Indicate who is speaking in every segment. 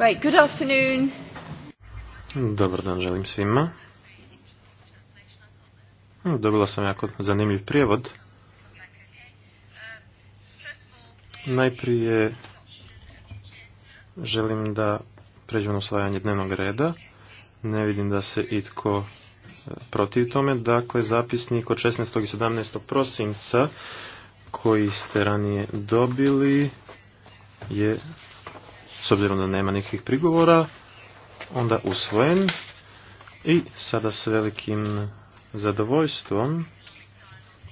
Speaker 1: Right, good afternoon.
Speaker 2: Dobar dan želim svima. Dobila sam jako zanimljiv prijevod. Najprije želim da pređemo na usvajanje dnevnog reda. Ne vidim da se itko e, protiv tome. Dakle, zapisnik od 16. i 17. prosinca koji ste ranije dobili je s obzirom da nema nikakvih prigovora, onda usvojen. I sada s velikim zadovoljstvom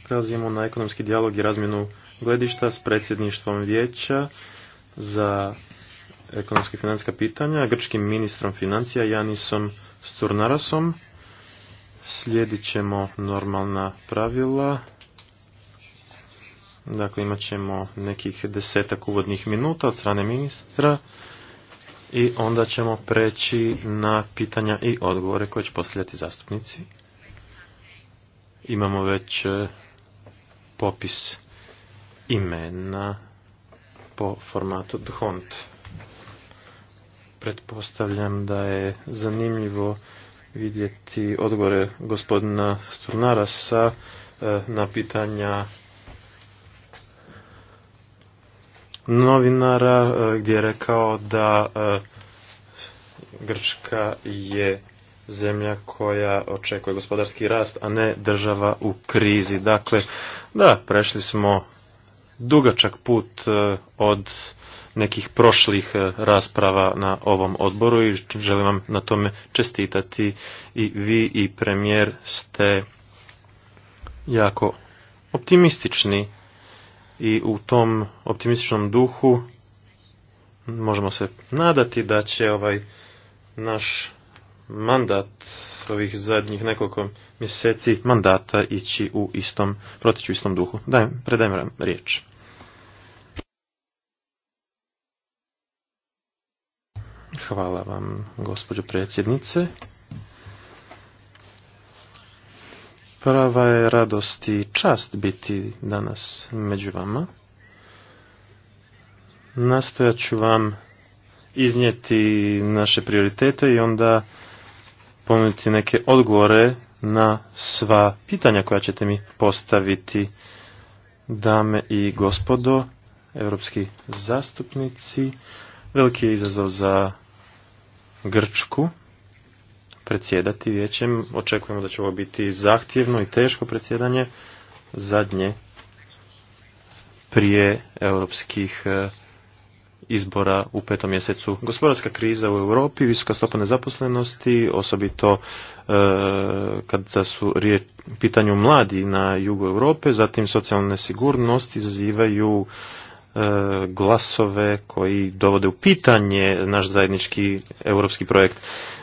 Speaker 2: prelazimo na ekonomski dijalog i razmjenu gledišta s predsjedništvom vijeća za ekonomske i financijska pitanja, grčkim ministrom financija Janisom Sturnarasom. Slijedit ćemo normalna pravila Dakle, imat ćemo nekih desetak uvodnih minuta od strane ministra i onda ćemo preći na pitanja i odgovore koje će postavljati zastupnici. Imamo već e, popis imena po formatu DHONT. Pretpostavljam da je zanimljivo vidjeti odgovore gospodina Sturnarasa e, na pitanja novinara e, gdje je rekao da e, Grčka je zemlja koja očekuje gospodarski rast, a ne država u krizi. Dakle, da, prešli smo dugačak put e, od nekih prošlih rasprava na ovom odboru i želim vam na tome čestitati i vi i premijer ste jako optimistični i u tom optimističnom duhu možemo se nadati da će ovaj naš mandat ovih zadnjih nekoliko mjeseci mandata ići u istom, protići u istom duhu. Daj predajem vam riječ. Hvala vam, gospođo predsjednice. Prava je radost i čast biti danas među vama. Nastojat ću vam iznijeti naše prioritete i onda ponuditi neke odgovore na sva pitanja koja ćete mi postaviti. Dame i gospodo, europski zastupnici, veliki je izazov za Grčku predsjedati vijećem. Očekujemo da će ovo biti zahtjevno i teško predsjedanje zadnje prije europskih e, izbora u petom mjesecu. Gospodarska kriza u Europi, visoka stopa nezaposlenosti, osobito e, kada su pitanju mladi na jugu Europe, zatim socijalne sigurnosti izazivaju E, glasove koji dovode u pitanje naš zajednički europski projekt.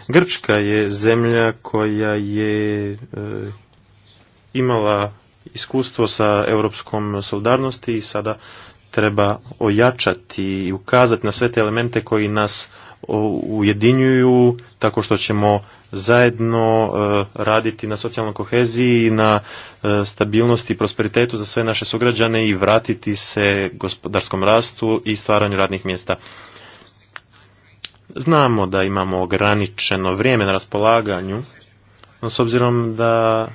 Speaker 2: Grčka je zemlja koja je e, imala iskustvo sa europskom solidarnosti i sada treba ojačati i ukazati na sve te elemente koji nas ujedinjuju tako što ćemo zajedno e, raditi na socijalnoj koheziji, na e, stabilnosti i prosperitetu za sve naše sugrađane i vratiti se gospodarskom rastu i stvaranju radnih mjesta. Znamo da imamo ograničeno vrijeme na raspolaganju, no s obzirom da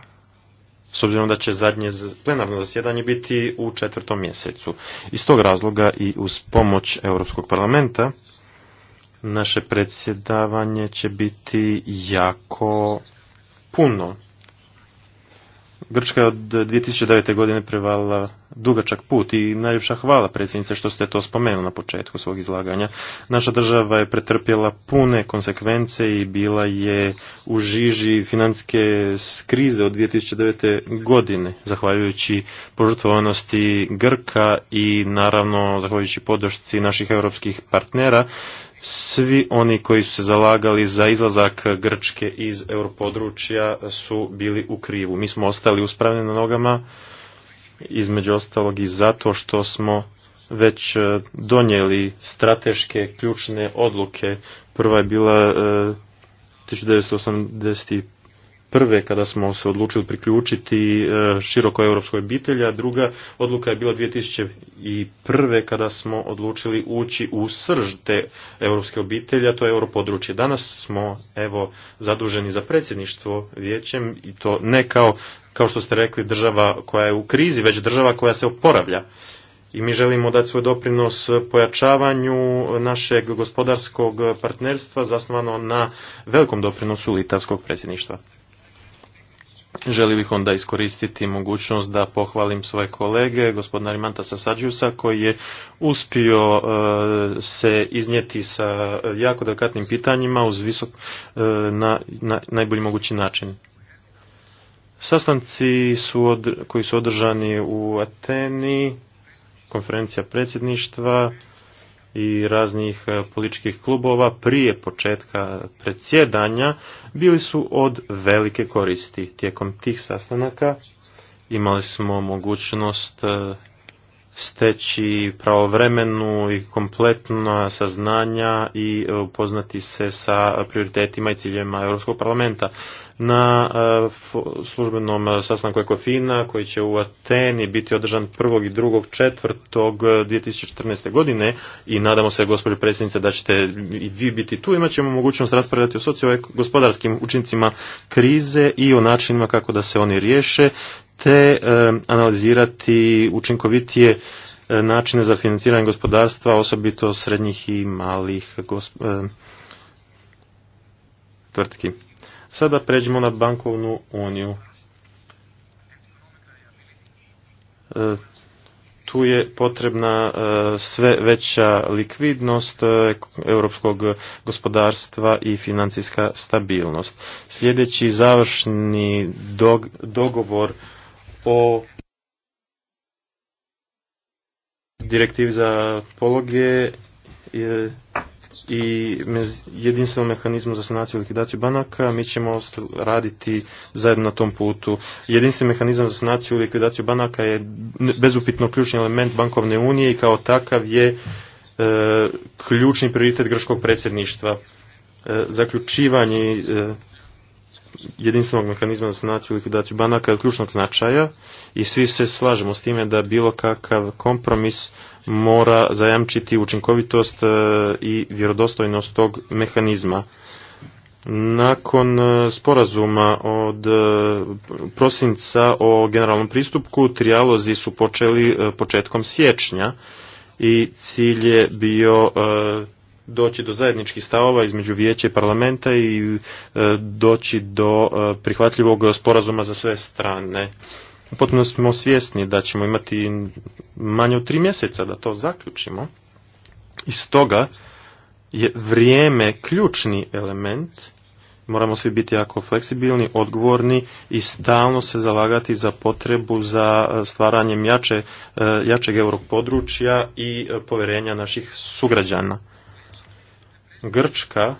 Speaker 2: s obzirom da će zadnje plenarno zasjedanje biti u četvrtom mjesecu. Iz tog razloga i uz pomoć Europskog parlamenta naše predsjedavanje će biti jako puno. Grčka je od 2009. godine prevalila dugačak put i najljepša hvala predsjednice što ste to spomenuli na početku svog izlaganja. Naša država je pretrpjela pune konsekvence i bila je u žiži financijske krize od 2009. godine, zahvaljujući požrtvovanosti Grka i naravno zahvaljujući podršci naših europskih partnera svi oni koji su se zalagali za izlazak Grčke iz europodručja su bili u krivu. Mi smo ostali uspravljeni na nogama, između ostalog i zato što smo već e, donijeli strateške ključne odluke. Prva je bila 1985. E, prve kada smo se odlučili priključiti e, široko europskoj obitelji, a druga odluka je bila 2001. kada smo odlučili ući u srž te europske obitelji, a to je europodručje. Danas smo evo zaduženi za predsjedništvo vijećem i to ne kao, kao što ste rekli država koja je u krizi, već država koja se oporavlja i mi želimo dati svoj doprinos pojačavanju našeg gospodarskog partnerstva zasnovano na velikom doprinosu litavskog predsjedništva. Želio bih onda iskoristiti mogućnost da pohvalim svoje kolege, gospodina Rimanta Sasadžusa, koji je uspio e, se iznijeti sa jako delikatnim pitanjima uz visok, e, na, najbolji mogući način. Sastanci su koji su održani u Ateni, konferencija predsjedništva, i raznih e, političkih klubova prije početka predsjedanja bili su od velike koristi. Tijekom tih sastanaka imali smo mogućnost e, steći pravovremenu i kompletna saznanja i e, upoznati se sa prioritetima i ciljevima Europskog parlamenta na e, službenom e, sastanku Ekofina koji će u Ateni biti održan 1. i 2. četvrtog 2014. E, godine i nadamo se gospođo predsjednice da ćete i vi biti tu. Imat ćemo mogućnost raspravljati o gospodarskim učincima krize i o načinima kako da se oni riješe te analizirati učinkovitije načine za financiranje gospodarstva, osobito srednjih i malih tvrtki. Sada pređemo na bankovnu uniju. E, tu je potrebna e, sve veća likvidnost e, europskog gospodarstva i financijska stabilnost. Sljedeći završni dogovor o direktivi za pologe je i jedinstvenom mehanizmu za sanaciju i likvidaciju banaka, mi ćemo raditi zajedno na tom putu. Jedinstveni mehanizam za sanaciju i likvidaciju banaka je bezupitno ključni element bankovne unije i kao takav je e, ključni prioritet grškog predsjedništva. E, zaključivanje e, jedinstvenog mehanizma za sanaciju likvidaciju banaka je ključnog značaja i svi se slažemo s time da bilo kakav kompromis mora zajamčiti učinkovitost e, i vjerodostojnost tog mehanizma. Nakon e, sporazuma od e, prosinca o generalnom pristupku, trijalozi su počeli početkom siječnja i cilj je bio doći do zajedničkih stavova između vijeća i parlamenta i e, doći do e, prihvatljivog sporazuma za sve strane. Potpuno smo svjesni da ćemo imati manje od tri mjeseca da to zaključimo. I stoga je vrijeme ključni element. Moramo svi biti jako fleksibilni, odgovorni i stalno se zalagati za potrebu za e, stvaranjem jače, jačeg europodručja i poverenja naših sugrađana. Grčka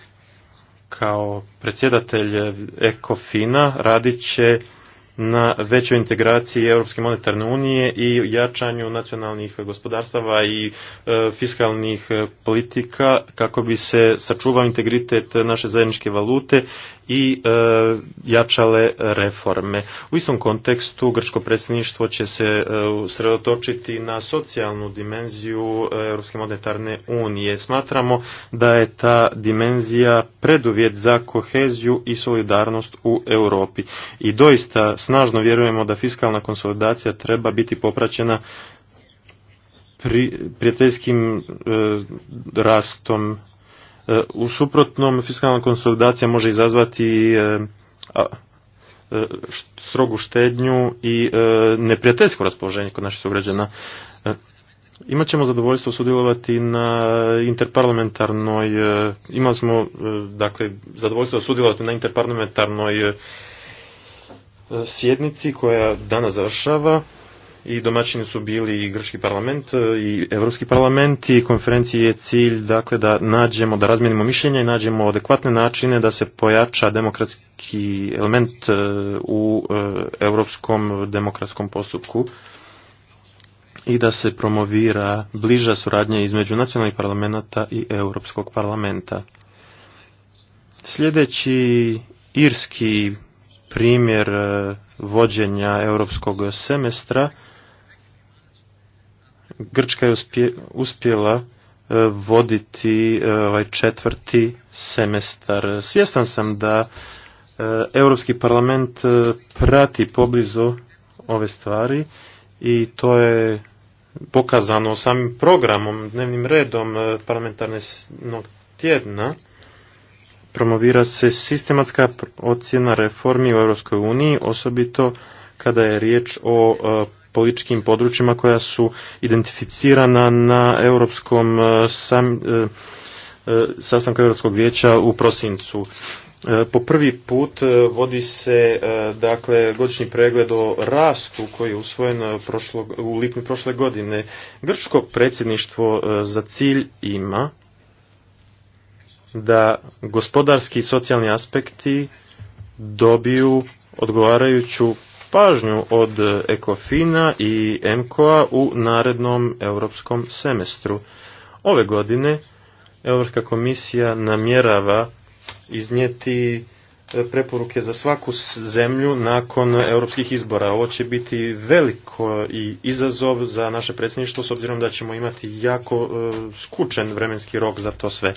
Speaker 2: kao predsjedatelj ECOFINA radit će na većoj integraciji Europske monetarne unije i jačanju nacionalnih gospodarstava i e, fiskalnih politika kako bi se sačuvao integritet naše zajedničke valute i e, jačale reforme. U istom kontekstu grčko predsjedništvo će se e, usredotočiti na socijalnu dimenziju Europske monetarne unije. Smatramo da je ta dimenzija preduvjet za koheziju i solidarnost u Europi. I doista snažno vjerujemo da fiskalna konsolidacija treba biti popraćena prijateljskim e, rastom E, u suprotnom, fiskalna konsolidacija može izazvati e, e, strogu štednju i neprijateljsko raspoloženje kod naših sugrađana. Imat ćemo zadovoljstvo sudjelovati na interparlamentarnoj, imali smo dakle, zadovoljstvo sudjelovati na interparlamentarnoj sjednici koja danas završava i domaćini su bili i grčki parlament e, i europski parlament i konferenciji je cilj dakle da nađemo da razmijenimo mišljenja i nađemo adekvatne načine da se pojača demokratski element e, u europskom demokratskom postupku i da se promovira bliža suradnja između nacionalnih parlamenta i europskog parlamenta. Sljedeći irski primjer e, vođenja europskog semestra Grčka je uspjela e, voditi e, ovaj četvrti semestar. Svjestan sam da e, Europski parlament prati poblizu ove stvari i to je pokazano samim programom, dnevnim redom parlamentarnog tjedna. Promovira se sistematska ocjena reformi u Europskoj uniji, osobito kada je riječ o političkim područjima koja su identificirana na europskom e, sam, e, e, sastanku Europskog vijeća u prosincu. Po prvi put vodi se dakle godišnji pregled o rastu koji je usvojen u lipnju prošle godine. Grčko predsjedništvo za cilj ima da gospodarski i socijalni aspekti dobiju odgovarajuću pažnju od Ekofina i Emkoa u narednom europskom semestru. Ove godine Europska komisija namjerava iznijeti preporuke za svaku zemlju nakon europskih izbora. Ovo će biti veliko i izazov za naše predsjedništvo s obzirom da ćemo imati jako e, skučen vremenski rok za to sve.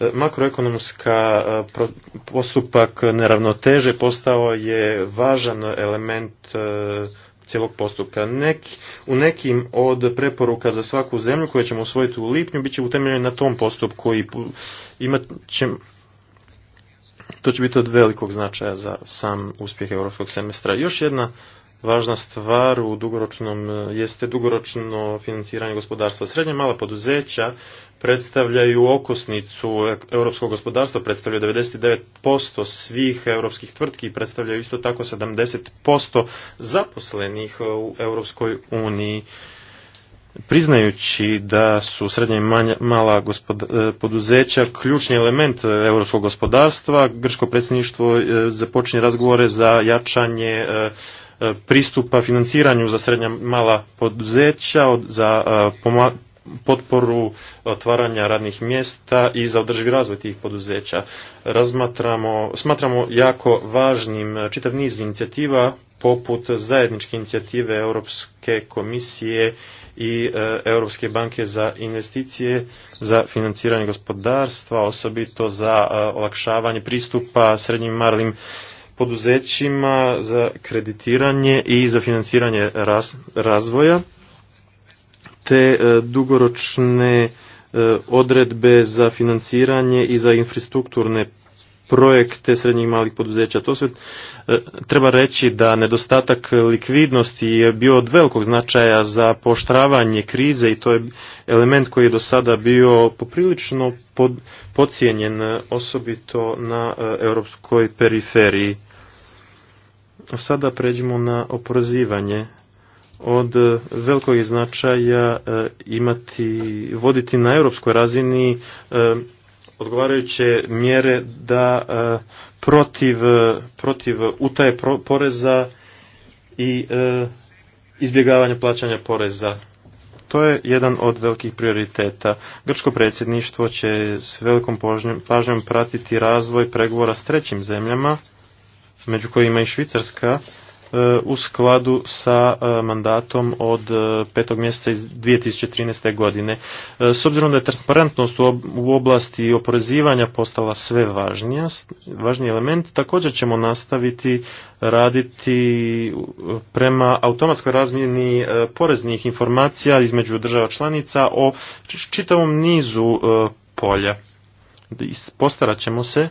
Speaker 2: E, makroekonomska e, postupak neravnoteže postao je važan element cijelog postupka. u nekim od preporuka za svaku zemlju koje ćemo usvojiti u lipnju bit će utemeljeni na tom postupku i imat ćemo to će biti od velikog značaja za sam uspjeh europskog semestra. Još jedna važna stvar u dugoročnom e, jeste dugoročno financiranje gospodarstva. Srednje mala poduzeća predstavljaju okosnicu europskog gospodarstva, predstavljaju 99% svih europskih tvrtki i predstavljaju isto tako 70% zaposlenih u Europskoj uniji priznajući da su srednje i manja, mala e, poduzeća ključni element europskog gospodarstva, grško predsjedništvo e, započinje razgovore za jačanje e, pristupa financiranju za srednja mala poduzeća, za potporu otvaranja radnih mjesta i za održivi razvoj tih poduzeća. Razmatramo, smatramo jako važnim čitav niz inicijativa poput zajedničke inicijative Europske komisije i e, Europske banke za investicije za financiranje gospodarstva, osobito za e, olakšavanje pristupa srednjim malim poduzećima za kreditiranje i za financiranje razvoja te e, dugoročne e, odredbe za financiranje i za infrastrukturne projekte srednjih malih poduzeća. To se e, treba reći da nedostatak likvidnosti je bio od velikog značaja za poštravanje krize i to je element koji je do sada bio poprilično podcijenjen, pocijenjen osobito na europskoj periferiji. Sada pređemo na oporazivanje od e, velikog značaja e, imati, voditi na europskoj razini e, odgovarajuće mjere da protiv, protiv utaje poreza i izbjegavanja plaćanja poreza. To je jedan od velikih prioriteta. Grčko predsjedništvo će s velikom pažnjom pratiti razvoj pregovora s trećim zemljama, među kojima i Švicarska, E, u skladu sa e, mandatom od e, petog mjeseca iz 2013. godine. S obzirom da je transparentnost u oblasti oporezivanja postala sve važnija, važniji element, također ćemo nastaviti raditi prema automatskoj razmjeni poreznih informacija između država članica o čitavom nizu polja. Postarat ćemo se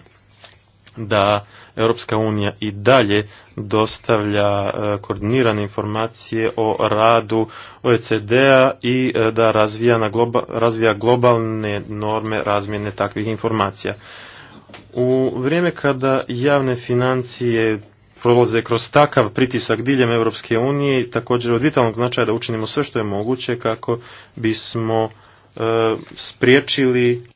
Speaker 2: da Europska unija i dalje dostavlja e, koordinirane informacije o radu OECD-a i e, da razvija, razvija globalne norme razmjene takvih informacija. U vrijeme kada javne financije prolaze kroz takav pritisak diljem Europske unije također od vitalnog značaja da učinimo sve što je moguće kako bismo e, spriječili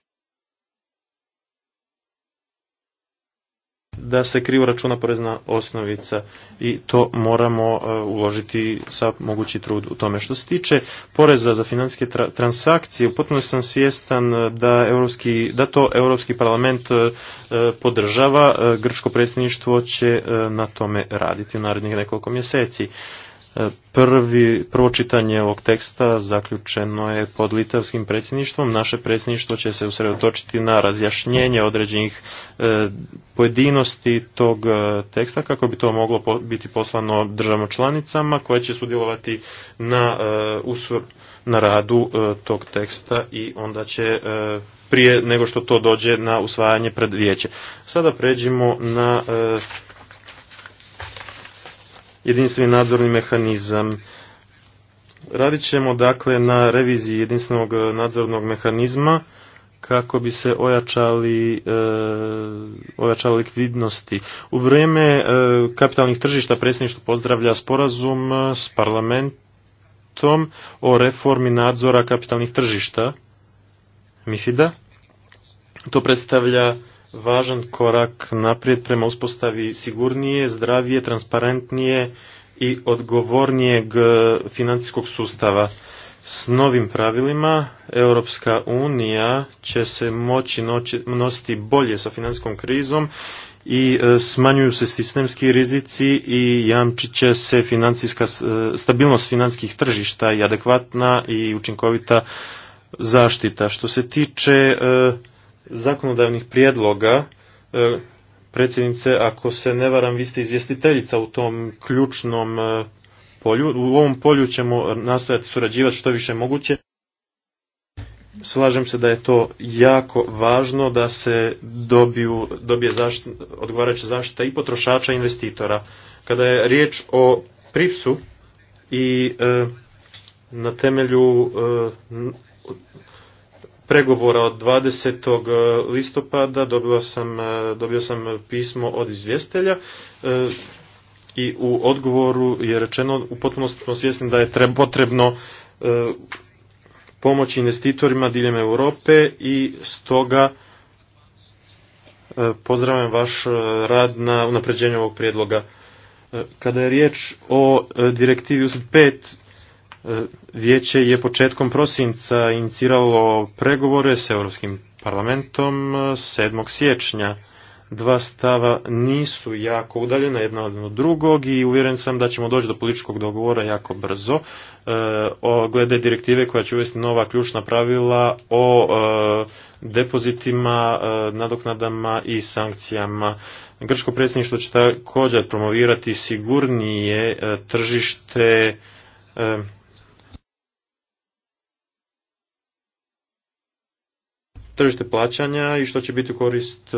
Speaker 2: da se krivo računa porezna osnovica i to moramo e, uložiti sa mogući trud u tome. Što se tiče poreza za financijske tra transakcije, potpuno sam svjestan e, da, Europski, da to Europski parlament e, podržava, Grčko predsjedništvo će na tome raditi u narednih nekoliko mjeseci. Prvi, prvo čitanje ovog teksta zaključeno je pod litavskim predsjedništvom. Naše predsjedništvo će se usredotočiti na razjašnjenje određenih e, pojedinosti tog e, teksta kako bi to moglo biti poslano državama članicama koje će sudjelovati na, e, na radu e, tog teksta i onda će prije nego što to dođe na usvajanje pred vijeće. Sada pređimo na jedinstveni nadzorni mehanizam. Radit ćemo dakle na reviziji jedinstvenog e, nadzornog mehanizma kako bi se ojačali, e, likvidnosti. U vrijeme e, kapitalnih tržišta predsjedništvo pozdravlja sporazum s parlamentom o reformi nadzora kapitalnih tržišta. Mifida. To predstavlja važan korak naprijed prema uspostavi sigurnije, zdravije, transparentnije i odgovornijeg financijskog sustava. S novim pravilima Europska unija će se moći nositi bolje sa financijskom krizom i e, smanjuju se sistemski rizici i jamčit će se financijska, e, stabilnost financijskih tržišta i adekvatna i učinkovita zaštita. Što se tiče e, zakonodavnih prijedloga e, predsjednice, ako se ne varam, vi ste izvjestiteljica u tom ključnom e, polju. U ovom polju ćemo nastojati surađivati što više moguće. Slažem se da je to jako važno da se dobiju, dobije zaštita, odgovarajuća zaštita i potrošača i investitora. Kada je riječ o pripsu i e, na temelju pregovora od 20. Eh, listopada dobio sam, eh, dobio sam pismo od izvjestelja eh, i u odgovoru je rečeno u potpunosti smo svjesni da je potrebno pomoći investitorima diljem Europe i stoga pozdravljam vaš rad na unapređenju ovog prijedloga. Kada je riječ o direktivi Vijeće je početkom prosinca iniciralo pregovore s Europskim parlamentom 7. E, siječnja. Dva stava nisu jako udaljena jedna od drugog i uvjeren sam da ćemo doći do političkog dogovora jako brzo e, glede direktive koja će uvesti nova ključna pravila o e, depozitima, e, nadoknadama i sankcijama. Grčko predsjedništvo će također promovirati sigurnije tržište tržište plaćanja i što će biti korist e,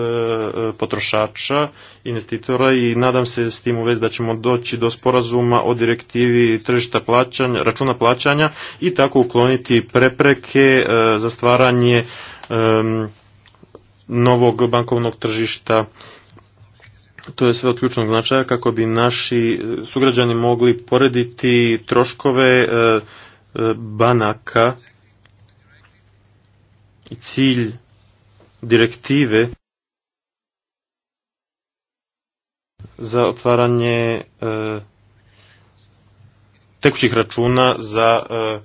Speaker 2: potrošača, investitora i nadam se s tim u vezi da ćemo doći do sporazuma o direktivi tržišta plaćanja, računa plaćanja i tako ukloniti prepreke e, za stvaranje e, novog bankovnog tržišta. To je sve od ključnog značaja kako bi naši sugrađani mogli porediti troškove banaka i cilj direktive za otvaranje e, tekućih računa za e,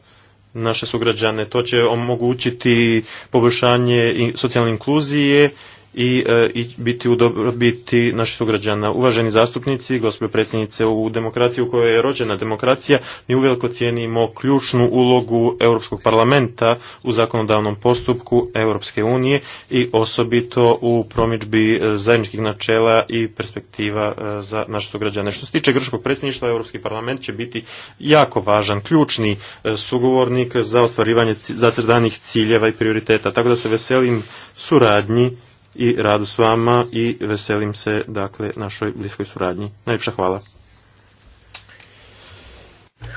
Speaker 2: naše sugrađane. To će omogućiti poboljšanje socijalne inkluzije E, i, biti u dobrobiti naših sugrađana. Uvaženi zastupnici, gospođo predsjednice, u demokraciji u kojoj je rođena demokracija, mi uveliko cijenimo ključnu ulogu Europskog parlamenta u zakonodavnom postupku Europske unije i osobito u promičbi e, zajedničkih načela i perspektiva e, za naše sugrađane. Što se tiče grčkog predsjedništva, Europski parlament će biti jako važan, ključni sugovornik za ostvarivanje zacrdanih ciljeva i prioriteta. Tako da se veselim suradnji i radu s vama i veselim se dakle našoj bliskoj suradnji. Najljepša hvala.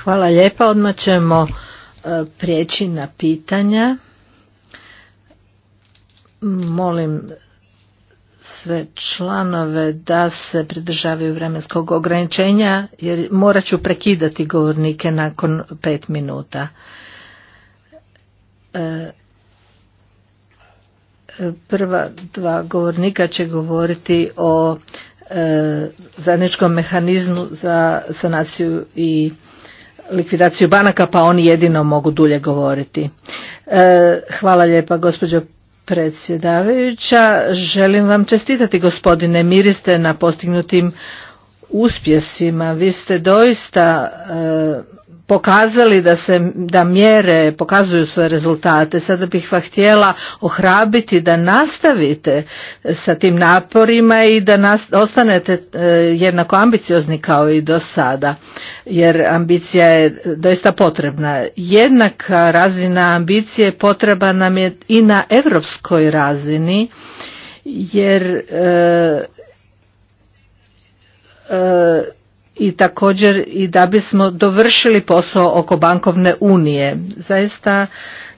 Speaker 3: Hvala lijepa. Odmah ćemo e, prijeći na pitanja. Molim sve članove da se pridržavaju vremenskog ograničenja jer morat ću prekidati govornike nakon pet minuta. E, Prva dva govornika će govoriti o e, zajedničkom mehanizmu za sanaciju i likvidaciju banaka, pa oni jedino mogu dulje govoriti. E, hvala lijepa gospođo predsjedavajuća. Želim vam čestitati gospodine Miriste na postignutim uspjesima. Vi ste doista e, pokazali da se da mjere pokazuju svoje rezultate sada bih vas htjela ohrabiti da nastavite sa tim naporima i da ostanete e, jednako ambiciozni kao i do sada jer ambicija je doista potrebna jednaka razina ambicije potreba nam je i na europskoj razini jer e, e, i također i da bismo dovršili posao oko bankovne unije. Zaista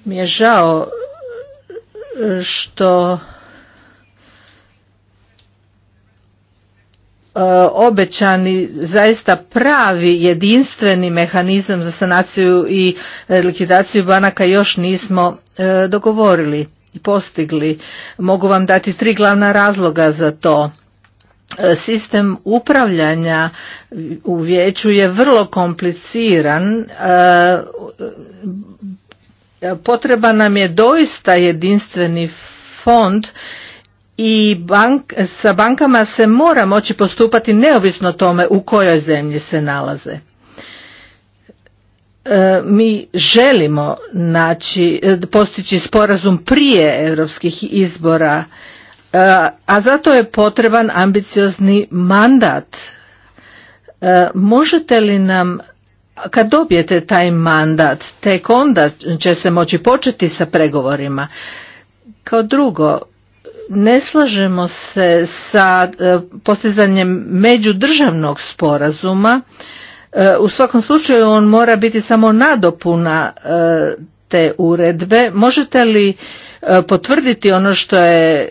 Speaker 3: mi je žao e, što e, obećani zaista pravi jedinstveni mehanizam za sanaciju i likvidaciju banaka još nismo e, dogovorili i postigli. Mogu vam dati tri glavna razloga za to. E, sistem upravljanja u vijeću je vrlo kompliciran e, potreba nam je doista jedinstveni fond i bank, sa bankama se mora moći postupati neovisno tome u kojoj zemlji se nalaze e, mi želimo naći, postići sporazum prije europskih izbora E, a zato je potreban ambiciozni mandat. E, možete li nam kad dobijete taj mandat, tek onda će se moći početi sa pregovorima. Kao drugo, ne slažemo se sa e, postizanjem međudržavnog sporazuma. U svakom slučaju on mora biti samo nadopuna te uredbe. Možete li E, potvrditi ono što je e,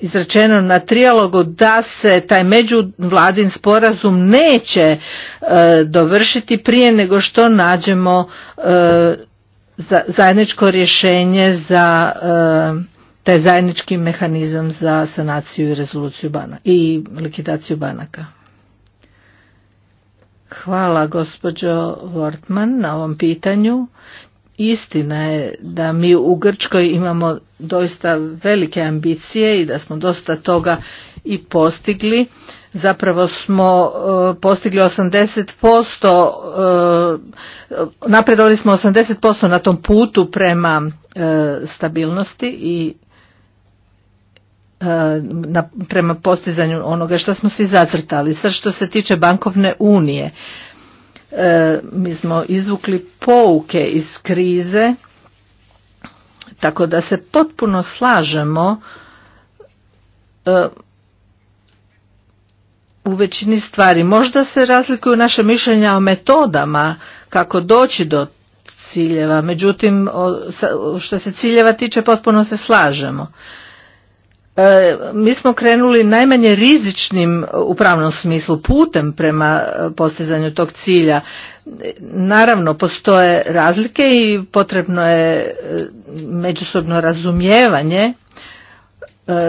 Speaker 3: izrečeno na trijalogu da se taj međuvladin sporazum neće e, dovršiti prije nego što nađemo zajedničko rješenje za taj zajednički mehanizam za sanaciju i rezoluciju banaka i likvidaciju banaka. Hvala gospođo Wortman na ovom pitanju. Istina je da mi u Grčkoj imamo doista velike ambicije i da smo dosta toga i postigli. Zapravo smo e, postigli 80%, e, napredovali smo 80% na tom putu prema e, stabilnosti i prema postizanju onoga što smo si zacrtali. Sad što se tiče bankovne unije, E, mi smo izvukli pouke iz krize, tako da se potpuno slažemo e, u većini stvari. Možda se razlikuju naše mišljenja o metodama kako doći do ciljeva, međutim što se ciljeva tiče potpuno se slažemo. E, mi smo krenuli najmanje rizičnim e, u pravnom smislu putem prema e, postizanju tog cilja. Naravno, postoje razlike i potrebno je međusobno razumijevanje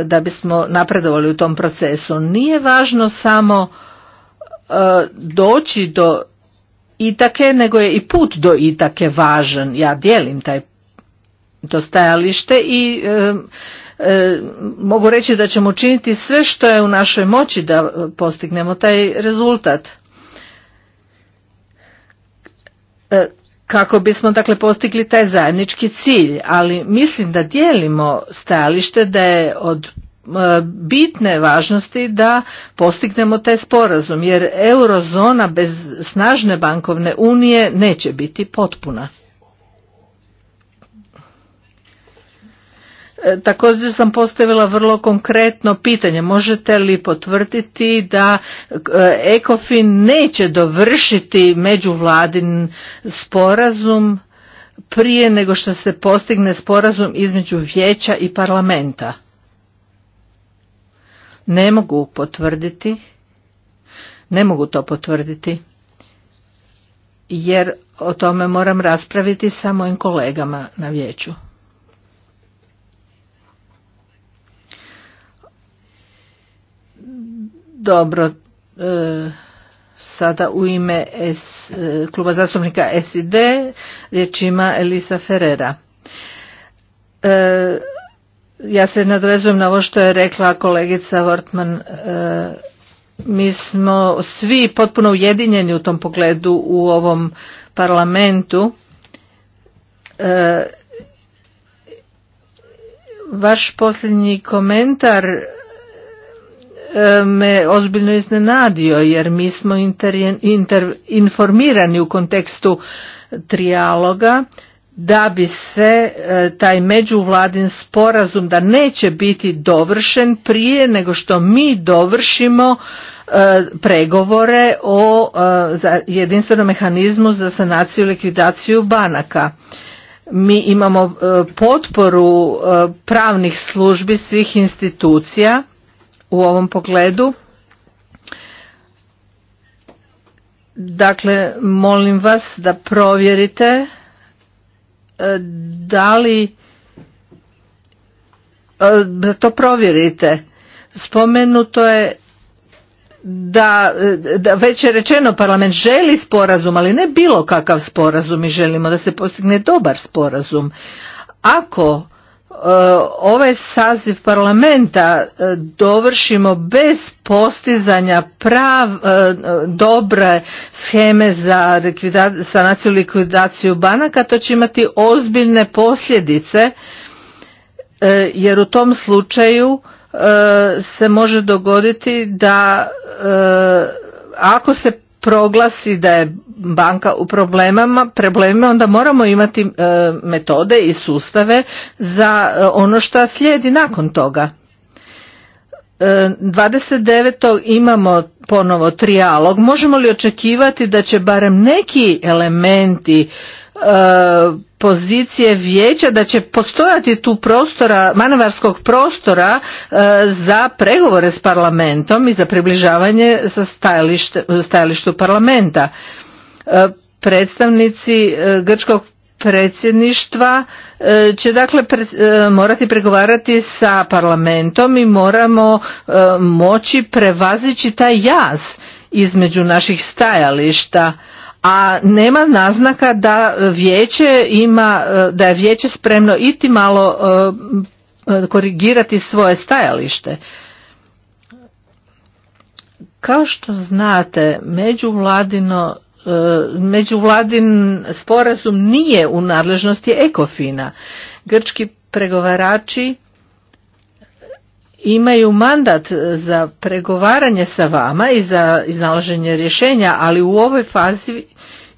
Speaker 3: da bismo napredovali u tom procesu. Nije važno samo doći do Itake, nego je i put do Itake važan. Ja dijelim taj to stajalište i E, mogu reći da ćemo učiniti sve što je u našoj moći da e, postignemo taj rezultat e, kako bismo dakle postigli taj zajednički cilj ali mislim da dijelimo stajalište da je od bitne važnosti da postignemo taj sporazum jer eurozona bez snažne bankovne unije neće biti potpuna E, također sam postavila vrlo konkretno pitanje. Možete li potvrditi da e, ECOFIN neće dovršiti međuvladin sporazum prije nego što se postigne sporazum između vijeća i parlamenta? Ne mogu potvrditi. Ne mogu to potvrditi. Jer o tome moram raspraviti sa mojim kolegama na vijeću. Dobro, e, sada u ime e, kluba zastupnika SID riječ ima Elisa Ferrera. E, ja se nadovezujem na ovo što je rekla kolegica Wortman. Mi smo svi potpuno ujedinjeni u tom pogledu u ovom parlamentu. Vaš posljednji komentar E, me ozbiljno iznenadio jer mi smo inter, informirani u kontekstu trijaloga da bi se e, taj međuvladin sporazum da neće biti dovršen prije nego što mi dovršimo e, pregovore o jedinstvenom mehanizmu za sanaciju i likvidaciju banaka mi imamo potporu pravnih službi svih institucija u ovom pogledu. Dakle, molim vas da provjerite e, da li e, da to provjerite. Spomenuto je da, e, da već je rečeno parlament želi sporazum, ali ne bilo kakav sporazum i želimo da se postigne dobar sporazum. Ako E, ovaj saziv parlamenta e, dovršimo bez postizanja prav e, dobre scheme za sanaciju likvidaciju banaka to će imati ozbiljne posljedice jer u tom slučaju se može dogoditi da ako se proglasi da je banka u problemama, problemima, onda moramo imati e, metode i sustave za e, ono što slijedi nakon toga. E, 29. imamo ponovo trijalog. Možemo li očekivati da će barem neki elementi e, pozicije vijeća da će postojati tu prostora, manevarskog prostora e, za pregovore s parlamentom i za približavanje sa stajalište, stajalištu parlamenta. E, predstavnici e, grčkog predsjedništva će dakle morati pregovarati sa parlamentom i moramo moći prevazići taj jaz između naših stajališta a nema naznaka da vijeće ima da je vijeće spremno iti malo e, korigirati svoje stajalište kao što znate međuvladino e, međuvladin sporazum nije u nadležnosti ekofina grčki pregovarači imaju mandat e, za pregovaranje sa vama i za iznalaženje rješenja, ali u ovoj fazi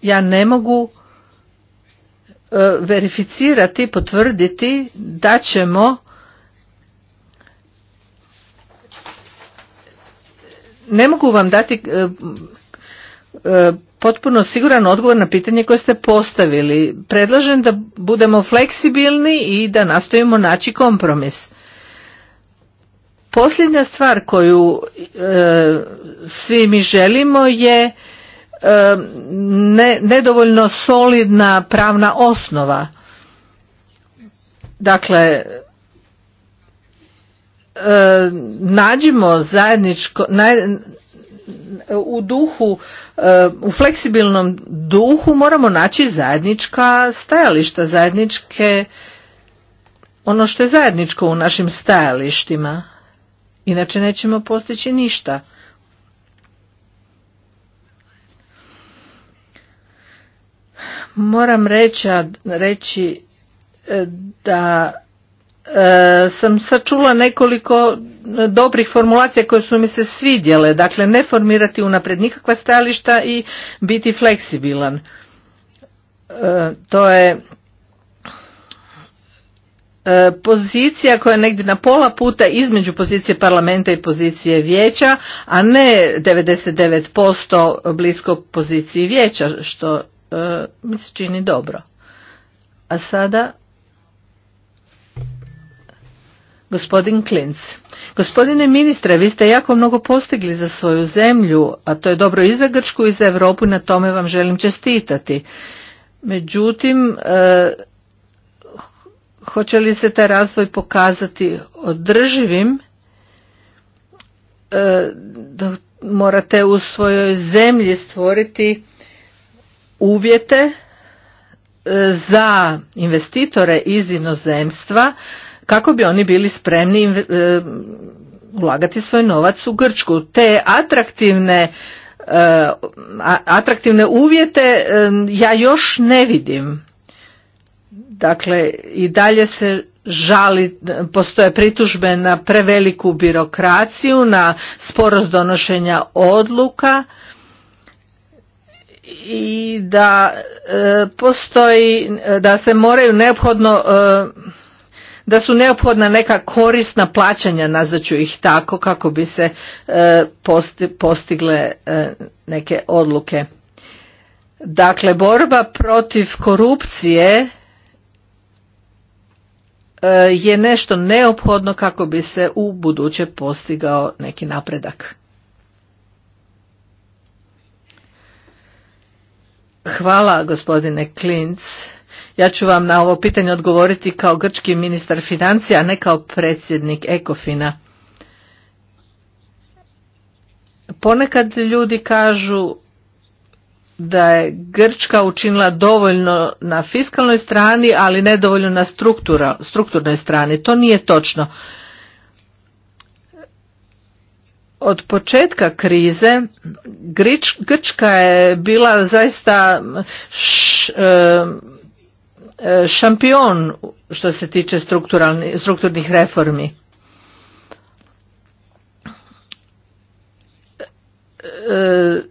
Speaker 3: ja ne mogu e, verificirati, potvrditi da ćemo ne mogu vam dati e, potpuno siguran odgovor na pitanje koje ste postavili. Predlažem da budemo fleksibilni i da nastojimo naći kompromis. Posljednja stvar koju e, svi mi želimo je e, nedovoljno solidna pravna osnova. Dakle, e, nađimo zajedničko, u duhu, u fleksibilnom duhu moramo naći zajednička stajališta, zajedničke, ono što je zajedničko u našim stajalištima. Inače nećemo postići ništa. Moram reći, reći e, da e, sam sačula nekoliko dobrih formulacija koje su mi se svidjele. Dakle, ne formirati unapred nikakva stajališta i biti fleksibilan. E, to je E, pozicija koja je negdje na pola puta između pozicije parlamenta i pozicije vijeća, a ne 99% blisko poziciji vijeća, što e, mi se čini dobro. A sada gospodin Klinc. Gospodine ministre, vi ste jako mnogo postigli za svoju zemlju, a to je dobro i za Grčku i za Europu, na tome vam želim čestitati. Međutim, e, hoće li se taj razvoj pokazati održivim e, da morate u svojoj zemlji stvoriti uvjete e, za investitore iz inozemstva kako bi oni bili spremni e, ulagati svoj novac u Grčku. Te atraktivne atraktivne uvjete ja još ne vidim. Dakle, i dalje se žali, postoje pritužbe na preveliku birokraciju, na sporost donošenja odluka i da e, postoji, da se moraju neophodno, e, da su neophodna neka korisna plaćanja, ću ih tako, kako bi se e, postigle neke odluke. Dakle, borba protiv korupcije E, je nešto neophodno kako bi se u buduće postigao neki napredak. Hvala gospodine Klinc. Ja ću vam na ovo pitanje odgovoriti kao grčki ministar financija, a ne kao predsjednik Ekofina. Ponekad ljudi kažu da je Grčka učinila dovoljno na fiskalnoj strani, ali nedovoljno na strukturnoj strani. To nije točno. Od početka krize Grčka je bila zaista š, e, e, šampion što se tiče strukturnih reformi. E,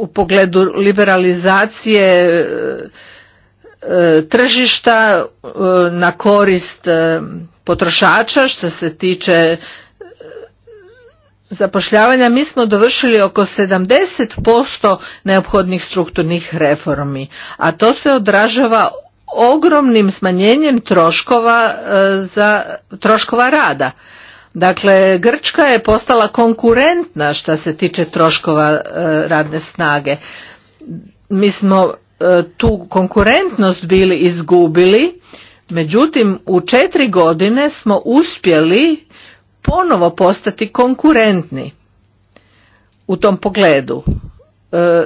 Speaker 3: u pogledu liberalizacije e, tržišta e, na korist e, potrošača što se tiče zapošljavanja mi smo dovršili oko 70% neophodnih strukturnih reformi a to se odražava ogromnim smanjenjem troškova za troškova rada Dakle, Grčka je postala konkurentna što se tiče troškova e, radne snage. Mi smo e, tu konkurentnost bili izgubili, međutim u četiri godine smo uspjeli ponovo postati konkurentni u tom pogledu. E,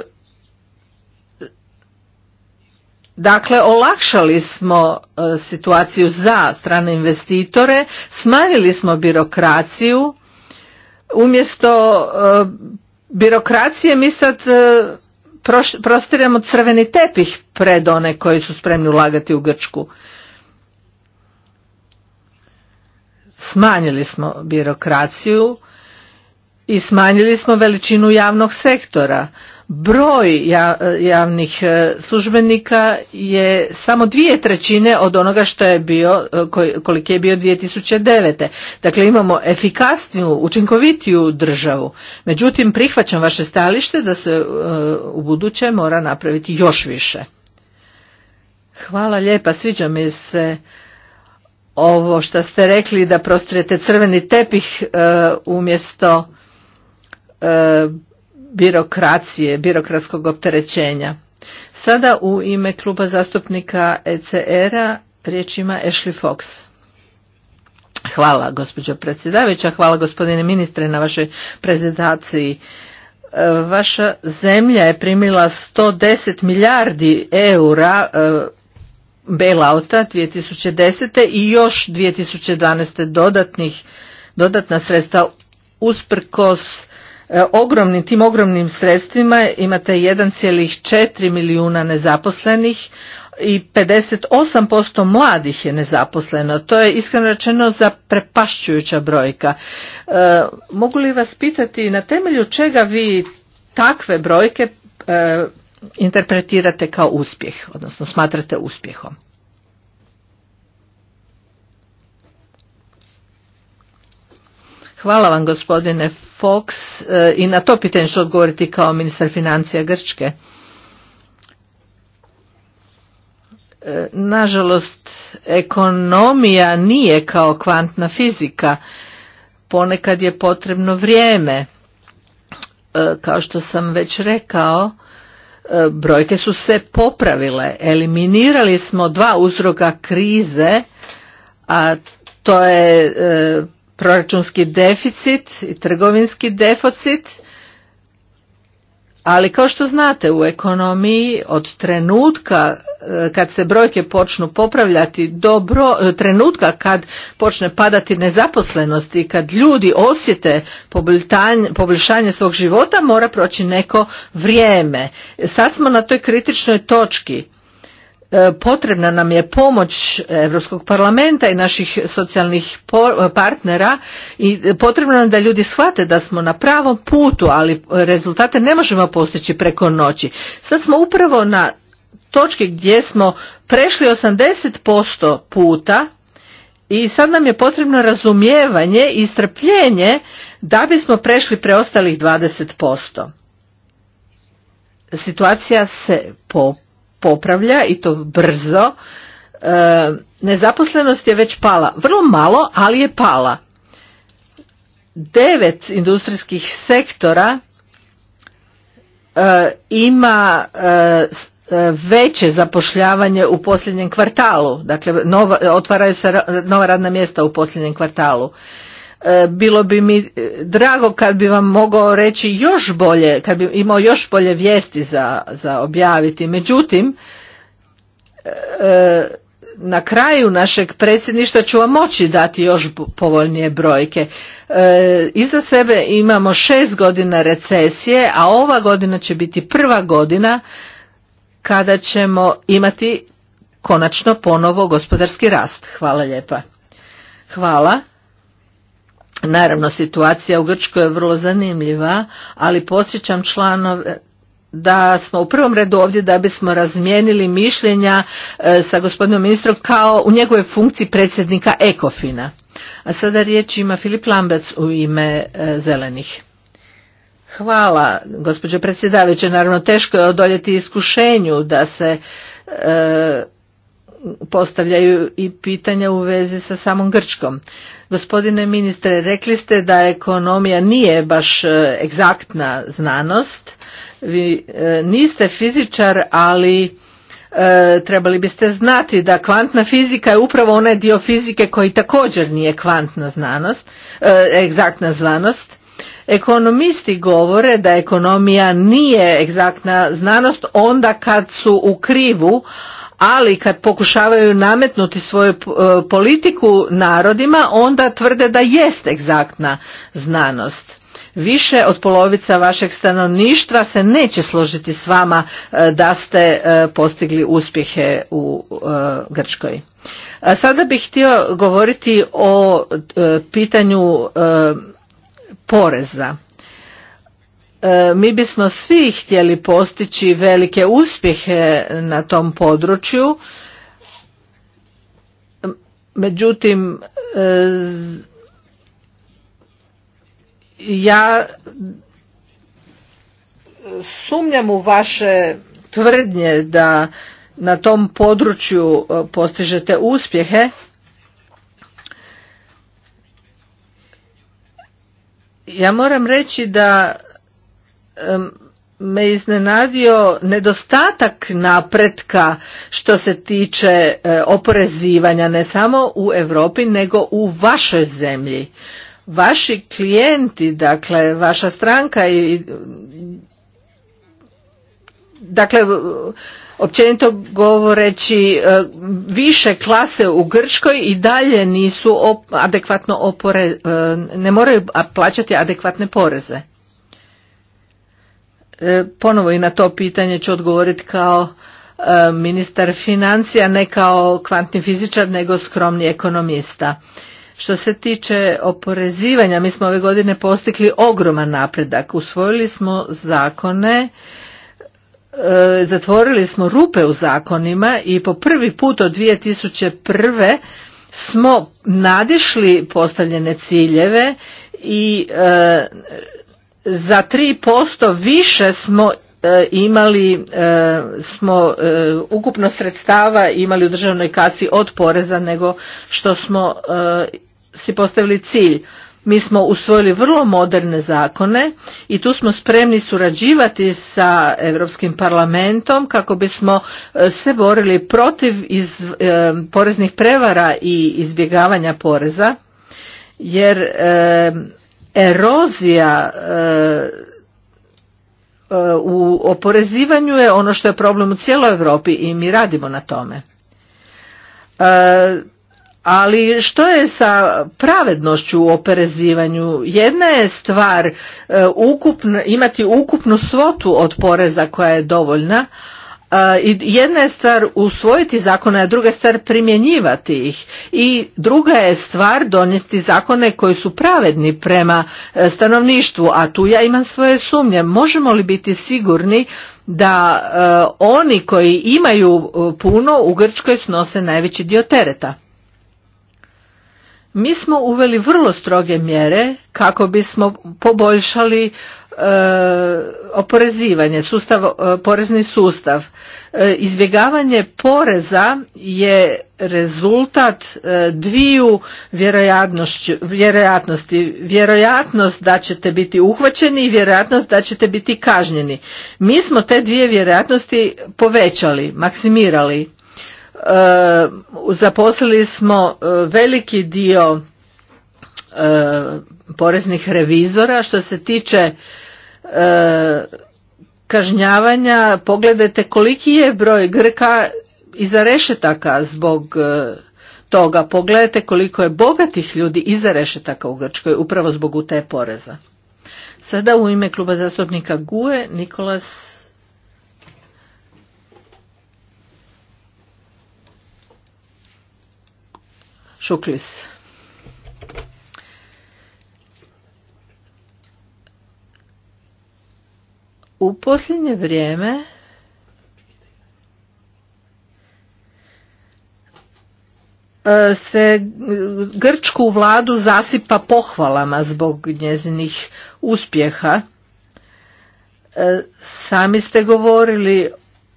Speaker 3: Dakle, olakšali smo e, situaciju za strane investitore, smanjili smo birokraciju, umjesto e, birokracije mi sad e, prostiramo crveni tepih pred one koji su spremni ulagati u Grčku. Smanjili smo birokraciju i smanjili smo veličinu javnog sektora broj e, javnih e, službenika je samo dvije trećine od onoga što je bio, e, koliki je bio 2009. Dakle, imamo efikasniju, učinkovitiju državu. Međutim, prihvaćam vaše stajalište da se u buduće mora napraviti još više. Hvala lijepa, sviđa mi se ovo što ste rekli da prostrijete crveni tepih umjesto birokracije, birokratskog opterećenja. Sada u ime kluba zastupnika ECR-a riječ ima Ashley Fox. Hvala gospođo predsjedavajuća, hvala gospodine ministre na vašoj prezentaciji. E, vaša zemlja je primila 110 milijardi eura e, bailouta 2010. i još 2012. dodatnih, dodatna sredstva usprkos E, ogromnim, tim ogromnim sredstvima imate 1,4 milijuna nezaposlenih i 58% mladih je nezaposleno. To je iskreno rečeno za prepašćujuća brojka. E, mogu li vas pitati na temelju čega vi takve brojke e, interpretirate kao uspjeh, odnosno smatrate uspjehom? Hvala vam gospodine Fox e, i na to pitanje ću odgovoriti kao ministar financija Grčke. E, nažalost, ekonomija nije kao kvantna fizika. Ponekad je potrebno vrijeme. E, kao što sam već rekao, brojke su se popravile. Eliminirali smo dva uzroka krize, a to je proračunski deficit i trgovinski deficit, ali kao što znate u ekonomiji od trenutka e, kad se brojke počnu popravljati do e, trenutka kad počne padati nezaposlenost i kad ljudi osjete poboljšanje svog života mora proći neko vrijeme. Sad smo na toj kritičnoj točki E, potrebna nam je pomoć Europskog parlamenta i naših socijalnih partnera i potrebno nam da ljudi shvate da smo na pravom putu, ali rezultate ne možemo postići preko noći. Sad smo upravo na točki gdje smo prešli 80% puta i sad nam je potrebno razumijevanje i strpljenje da bismo prešli preostalih 20%. Situacija se po popravlja i to brzo. E, nezaposlenost je već pala, vrlo malo, ali je pala. Devet industrijskih sektora e, ima e, veće zapošljavanje u posljednjem kvartalu, dakle otvaraju se nova radna mjesta u posljednjem kvartalu. E, bilo bi mi e, drago kad bi vam mogao reći još bolje, kad bi imao još bolje vijesti za, za objaviti. Međutim, e, na kraju našeg predsjedništva ću vam moći dati još povoljnije brojke. Iza sebe imamo šest godina recesije, a ova godina će biti prva godina kada ćemo imati konačno ponovo gospodarski rast. Hvala lijepa. Hvala. Naravno, situacija u Grčkoj je vrlo zanimljiva, ali posjećam članove da smo u prvom redu ovdje da bismo razmijenili mišljenja e, sa gospodinom ministrom kao u njegovoj funkciji predsjednika Ekofina. A sada riječ ima Filip Lambec u ime e, zelenih. Hvala, gospođo predsjedavajuće. Naravno, teško je odoljeti iskušenju da se e, postavljaju i pitanja u vezi sa samom Grčkom. Gospodine ministre, rekli ste da ekonomija nije baš e, egzaktna znanost. Vi e, niste fizičar, ali e, trebali biste znati da kvantna fizika je upravo onaj dio fizike koji također nije kvantna znanost, egzaktna znanost. Ekonomisti govore da ekonomija nije egzaktna znanost onda kad su u krivu, ali kad pokušavaju nametnuti svoju e, politiku narodima onda tvrde da jest egzaktna znanost više od polovica vašeg stanovništva se neće složiti s vama e, da ste e, postigli uspjehe u Grčkoj. Sada bih htio govoriti o pitanju poreza. E, mi bismo svi htjeli postići velike uspjehe na tom području međutim e, ja sumnjam u vaše tvrdnje da na tom području e, postižete uspjehe ja moram reći da me iznenadio nedostatak napretka što se tiče e, oporezivanja ne samo u Europi nego u vašoj zemlji. Vaši klijenti, dakle vaša stranka i dakle općenito govoreći e, više klase u Grčkoj i dalje nisu adekvatno opore, e, ne moraju plaćati adekvatne poreze. E, ponovo i na to pitanje ću odgovoriti kao e, ministar financija, ne kao kvantni fizičar, nego skromni ekonomista. Što se tiče oporezivanja, mi smo ove godine postigli ogroman napredak. Usvojili smo zakone, e, zatvorili smo rupe u zakonima i po prvi put od 2001. smo nadišli postavljene ciljeve i za 3% više smo e, imali e, smo e, ukupno sredstava imali u državnoj kasi od poreza nego što smo si postavili cilj. Mi smo usvojili vrlo moderne zakone i tu smo spremni surađivati sa Europskim parlamentom kako bismo se borili protiv iz, poreznih prevara i izbjegavanja poreza jer erozija e, e, u oporezivanju je ono što je problem u cijeloj Europi i mi radimo na tome. E, ali što je sa pravednošću u oporezivanju? Jedna je stvar imati ukupnu svotu od poreza koja je dovoljna, jedna je stvar usvojiti zakone, a druga je stvar primjenjivati ih. I druga je stvar donijeti zakone koji su pravedni prema e, stanovništvu, a tu ja imam svoje sumnje. Možemo li biti sigurni da e, oni koji imaju e, puno u Grčkoj snose najveći dio tereta? Mi smo uveli vrlo stroge mjere kako bismo poboljšali E, oporezivanje, sustav, e, porezni sustav. E, izbjegavanje poreza je rezultat dviju vjerojatnosti. Vjerojatnost da ćete biti uhvaćeni i vjerojatnost da ćete biti kažnjeni. Mi smo te dvije vjerojatnosti povećali, maksimirali. Zaposlili smo veliki dio poreznih revizora što se tiče E, kažnjavanja pogledajte koliki je broj Grka iza rešetaka zbog e, toga. Pogledajte koliko je bogatih ljudi iza rešetaka u Grčkoj upravo zbog te poreza. Sada u ime kluba zastupnika GUE Nikolas Šuklis. U posljednje vrijeme e, se grčku vladu zasipa pohvalama zbog njezinih uspjeha. E, sami ste govorili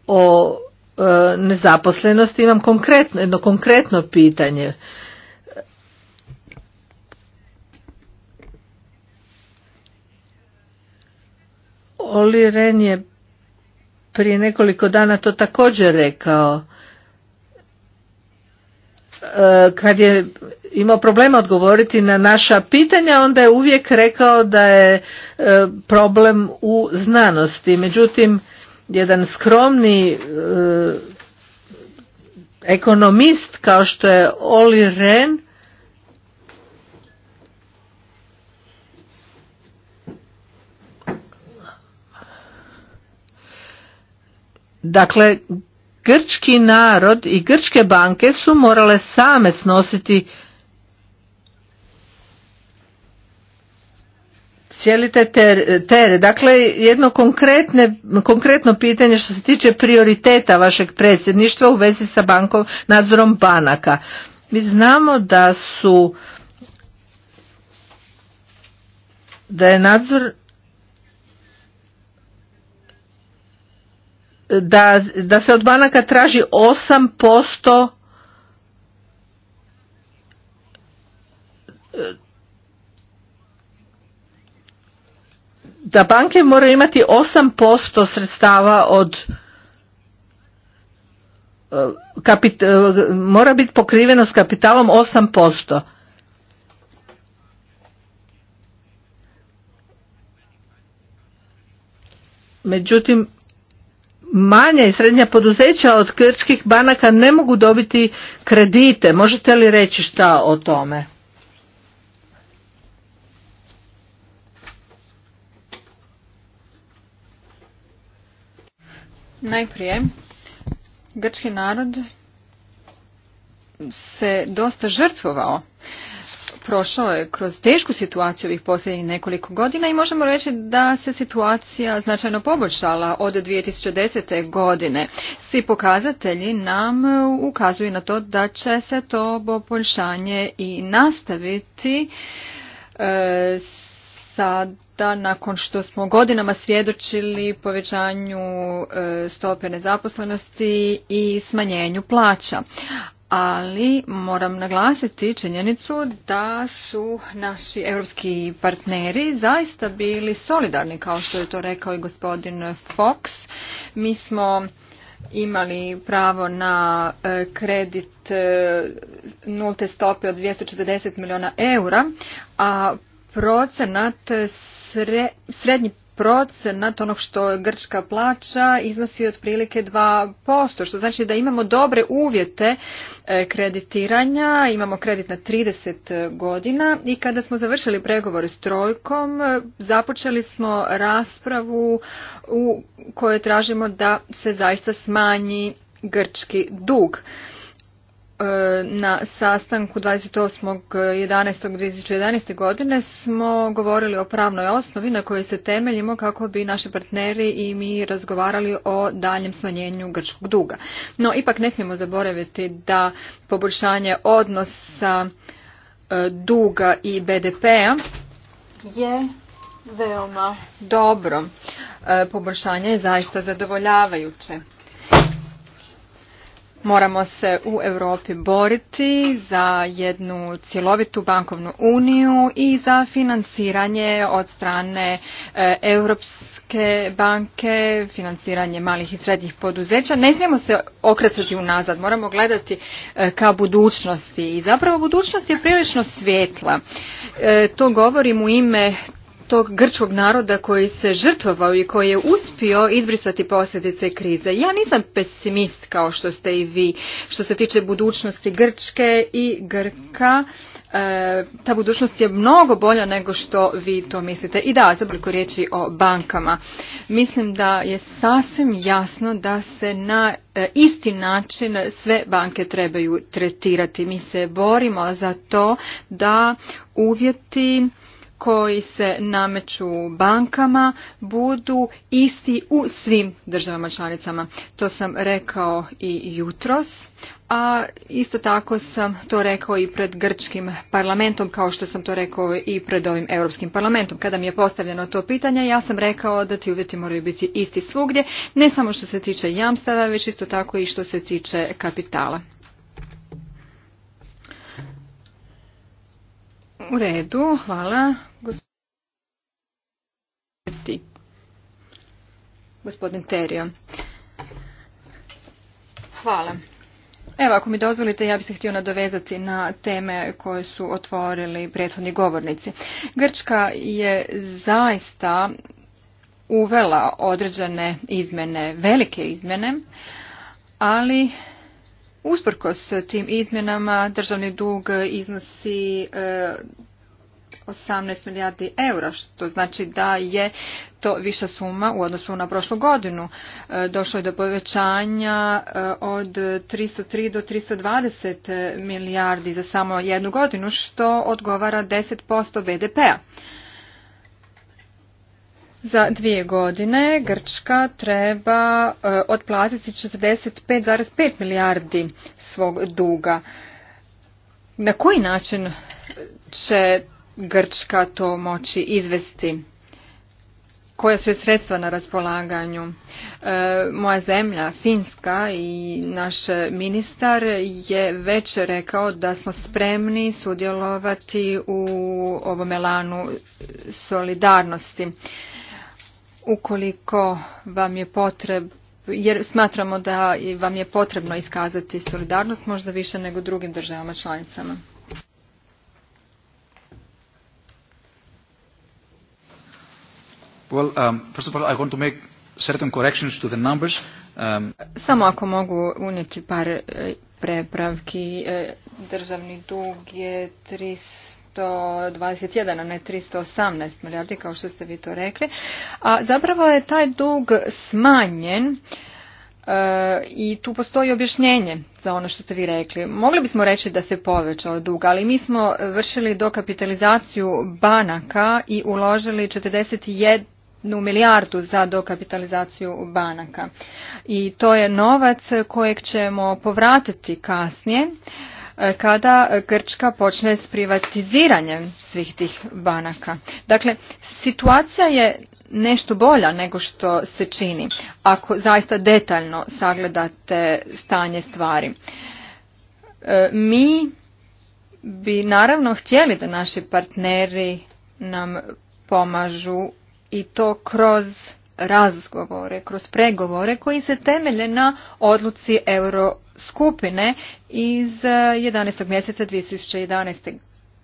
Speaker 3: o e, nezaposlenosti, imam konkretno, jedno konkretno pitanje. Oli Ren je prije nekoliko dana to također rekao e, kad je imao problema odgovoriti na naša pitanja, onda je uvijek rekao da je e, problem u znanosti. Međutim, jedan skromni e, ekonomist kao što je Oli Ren Dakle, grčki narod i grčke banke su morale same snositi cijeli tere. Dakle, jedno konkretne, konkretno pitanje što se tiče prioriteta vašeg predsjedništva u vezi sa nadzorom banaka. Mi znamo da su da je nadzor da, da se od banaka traži 8% e, da banke moraju imati 8% sredstava od e, kapit, e, mora biti pokriveno s kapitalom 8%. Međutim, manja i srednja poduzeća od grčkih banaka ne mogu dobiti kredite. Možete li reći šta o tome? Najprije, grčki
Speaker 4: narod se dosta žrtvovao prošao je kroz tešku situaciju ovih posljednjih nekoliko godina i možemo reći da se situacija značajno poboljšala od 2010. godine. Svi pokazatelji nam ukazuju na to da će se to poboljšanje i nastaviti e, sada nakon što smo godinama svjedočili povećanju e, stope nezaposlenosti i smanjenju plaća ali moram naglasiti činjenicu da su naši europski partneri zaista bili solidarni, kao što je to rekao i gospodin Fox. Mi smo imali pravo na e, kredit e, nulte stope od 240 miliona eura, a procenat srednji procenat onog što Grčka plaća iznosi otprilike 2%, što znači da imamo dobre uvjete e, kreditiranja, imamo kredit na 30 godina i kada smo završili pregovore s trojkom, e, započeli smo raspravu u kojoj tražimo da se zaista smanji grčki dug. E, na sastanku 28.11.2011. godine smo govorili o pravnoj osnovi na kojoj se temeljimo kako bi naši partneri i mi razgovarali o daljem smanjenju grčkog duga. No, ipak ne smijemo zaboraviti da poboljšanje odnosa e, duga i BDP-a
Speaker 3: je veoma
Speaker 4: dobro. E, poboljšanje je zaista zadovoljavajuće. Moramo se u Europi boriti za jednu cjelovitu bankovnu uniju i za financiranje od strane e, Europske banke, financiranje malih i srednjih poduzeća. Ne smijemo se okretati unazad, moramo gledati e, ka budućnosti i zapravo budućnost je prilično svjetla. E, to govorim u ime tog grčkog naroda koji se žrtvovao i koji je uspio izbrisati posljedice krize. Ja nisam pesimist kao što ste i vi što se tiče budućnosti Grčke i Grka. E, ta budućnost je mnogo bolja nego što vi to mislite. I da, zabrko riječi o bankama. Mislim da je sasvim jasno da se na e, isti način sve banke trebaju tretirati. Mi se borimo za to da uvjeti koji se nameću bankama budu isti u svim državama članicama. To sam rekao i jutros, a isto tako sam to rekao i pred grčkim parlamentom kao što sam to rekao i pred ovim europskim parlamentom. Kada mi je postavljeno to pitanje, ja sam rekao da ti uvjeti moraju biti isti svugdje, ne samo što se tiče jamstava, već isto tako i što se tiče kapitala. U redu, hvala. Gospodin Terio. Hvala. Evo, ako mi dozvolite, ja bih se htio nadovezati na teme koje su otvorili prethodni govornici. Grčka je zaista uvela određene izmjene, velike izmjene, ali usprkos tim izmjenama državni dug iznosi e, 18 milijardi eura, što znači da je to viša suma u odnosu na prošlu godinu. E, došlo je do povećanja e, od 303 do 320 milijardi za samo jednu godinu, što odgovara 10% BDP-a. Za dvije godine Grčka treba e, otplatiti 45,5 milijardi svog duga. Na koji način će Grčka to moći izvesti? koja su je sredstva na raspolaganju. E, moja zemlja, Finska i naš ministar je već rekao da smo spremni sudjelovati u ovom elanu solidarnosti. Ukoliko vam je potreb, jer smatramo da vam je potrebno iskazati solidarnost možda više nego drugim državama članicama. Samo ako mogu unijeti par e, prepravki, e, državni dug je 321, a ne 318 milijardi, kao što ste vi to rekli. A zapravo je taj dug smanjen e, i tu postoji objašnjenje za ono što ste vi rekli. Mogli bismo reći da se povećao dug, ali mi smo vršili dokapitalizaciju banaka i uložili 41 milijardu za dokapitalizaciju banaka. I to je novac kojeg ćemo povratiti kasnije e, kada Grčka počne s privatiziranjem svih tih banaka. Dakle, situacija je nešto bolja nego što se čini ako zaista detaljno sagledate stanje stvari. E, mi bi naravno htjeli da naši partneri nam pomažu i to kroz razgovore, kroz pregovore koji se temelje na odluci Euroskupine iz 11. E, mjeseca 2011.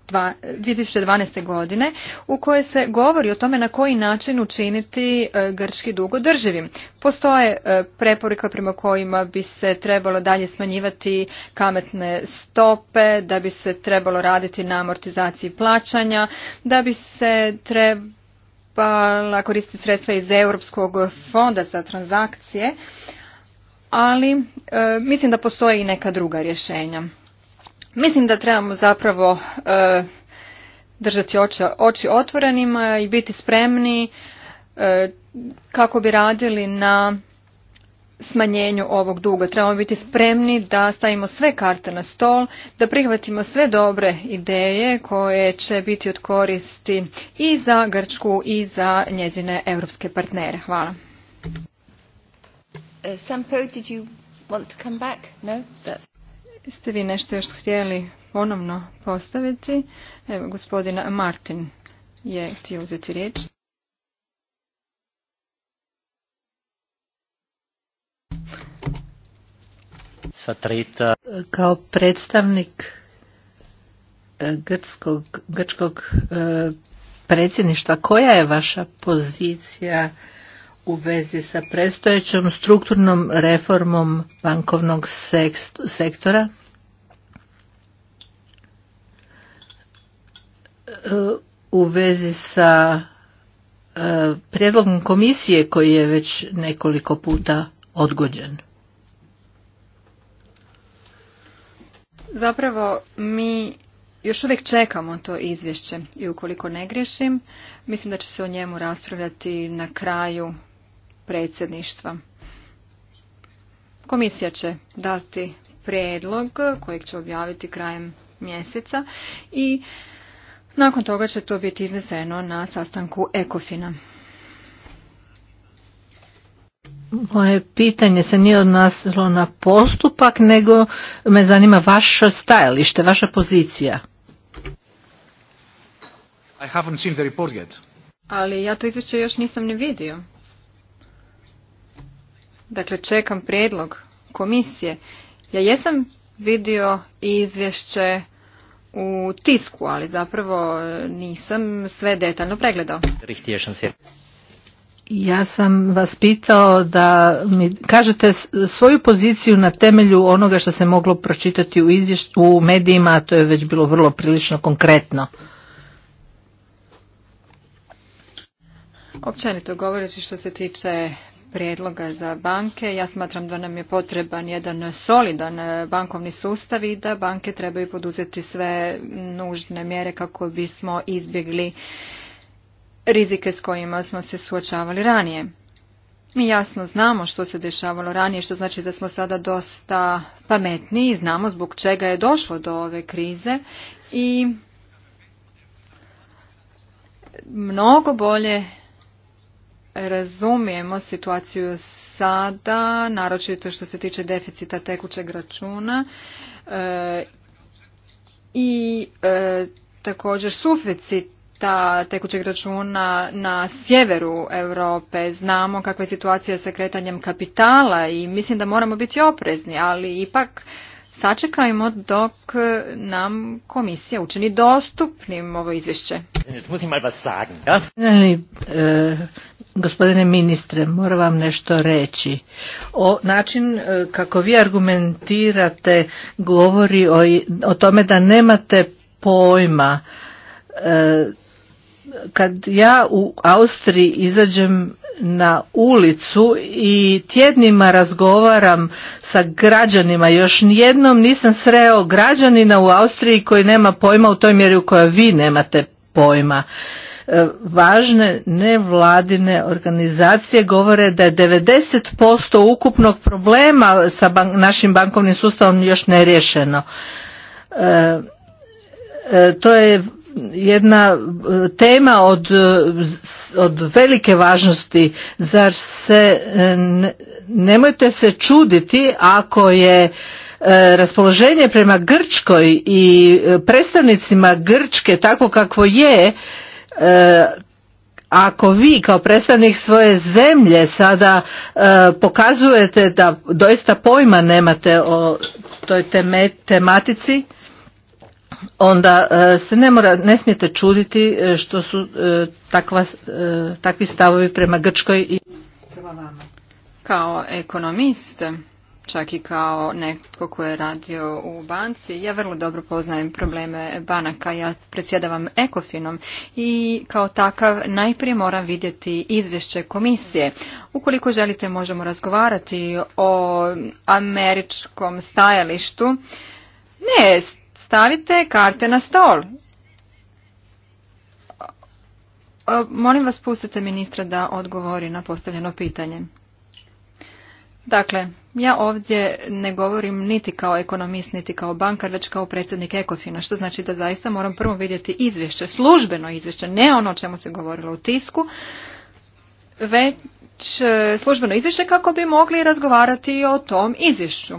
Speaker 4: 2012. godine u kojoj se govori o tome na koji način učiniti e, grčki dug održivim. Postoje e, preporuka prema kojima bi se trebalo dalje smanjivati kametne stope, da bi se trebalo raditi na amortizaciji plaćanja, da bi se trebalo pa koristiti sredstva iz Europskog fonda za transakcije, ali e, mislim da postoje i neka druga rješenja. Mislim da trebamo zapravo e, držati oči, otvorenima i biti spremni e, kako bi radili na smanjenju ovog duga. Trebamo biti spremni da stavimo sve karte na stol, da prihvatimo sve dobre ideje koje će biti od koristi i za Grčku i za njezine europske partnere. Hvala.
Speaker 1: Uh,
Speaker 4: Ste vi nešto još htjeli ponovno postaviti? Evo, gospodina Martin je htio uzeti riječ.
Speaker 3: Kao predstavnik e, grčkog, e, predsjedništva, koja je vaša pozicija u vezi sa predstojećom strukturnom reformom bankovnog sektora? E, u vezi sa prijedlogom komisije koji je već nekoliko puta odgođen.
Speaker 4: Zapravo mi još uvijek čekamo to izvješće i ukoliko ne griješim, mislim da će se o njemu raspravljati na kraju predsjedništva. Komisija će dati prijedlog kojeg će objaviti krajem mjeseca i nakon toga će to biti izneseno na sastanku Ekofina.
Speaker 3: Moje pitanje se nije odnosilo na postupak, nego me zanima vaše stajalište, vaša pozicija.
Speaker 1: I haven't seen the report yet.
Speaker 4: Ali ja to izvješće još nisam ne vidio. Dakle, čekam prijedlog komisije. Ja jesam vidio izvješće u tisku, ali zapravo nisam sve detaljno pregledao.
Speaker 3: Ja sam vas pitao da mi kažete svoju poziciju na temelju onoga što se moglo pročitati u, medijima, a to je već bilo vrlo prilično konkretno.
Speaker 4: Općenito govoreći što se tiče prijedloga za banke, ja smatram da nam je potreban jedan solidan e, bankovni sustav i da banke trebaju poduzeti sve nužne mjere kako bismo izbjegli rizike s kojima smo se suočavali ranije. Mi jasno znamo što se dešavalo ranije, što znači da smo sada dosta pametniji i znamo zbog čega je došlo do ove krize i mnogo bolje razumijemo situaciju sada, naročito što se tiče deficita tekućeg računa e, i e, također suficit ta tekućeg računa na sjeveru Europe. Znamo kakva je situacija sa kretanjem kapitala i mislim da moramo biti oprezni, ali ipak sačekajmo dok nam komisija učini dostupnim
Speaker 1: ovo izvješće.
Speaker 3: gospodine ministre, moram vam nešto reći. O, način e, kako vi argumentirate govori o, tome da nemate pojma e, kad ja u Austriji izađem na ulicu i tjednima razgovaram sa građanima. Još nijednom nisam sreo građanina u Austriji koji nema pojma u toj mjeri u kojoj vi nemate pojma. E, važne nevladine organizacije govore da je 90% ukupnog problema sa našim bankovnim sustavom još ne rješeno. E, e, to je jedna e, tema od, e, od velike važnosti. Zar se, e, nemojte se čuditi ako je raspoloženje prema Grčkoj i predstavnicima Grčke tako kakvo je, ako vi kao predstavnik svoje zemlje sada pokazujete da doista pojma nemate o toj tematici, onda e, se ne mora, ne smijete čuditi e, što su e, takva, takvi stavovi prema Grčkoj i prema vama.
Speaker 4: Kao ekonomist, čak i kao netko tko je radio u banci, ja vrlo dobro poznajem probleme banaka, ja predsjedavam ekofinom i kao takav najprije moram vidjeti izvješće komisije. Ukoliko želite možemo razgovarati o američkom stajalištu, ne stavite karte na stol. E, molim vas, pustite ministra da odgovori na postavljeno pitanje. Dakle, ja ovdje ne govorim niti kao ekonomist, niti kao bankar, već kao predsjednik Ekofina, što znači da zaista moram prvo vidjeti izvješće, službeno izvješće, ne ono o čemu se govorilo u tisku, već e, službeno izvješće kako bi mogli razgovarati o tom izvješću.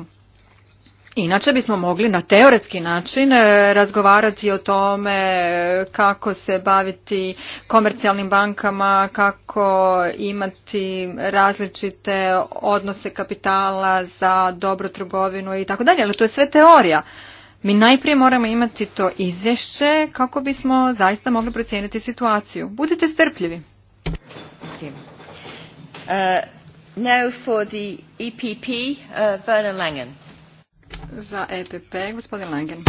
Speaker 4: Inače bismo mogli na teoretski način e, razgovarati o tome e, kako se baviti komercijalnim bankama, kako imati različite odnose kapitala za dobru trgovinu i tako dalje, ali to je sve teorija. Mi najprije moramo imati to izvješće kako bismo zaista mogli procijeniti situaciju. Budite strpljivi. Uh, now for the EPP, uh, Werner Langen. Za EPP, gospodin Langen.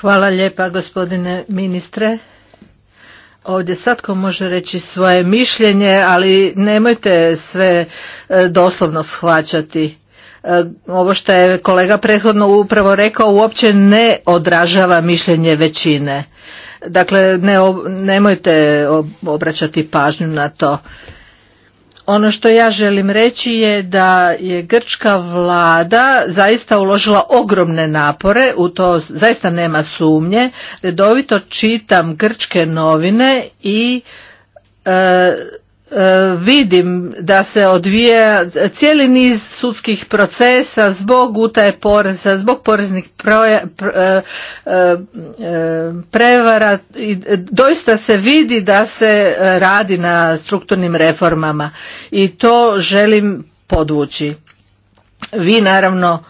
Speaker 3: Hvala lijepa gospodine ministre. Ovdje svatko može reći svoje mišljenje, ali nemojte sve e, doslovno shvaćati e, ovo što je kolega prethodno upravo rekao uopće ne odražava mišljenje većine. Dakle, nemojte obraćati pažnju na to. Ono što ja želim reći je da je grčka vlada zaista uložila ogromne napore, u to zaista nema sumnje. Redovito čitam grčke novine i e, vidim da se odvija cijeli niz sudskih procesa zbog utaje poreza, zbog poreznih e, e, e, prevara i doista se vidi da se radi na strukturnim reformama i to želim podvući vi naravno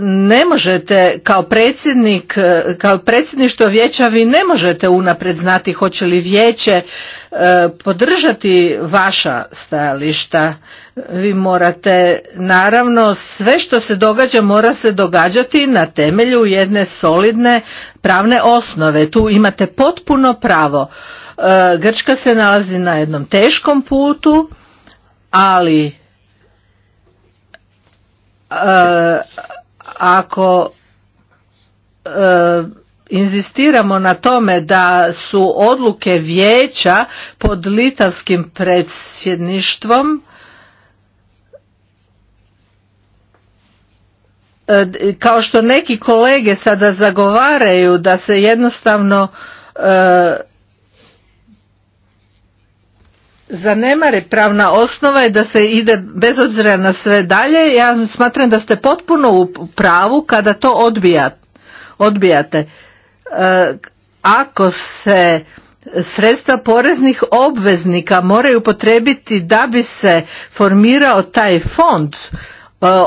Speaker 3: ne možete kao predsjednik, e, kao predsjedništvo vijeća vi ne možete unaprijed znati hoće li vijeće e, podržati vaša stajališta. Vi morate, naravno, sve što se događa mora se događati na temelju jedne solidne pravne osnove. Tu imate potpuno pravo. E, Grčka se nalazi na jednom teškom putu, ali ako e, inzistiramo na tome da su odluke vijeća pod litavskim predsjedništvom e, kao što neki kolege sada zagovaraju da se jednostavno e, Zanemare pravna osnova je da se ide bez obzira na sve dalje. Ja smatram da ste potpuno u pravu kada to odbijate. E, ako se sredstva poreznih obveznika moraju potrebiti da bi se formirao taj fond, e,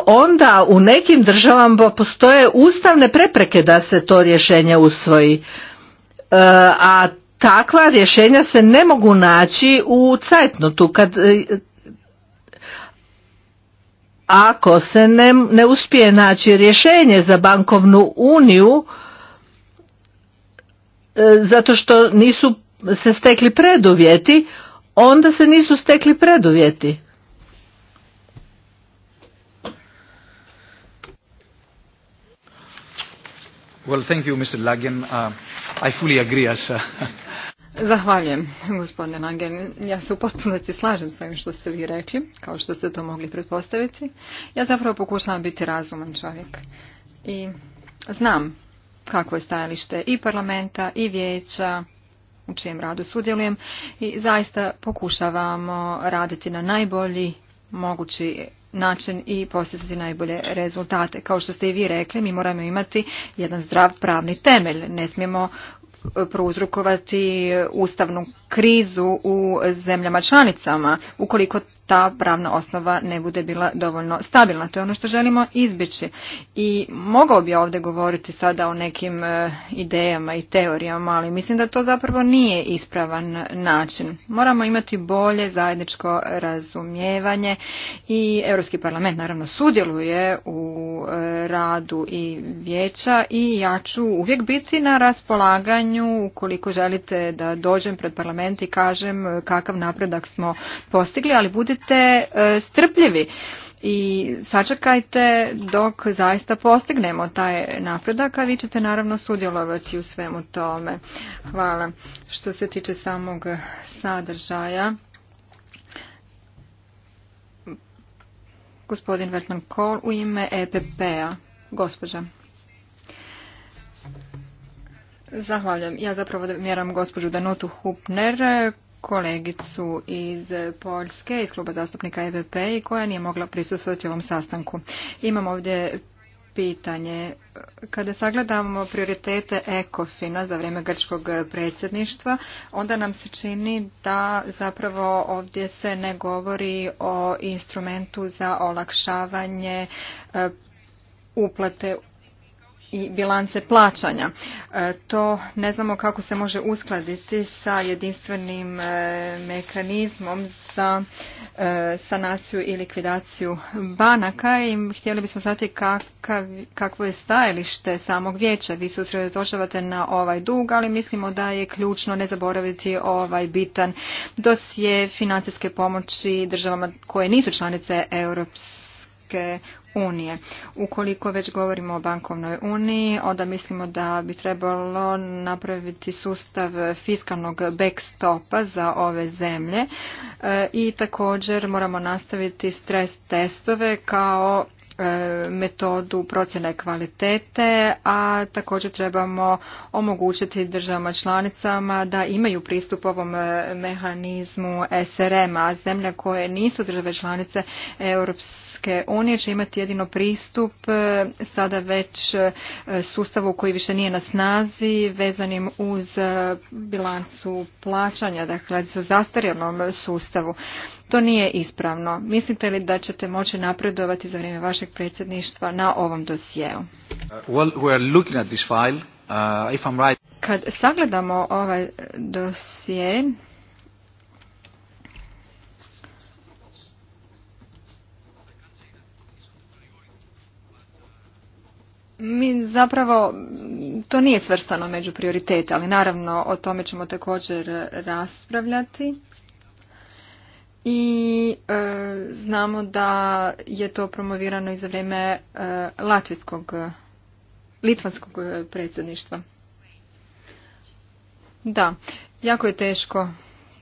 Speaker 3: onda u nekim državama postoje ustavne prepreke da se to rješenje usvoji. E, a takva rješenja se ne mogu naći u cajtnotu kad e, ako se ne, ne uspije naći rješenje za bankovnu uniju e, zato što nisu se stekli preduvjeti onda se nisu stekli preduvjeti
Speaker 1: Well, thank you, Mr. Uh, I fully agree as, uh,
Speaker 4: Zahvaljujem, gospodine Langen. Ja se u potpunosti slažem s ovim što ste vi rekli, kao što ste to mogli pretpostaviti. Ja zapravo pokušavam biti razuman čovjek. I znam kako je stajalište i parlamenta i vijeća u čijem radu sudjelujem i zaista pokušavamo raditi na najbolji mogući način i postići najbolje rezultate. Kao što ste i vi rekli, mi moramo imati jedan zdrav pravni temelj. Ne smijemo prouzrokovati ustavnu krizu u zemljama članicama ukoliko ta pravna osnova ne bude bila dovoljno stabilna. To je ono što želimo izbjeći. I mogao bi ovdje govoriti sada o nekim e, idejama i teorijama, ali mislim da to zapravo nije ispravan način. Moramo imati bolje zajedničko razumijevanje i Europski parlament naravno sudjeluje u e, radu i vijeća i ja ću uvijek biti na raspolaganju ukoliko želite da dođem pred parlament i kažem e, kakav napredak smo postigli, ali budite budite e, strpljivi i sačekajte dok zaista postignemo taj napredak, a vi ćete naravno sudjelovati u svemu tome. Hvala. Što se tiče samog sadržaja, gospodin Vertman Kohl u ime EPP-a. Gospođa. Zahvaljujem. Ja zapravo mjeram gospođu Danutu Hupner kolegicu iz Poljske, iz kluba zastupnika EVP i koja nije mogla prisustvovati ovom sastanku. Imam ovdje pitanje. Kada sagledamo prioritete ECOFINA za vrijeme grčkog predsjedništva, onda nam se čini da zapravo ovdje se ne govori o instrumentu za olakšavanje e, uplate i bilance plaćanja. E, to ne znamo kako se može uskladiti sa jedinstvenim e, mekanizmom za e, sanaciju i likvidaciju banaka i htjeli bismo znati kakvo je stajalište samog vijeća. Vi se usredotočavate na ovaj dug, ali mislimo da je ključno ne zaboraviti ovaj bitan dosje financijske pomoći državama koje nisu članice Europske unije. Ukoliko već govorimo o bankovnoj uniji, onda mislimo da bi trebalo napraviti sustav fiskalnog backstopa za ove zemlje e, i također moramo nastaviti stres testove kao E, metodu procjene kvalitete, a također trebamo omogućiti državama članicama da imaju pristup ovom e, mehanizmu SRM, a zemlje koje nisu države članice Europske unije će imati jedino pristup e, sada već sustavu koji više nije na snazi vezanim uz bilancu plaćanja, dakle su zastarjelom sustavu. To nije ispravno. Mislite li da ćete moći napredovati za vrijeme vaše našeg predsjedništva na ovom dosjeu. Kad sagledamo ovaj dosje, Mi zapravo, to nije svrstano među prioritete, ali naravno o tome ćemo također raspravljati i e, znamo da je to promovirano i za vrijeme e, latvijskog litvanskog predsjedništva. Da, jako je teško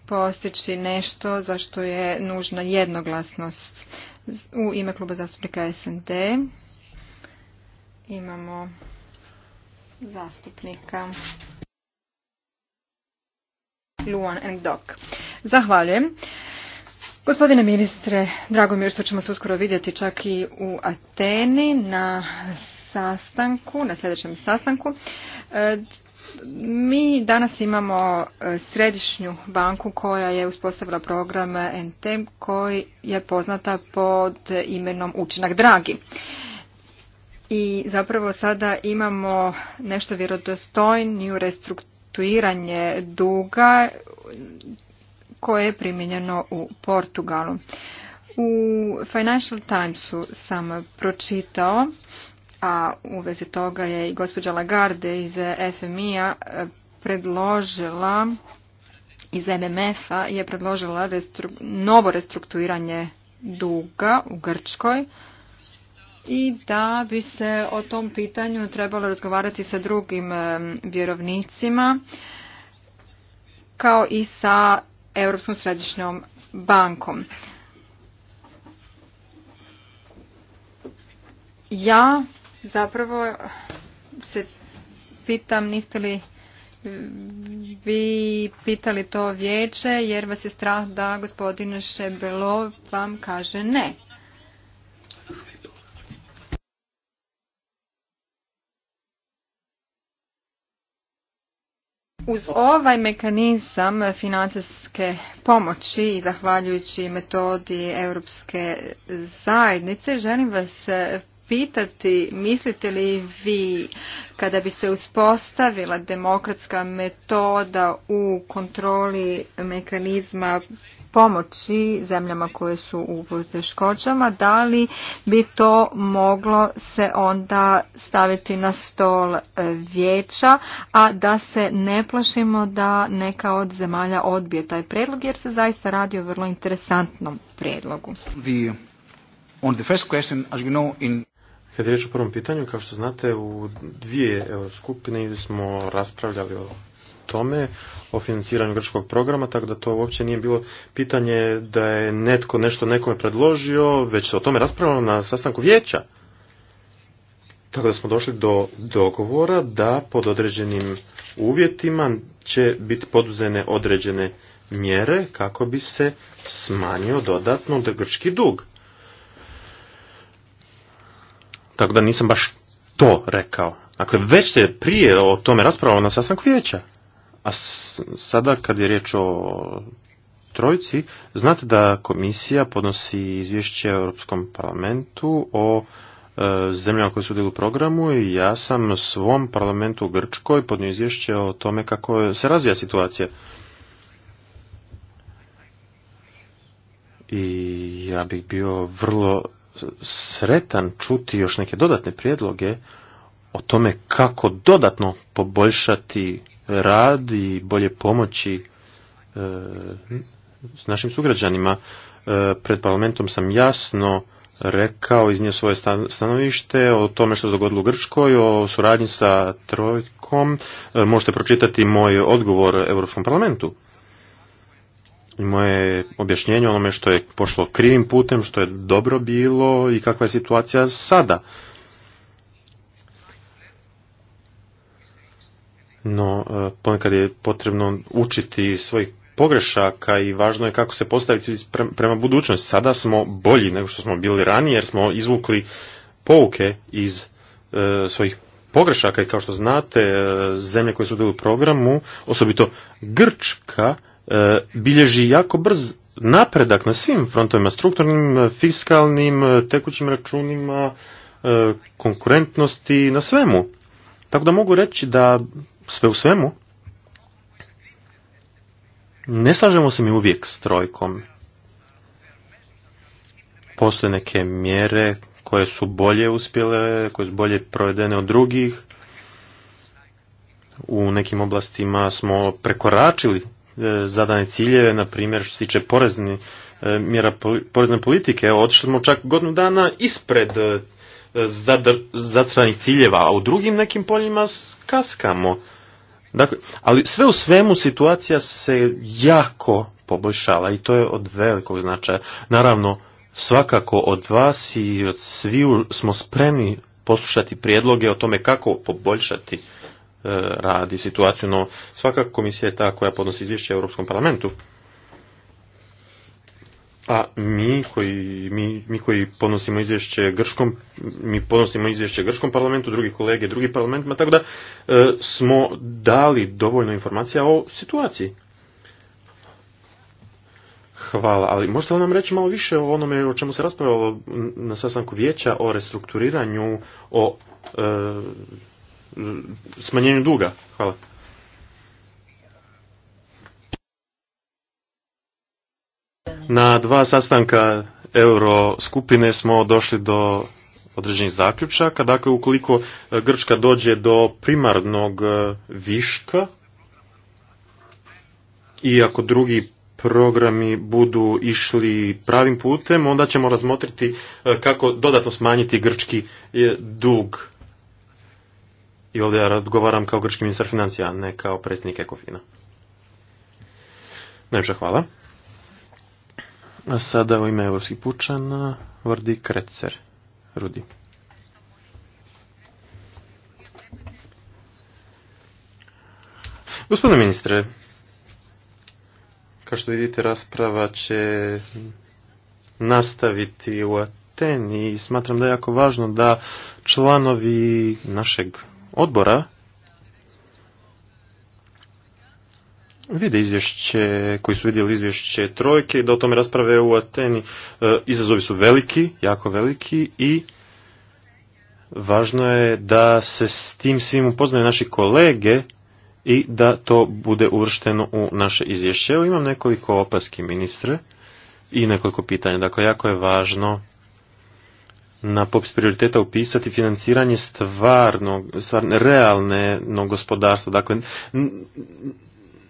Speaker 4: postići nešto za što je nužna jednoglasnost. U ime kluba zastupnika SND imamo zastupnika Luan Engdok. Zahvaljujem. Gospodine ministre, drago mi je što ćemo se uskoro vidjeti čak i u Ateni na sastanku, na sljedećem sastanku. E, mi danas imamo e, središnju banku koja je uspostavila program NTEM koji je poznata pod imenom Učinak Dragi. I zapravo sada imamo nešto vjerodostojniju restrukturiranje duga koje je primijenjeno u Portugalu. U Financial Timesu sam pročitao, a u vezi toga je i gospođa Lagarde iz FMI-a e, predložila iz MMF-a je predložila novo restrukturiranje duga u Grčkoj i da bi se o tom pitanju trebalo razgovarati sa drugim e, vjerovnicima kao i sa Europskom središnjom bankom. Ja zapravo se pitam niste li vi pitali to vijeće jer vas je strah da gospodin Šebelov vam kaže ne. Uz ovaj mekanizam financijske pomoći i zahvaljujući metodi Europske zajednice želim vas e, pitati mislite li vi kada bi se uspostavila demokratska metoda u kontroli mekanizma pomoći zemljama koje su u teškoćama, da li bi to moglo se onda staviti na stol e, vijeća, a da se ne plašimo da neka od zemalja odbije taj predlog, jer se zaista radi o vrlo interesantnom predlogu.
Speaker 2: on the Kad je riječ o prvom pitanju, kao što znate, u dvije skupine smo raspravljali o tome, o financiranju grčkog programa, tako da to uopće nije bilo pitanje da je netko nešto nekome predložio, već se o tome raspravljalo na sastanku vijeća. Tako da smo došli do dogovora da pod određenim uvjetima će biti poduzene određene mjere kako bi se smanjio dodatno grčki dug. Tako da nisam baš to rekao. Dakle, već se prije o tome raspravljalo na sastanku vijeća. A sada kad je riječ o trojci, znate da komisija podnosi izvješće Europskom parlamentu o e, zemljama koje su u programu i ja sam svom parlamentu u Grčkoj podnio izvješće o tome kako se razvija situacija. I ja bih bio vrlo sretan čuti još neke dodatne prijedloge o tome kako dodatno poboljšati rad i bolje pomoći e, s našim sugrađanima. E, pred parlamentom sam jasno rekao, iznio svoje stanovište o tome što se dogodilo u Grčkoj, o suradnji sa Trojkom. E, možete pročitati moj odgovor Europskom parlamentu i moje objašnjenje onome što je pošlo krivim putem, što je dobro bilo i kakva je situacija sada. no e, ponekad je potrebno učiti svojih pogrešaka i važno je kako se postaviti prema budućnosti. Sada smo bolji nego što smo bili ranije jer smo izvukli pouke iz e, svojih pogrešaka i kao što znate e, zemlje koje su u programu, osobito Grčka, bilježi jako brz napredak na svim frontovima, strukturnim, fiskalnim, tekućim računima, konkurentnosti, na svemu. Tako da mogu reći da sve u svemu, ne slažemo se mi uvijek s trojkom. Postoje neke mjere koje su bolje uspjele, koje su bolje provedene od drugih. U nekim oblastima smo prekoračili e, zadane ciljeve, na primjer što se tiče porezni, e, mjera porezne politike. Evo, otišli smo čak godinu dana ispred e, zacranih ciljeva, a u drugim nekim poljima kaskamo. Dakle, ali sve u svemu situacija se jako poboljšala i to je od velikog značaja. Naravno, svakako od vas i od sviju smo spremni poslušati prijedloge o tome kako poboljšati radi e, rad i situaciju, no svakako komisija je ta koja podnosi izvješće Europskom parlamentu a mi koji, mi, mi koji ponosimo izvješće grškom mi ponosimo izvješće grškom parlamentu drugi kolege drugi parlamentima tako da e, smo dali dovoljno informacija o situaciji Hvala, ali možete li nam reći malo više o onome o čemu se raspravljalo na sastanku vijeća, o restrukturiranju, o e, smanjenju duga? Hvala. Na dva sastanka euro skupine smo došli do određenih zaključaka. Dakle, ukoliko e, Grčka dođe do primarnog e, viška i ako drugi programi budu išli pravim putem, onda ćemo razmotriti e, kako dodatno smanjiti grčki dug. I ovdje ja odgovaram kao grčki ministar financija, a ne kao predsjednik Ekofina. Najviše hvala. A sada u ime Evropskih pučana Vrdi Krecer. Rudi. Gospodine ministre, kao što vidite rasprava će nastaviti u Ateni i smatram da je jako važno da članovi našeg odbora vide izvješće, koji su vidjeli izvješće trojke i da o tome rasprave u Ateni. E, izazovi su veliki, jako veliki i važno je da se s tim svim upoznaju naši kolege i da to bude uvršteno u naše izvješće. Evo imam nekoliko opaski ministre i nekoliko pitanja. Dakle, jako je važno na popis prioriteta upisati financiranje stvarno, stvarne, realne gospodarstva. Dakle,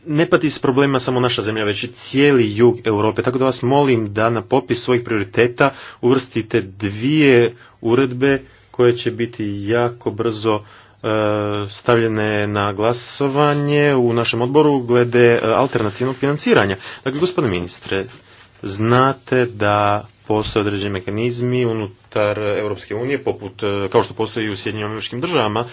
Speaker 2: ne pati s problema samo naša zemlja, već i cijeli jug Europe. Tako da vas molim da na popis svojih prioriteta uvrstite dvije uredbe koje će biti jako brzo e, stavljene na glasovanje u našem odboru glede e, alternativnog financiranja. Dakle, gospodine ministre, znate da postoje određeni mehanizmi unutar Europske unije, poput, e, kao što postoji i u i američkim državama.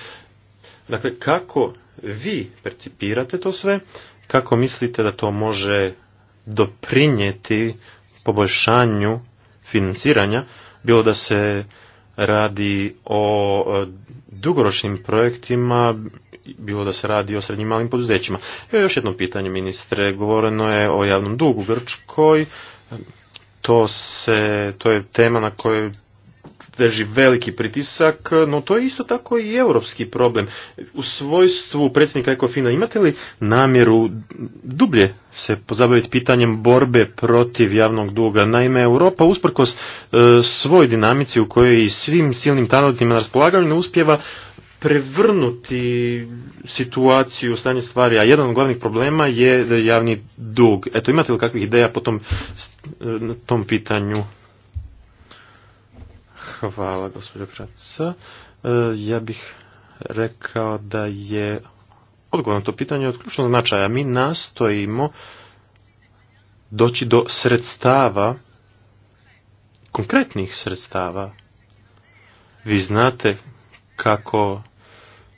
Speaker 2: Dakle, kako vi percipirate to sve kako mislite da to može doprinijeti poboljšanju financiranja, bilo da se radi o e, dugoročnim projektima, bilo da se radi o srednjim malim poduzećima. Evo još jedno pitanje, ministre. Govoreno je o javnom dugu Grčkoj. To, se, to je tema na kojoj drži veliki pritisak, no to je isto tako i europski problem. U svojstvu predsjednika Ekofina imate li namjeru dublje se pozabaviti pitanjem borbe protiv javnog duga? Naime, Europa usprkos svojoj e, svoj dinamici u kojoj i svim silnim talentima na raspolaganju ne uspjeva prevrnuti situaciju, stanje stvari, a jedan od glavnih problema je javni dug. Eto, imate li kakvih ideja po tom e, pitanju? Hvala, gospođo Kratica. E, ja bih rekao da je odgovor na to pitanje od ključnog značaja. Mi nastojimo doći do sredstava, konkretnih sredstava. Vi znate kako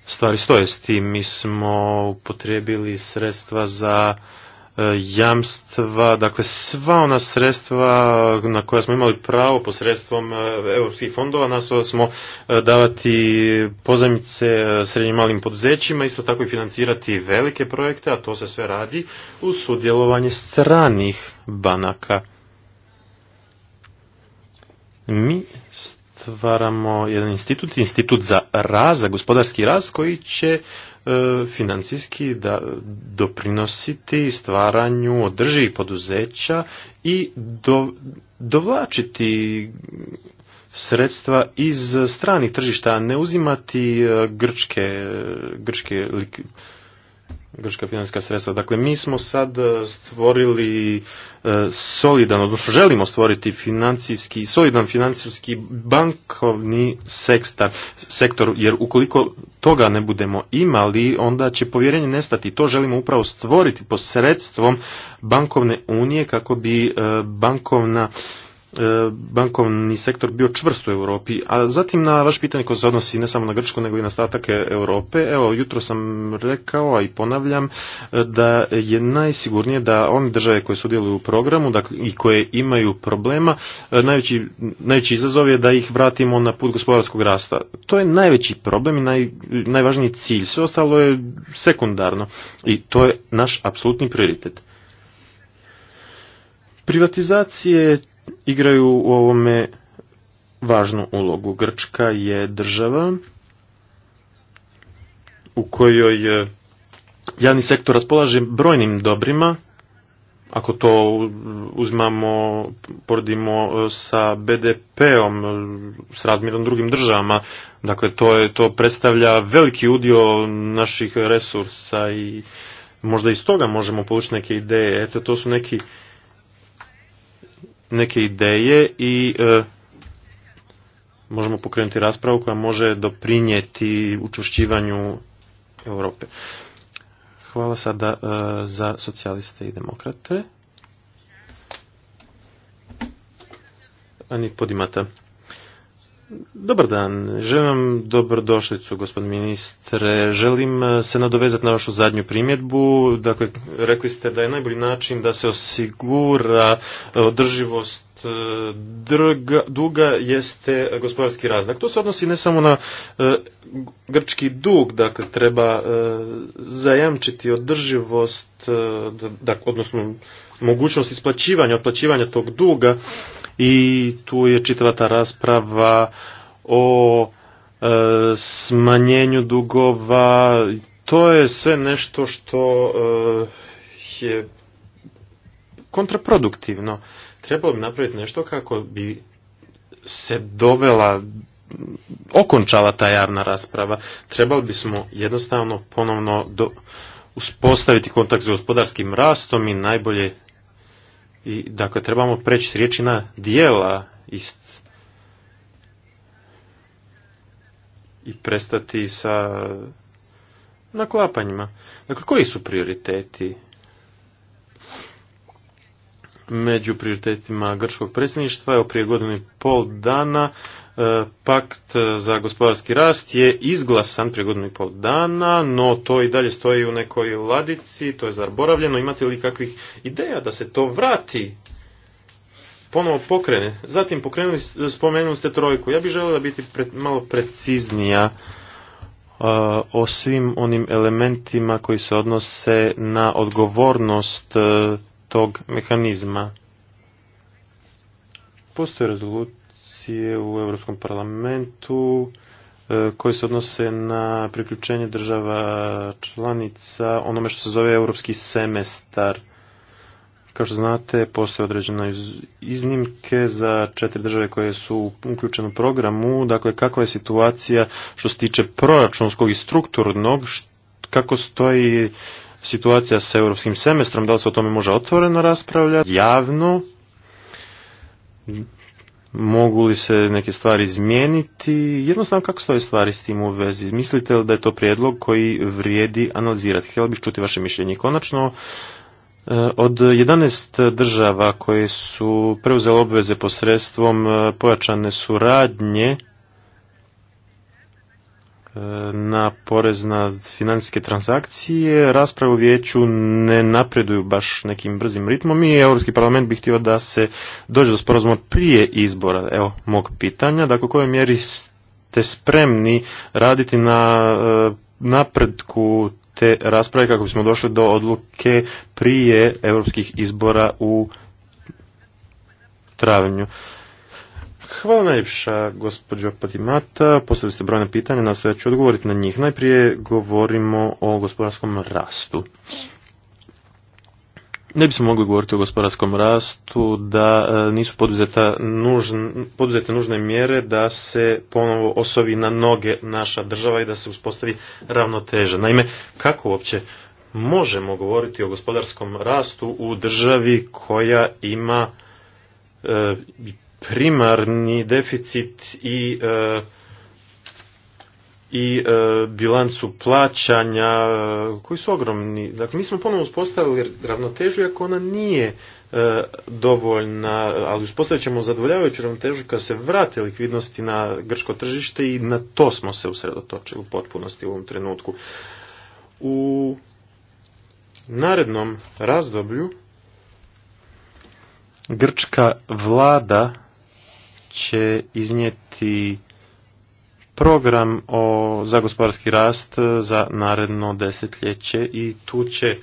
Speaker 2: stvari stoje s tim. Mi smo upotrijebili sredstva za E, jamstva, dakle sva ona sredstva na koja smo imali pravo posredstvom e, europskih fondova, nastavili smo e, davati pozajmice srednjim malim poduzećima, isto tako i financirati velike projekte, a to se sve radi uz sudjelovanje stranih banaka. Mi stvaramo jedan institut, institut za raz, za gospodarski raz koji će E, financijski da doprinositi stvaranju održivih poduzeća i dovlačiti sredstva iz stranih tržišta, a ne uzimati e, grčke, grčke Grška financijska sredstva. Dakle, mi smo sad e, stvorili e, solidan, odnosno želimo stvoriti financijski, solidan financijski bankovni sektor sektor, jer ukoliko toga ne budemo imali, onda će povjerenje nestati. To želimo upravo stvoriti posredstvom bankovne unije kako bi e, bankovna E, bankovni sektor bio čvrst u Europi. A zatim na vaš pitanje koje se odnosi ne samo na Grčku nego i na ostatak Europe, evo jutro sam rekao, a i ponavljam, e, da je najsigurnije da one države koje sudjeluju u programu i koje imaju problema, e, najveći, izazov je da ih vratimo na put gospodarskog rasta. To je najveći problem i najvažniji cilj. Sve ostalo je sekundarno i to je naš apsolutni prioritet. Privatizacije igraju u ovome važnu ulogu. Grčka je država u kojoj e, javni sektor raspolaže brojnim dobrima, ako to uzmamo, poredimo e, sa BDP-om, e, s razmjerom drugim državama, dakle to, je, to predstavlja veliki udio naših resursa i možda iz toga možemo povući neke ideje. Eto, to su neki neke ideje i e, možemo pokrenuti raspravu koja može doprinijeti učušćivanju Europe. Hvala sada e, za socijaliste i demokrate. Ani Podimata. Dobar dan, želim dobrodošlicu, gospod ministre. Želim eh, se nadovezati na vašu zadnju primjedbu. Dakle, rekli ste da je najbolji način da se osigura eh, održivost eh, duga jeste gospodarski razlog. Dakle, to se odnosi ne samo na grčki dug, dakle, treba zajamčiti održivost, dakle, odnosno mogućnost isplaćivanja, otplaćivanja tog duga, i tu je čitava ta rasprava o e, smanjenju dugova. To je sve nešto što e, je kontraproduktivno. Trebalo bi napraviti nešto kako bi se dovela okončala ta javna rasprava. Trebali bismo jednostavno ponovno uspostaviti kontakt s gospodarskim rastom i najbolje i, dakle, trebamo preći s riječi na dijela ist i prestati sa naklapanjima. Dakle, koji su prioriteti među prioritetima grčkog predsjedništva. Evo prije godinu i pol dana e, pakt e, za gospodarski rast je izglasan prije godinu i pol dana, no to i dalje stoji u nekoj ladici, to je zaboravljeno. Imate li kakvih ideja da se to vrati? ponovo pokrene. Zatim pokrenuli, spomenuli ste trojku. Ja bih želio da biti malo preciznija e, o svim onim elementima koji se odnose na odgovornost tog mehanizma. Postoje rezolucije u Europskom parlamentu e, koje se odnose na priključenje država članica onome što se zove europski semestar. Kao što znate, postoje određene iznimke za četiri države koje su uključene u programu. Dakle, kakva je situacija što se tiče proračunskog i strukturnog, kako stoji situacija s europskim semestrom, da li se o tome može otvoreno raspravljati, javno, mogu li se neke stvari izmijeniti, jednostavno kako stoje stvari s tim u vezi? Mislite li da je to prijedlog koji vrijedi analizirati? Htjela bih čuti vaše mišljenje. Konačno, e, od 11 država koje su preuzele obveze posredstvom e, pojačane suradnje, na porez na financijske transakcije, rasprave u vijeću ne napreduju baš nekim brzim ritmom i Europski parlament bi htio da se dođe do sporazuma prije izbora, evo, mog pitanja, dakle u kojoj mjeri ste spremni raditi na e, napredku te rasprave kako bismo došli do odluke prije europskih izbora u travnju. Hvala najljepša, gospođo Patimata. Postavili ste brojna pitanja, nastoja ću odgovoriti na njih. Najprije govorimo o gospodarskom rastu. Ne bismo mogli govoriti o gospodarskom rastu da e, nisu poduzete nužne mjere da se ponovo osovi na noge naša država i da se uspostavi ravnoteža. Naime, kako uopće možemo govoriti o gospodarskom rastu u državi koja ima e, primarni deficit i e, i e, bilancu plaćanja e, koji su ogromni. Dakle, mi smo ponovno uspostavili ravnotežu ako ona nije dovoljna, ali uspostavit ćemo zadovoljavajuću ravnotežu kad se vrate likvidnosti na grčko tržište i na to smo se usredotočili u potpunosti u ovom trenutku. U narednom razdoblju grčka vlada će iznijeti program o, za gospodarski rast e, za naredno desetljeće i tu će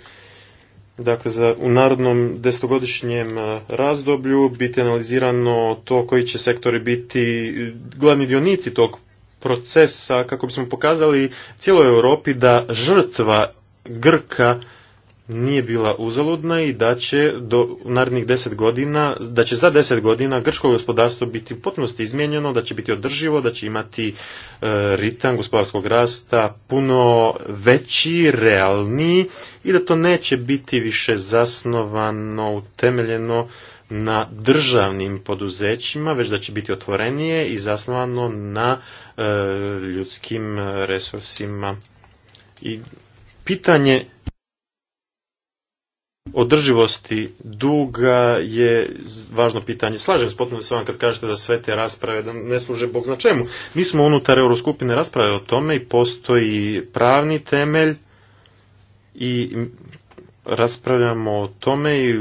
Speaker 2: dakle, za, u narodnom desetogodišnjem e, razdoblju biti analizirano to koji će sektori biti e, glavni dionici tog procesa kako bismo pokazali cijeloj Europi da žrtva Grka nije bila uzaludna i da će do narednih deset godina, da će za deset godina grčko gospodarstvo biti u potpunosti izmijenjeno, da će biti održivo, da će imati e, ritam gospodarskog rasta puno veći, realniji i da to neće biti više zasnovano, utemeljeno na državnim poduzećima, već da će biti otvorenije i zasnovano na e, ljudskim resursima. I pitanje održivosti duga je važno pitanje. Slažem se potpuno s vama kad kažete da sve te rasprave da ne služe bog zna čemu. Mi smo unutar Euroskupine rasprave o tome i postoji pravni temelj i raspravljamo o tome i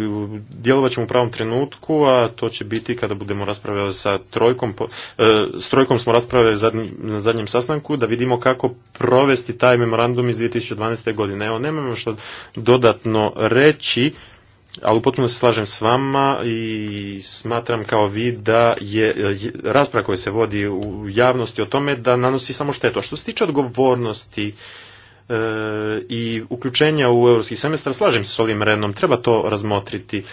Speaker 2: djelovat ćemo u pravom trenutku, a to će biti kada budemo raspravljali sa trojkom, e, s trojkom smo raspravljali na zadnjem sastanku, da vidimo kako provesti taj memorandum iz 2012. godine. Evo, nemamo što dodatno reći, ali potpuno se slažem s vama i smatram kao vi da je rasprava koja se vodi u javnosti o tome da nanosi samo štetu. A što se tiče odgovornosti E, i uključenja u europski semestar, slažem se s ovim rednom treba to razmotriti.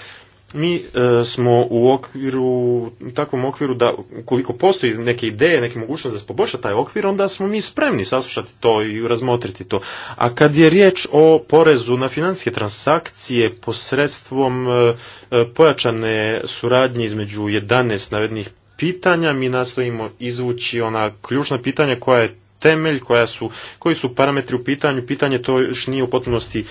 Speaker 2: Mi e, smo u okviru, takvom okviru da ukoliko postoji neke ideje, neke mogućnosti da se poboljša taj okvir, onda smo mi spremni saslušati to i razmotriti to. A kad je riječ o porezu na financijske transakcije posredstvom e, pojačane suradnje između 11 navednih pitanja, mi nastojimo izvući ona ključna pitanja koja je temelj, koja su, koji su parametri u pitanju. Pitanje to još nije u potpunosti e,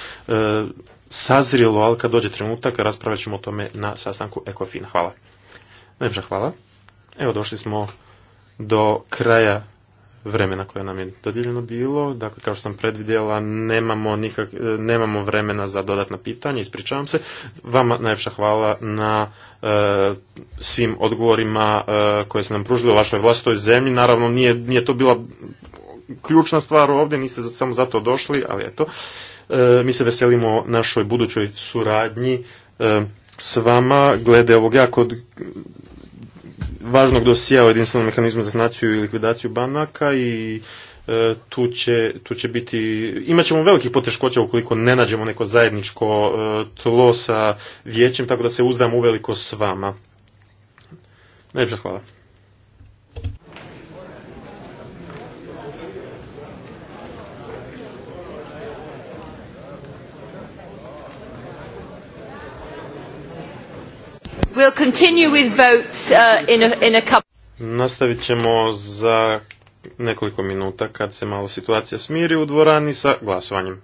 Speaker 2: sazrilo, ali kad dođe trenutak raspravit ćemo o tome na sastanku Ekofina. Hvala. Najbolje hvala. Evo došli smo do kraja vremena koje nam je dodijeljeno bilo. Dakle, kao što sam predvidjela, nemamo, nikak, e, nemamo vremena za dodatna pitanja, ispričavam se. Vama najviše hvala na e, svim odgovorima e, koje ste nam pružili u vašoj vlastitoj zemlji. Naravno, nije, nije to bila ključna stvar ovdje, niste samo zato došli, ali eto. E, mi se veselimo našoj budućoj suradnji s vama glede ovog jako važnog dosija o jedinstvenom mehanizmu za znaciju i likvidaciju banaka i e, tu, će, tu će biti, imat ćemo velikih poteškoća ukoliko ne nađemo neko zajedničko e, tlo sa vijećem, tako da se uzdam uveliko s vama. Najljepša hvala.
Speaker 1: Uh,
Speaker 2: Nastavit ćemo za nekoliko minuta kad se malo situacija smiri u dvorani sa glasovanjem.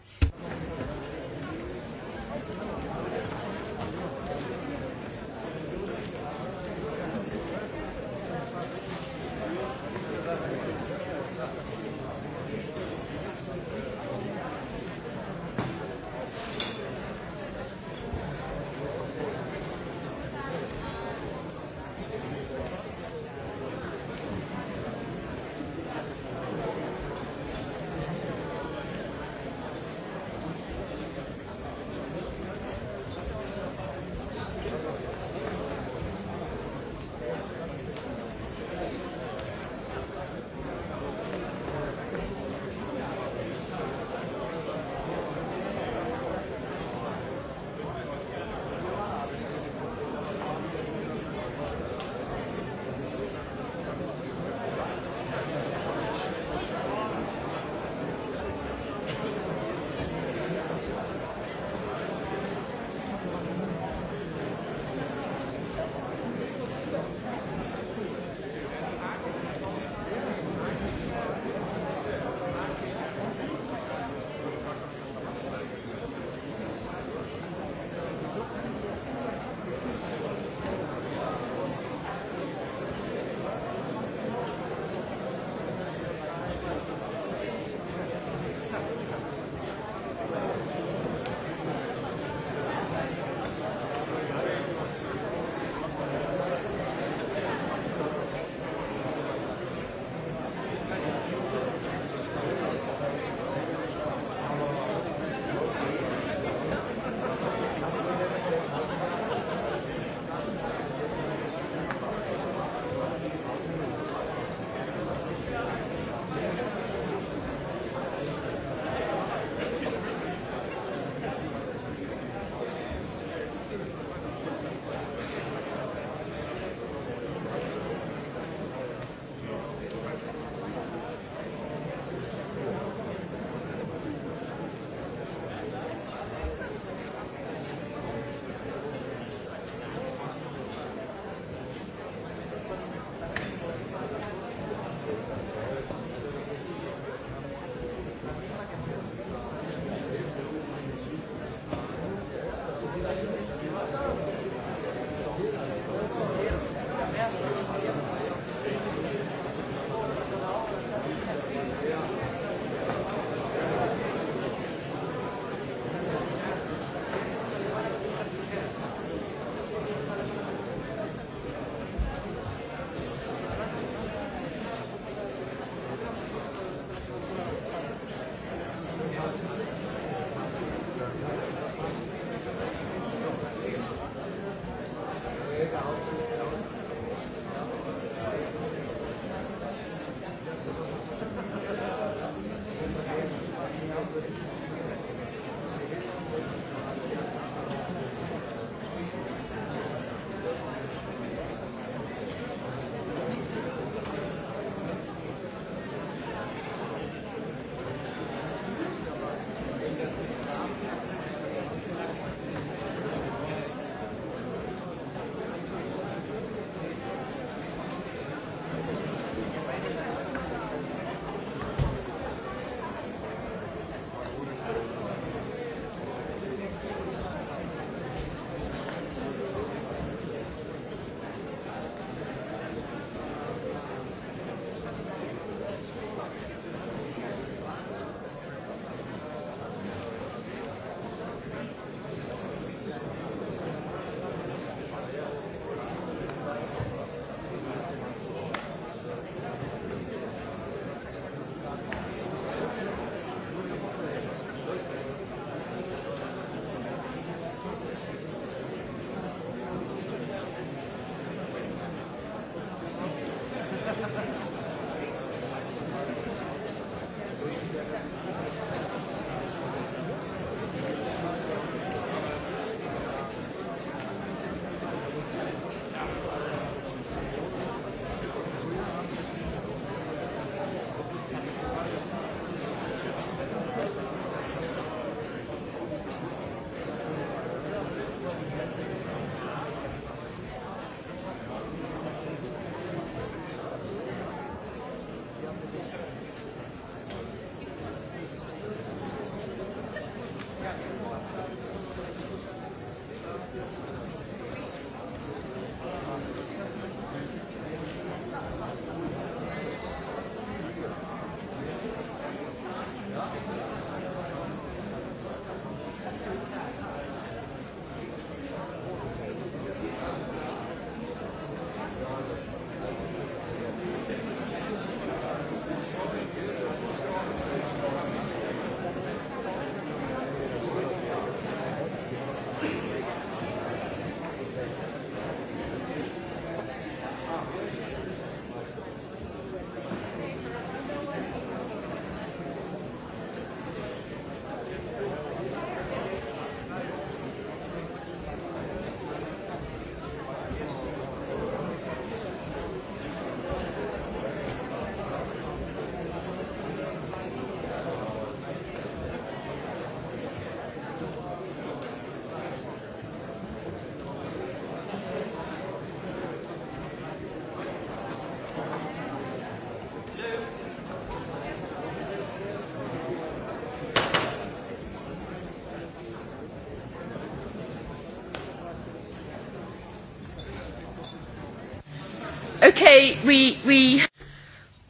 Speaker 3: Okay, we, we...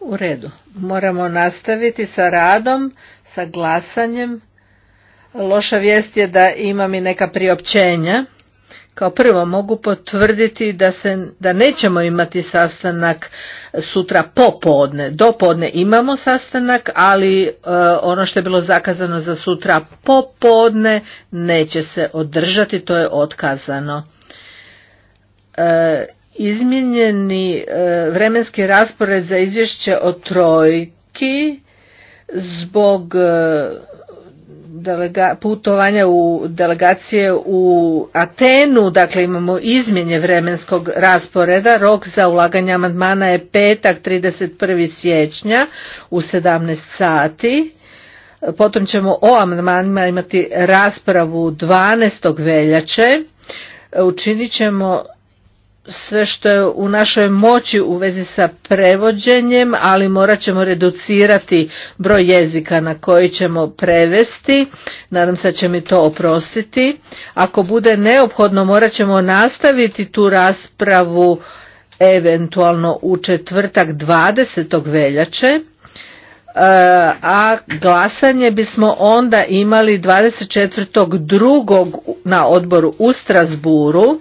Speaker 3: U redu. Moramo nastaviti sa radom, sa glasanjem. Loša vijest je da imam i neka priopćenja. Kao prvo mogu potvrditi da, se, da nećemo imati sastanak sutra popodne. Dopodne imamo sastanak, ali e, ono što je bilo zakazano za sutra popodne neće se održati, to je otkazano. E, izmijenjeni e, vremenski raspored za izvješće o trojki zbog e, putovanja u delegacije u Atenu, dakle imamo izmjenje vremenskog rasporeda, rok za ulaganje amandmana je petak 31. siječnja u 17 sati. Potom ćemo o amandmanima imati raspravu 12. veljače. Učinit ćemo sve što je u našoj moći u vezi sa prevođenjem, ali morat ćemo reducirati broj jezika na koji ćemo prevesti. Nadam se da će mi to oprostiti. Ako bude neophodno, morat ćemo nastaviti tu raspravu eventualno u četvrtak 20. veljače e, a glasanje bismo onda imali drugog na odboru u Strasburu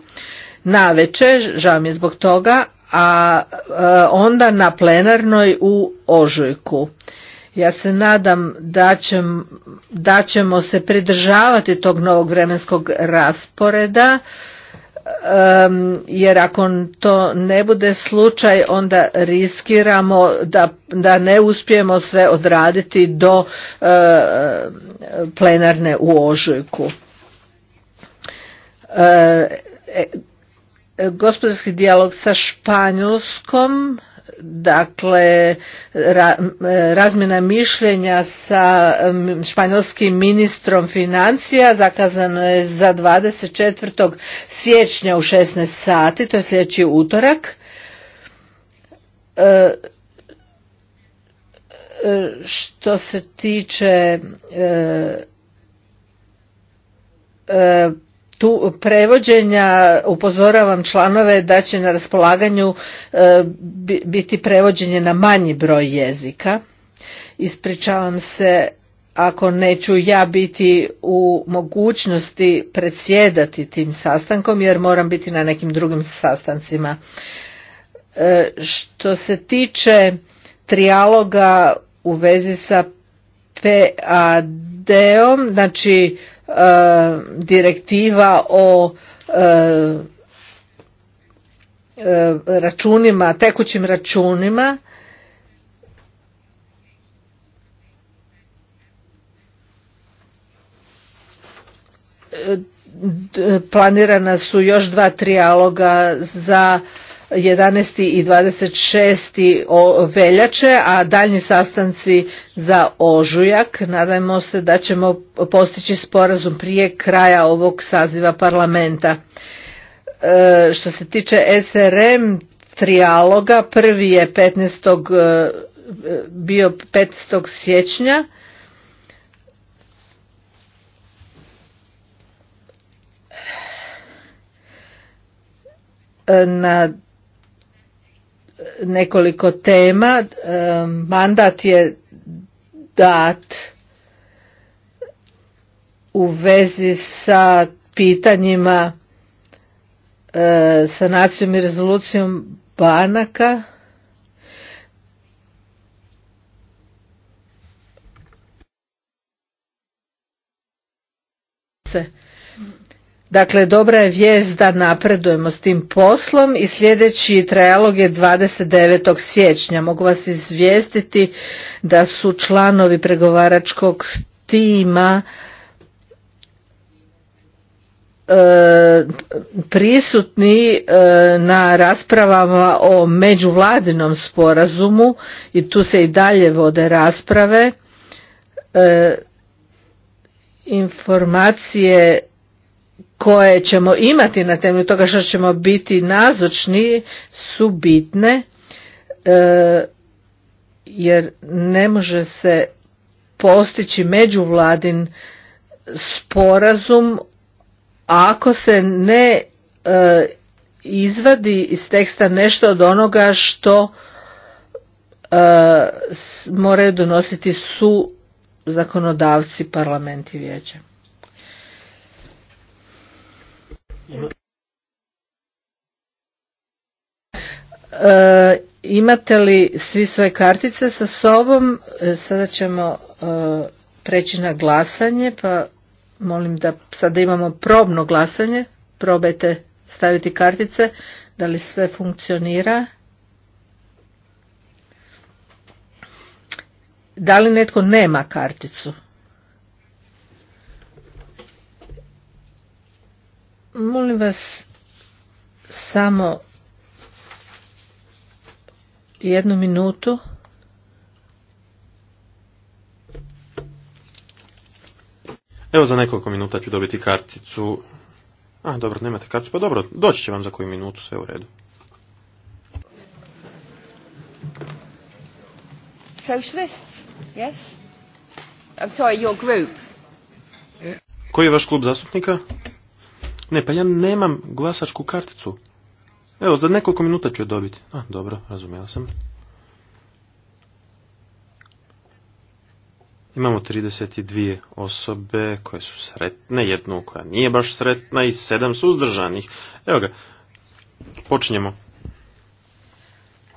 Speaker 3: na večer, žao mi je zbog toga, a e, onda na plenarnoj u Ožujku. Ja se nadam da, ćemo se pridržavati tog novog vremenskog rasporeda, jer ako to ne bude slučaj onda riskiramo da, da ne uspijemo sve odraditi do e, plenarne u ožujku. E, e gospodarski dijalog sa Španjolskom, dakle razmjena mišljenja sa španjolskim ministrom financija zakazano je za 24. siječnja u 16 sati, to je sljedeći utorak. E, e, što se tiče e, tu prevođenja upozoravam članove da će na raspolaganju e, biti prevođenje na manji broj jezika. Ispričavam se ako neću ja biti u mogućnosti predsjedati tim sastankom jer moram biti na nekim drugim sastancima. E, što se tiče trijaloga u vezi sa PAD-om, znači E, direktiva o e, e, računima, tekućim računima planirana su još dva trijaloga za 11. i 26. veljače, a daljnji sastanci za ožujak. Nadajmo se da ćemo postići sporazum prije kraja ovog saziva parlamenta. E, što se tiče SRM trijaloga, prvi je 15. E, bio 15. siječnja. E, na nekoliko tema. E, mandat je dat u vezi sa pitanjima e, Nacijom i rezolucijom banaka. Se Dakle, dobra je vijest da napredujemo s tim poslom i sljedeći trajalog je 29. siječnja. Mogu vas izvijestiti da su članovi pregovaračkog tima e, prisutni e, na raspravama o međuvladinom sporazumu i tu se i dalje vode rasprave. E, informacije koje ćemo imati na temelju toga što ćemo biti nazočniji su bitne e, jer ne može se postići međuvladin sporazum ako se ne e, izvadi iz teksta nešto od onoga što e, moraju donositi su zakonodavci parlamenti vijeća. E, imate li svi svoje kartice sa sobom? E, sada ćemo e, preći na glasanje, pa molim da sada imamo probno glasanje. Probajte staviti kartice, da li sve funkcionira. Da li netko nema karticu? Molim vas samo jednu minutu.
Speaker 2: Evo za nekoliko minuta ću dobiti karticu. A, dobro, nemate karticu, pa dobro, doći će vam za koju minutu, sve u redu.
Speaker 1: Socialists, yes? I'm sorry, your group.
Speaker 2: Koji je vaš klub zastupnika? Ne, pa ja nemam glasačku karticu. Evo, za nekoliko minuta ću je dobiti. A, dobro, razumijela sam. Imamo 32 osobe koje su sretne, jednu koja nije baš sretna i sedam suzdržanih. Evo ga, počinjemo.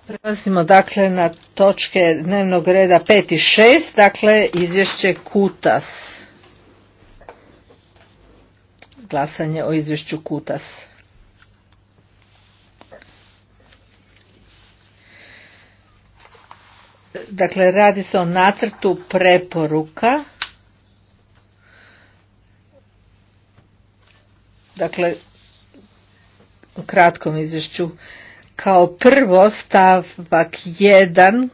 Speaker 3: Prelazimo dakle na točke dnevnog reda 5 i 6, dakle izvješće KUTAS glasanje o izvješću Kutas. Dakle, radi se o nacrtu preporuka. Dakle, u kratkom izvješću. Kao prvo stavak 1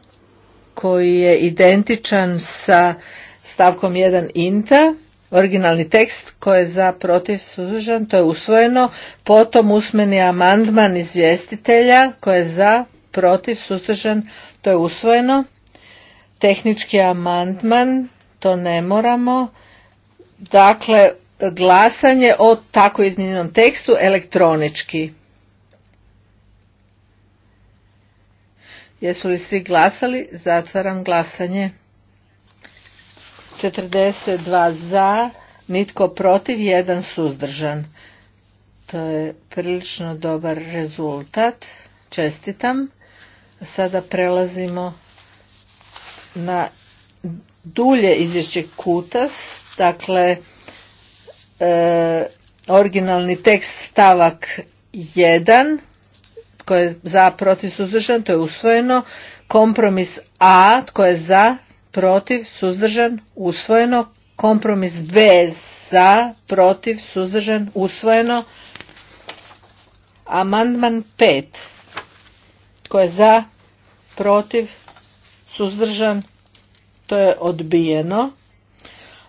Speaker 3: koji je identičan sa stavkom 1 INTA originalni tekst koji je za protiv suzdržan to je usvojeno potom usmeni amandman izvjestitelja koji je za protiv suzdržan to je usvojeno tehnički amandman to ne moramo dakle glasanje o tako izmijenjenom tekstu elektronički jesu li svi glasali zatvaram glasanje 42 za, nitko protiv, jedan suzdržan. To je prilično dobar rezultat. Čestitam. Sada prelazimo na dulje izvješće kutas, dakle e, originalni tekst stavak 1 tko je za protiv suzdržan, to je usvojeno. Kompromis A, tko je za protiv, suzdržan, usvojeno. Kompromis bez, za, protiv, suzdržan, usvojeno. Amandman 5. Tko je za, protiv, suzdržan, to je odbijeno.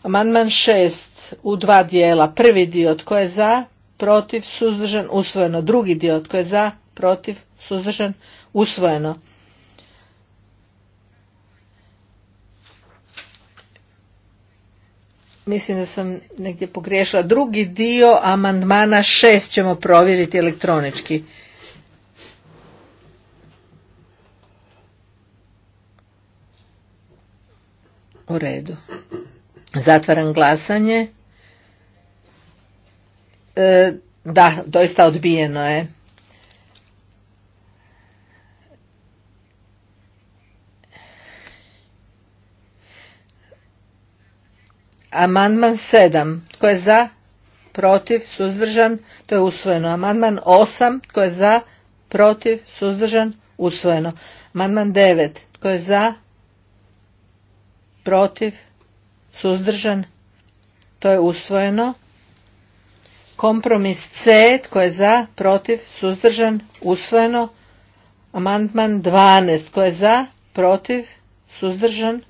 Speaker 3: Amandman 6 u dva dijela. Prvi dio tko je za, protiv, suzdržan, usvojeno. Drugi dio tko je za, protiv, suzdržan, usvojeno. Mislim da sam negdje pogriješila. Drugi dio amandmana šest ćemo provjeriti elektronički. U redu. Zatvaram glasanje. E, da, doista odbijeno je. Amandman 7. Tko je za? Protiv? Suzdržan? To je usvojeno. Amandman 8. Tko je za? Protiv? Suzdržan? Usvojeno. Amandman 9. Tko je za? Protiv? Suzdržan? To je usvojeno. Kompromis C. Tko je za? Protiv? Suzdržan? Usvojeno. Amandman 12. Tko je za? Protiv? Suzdržan?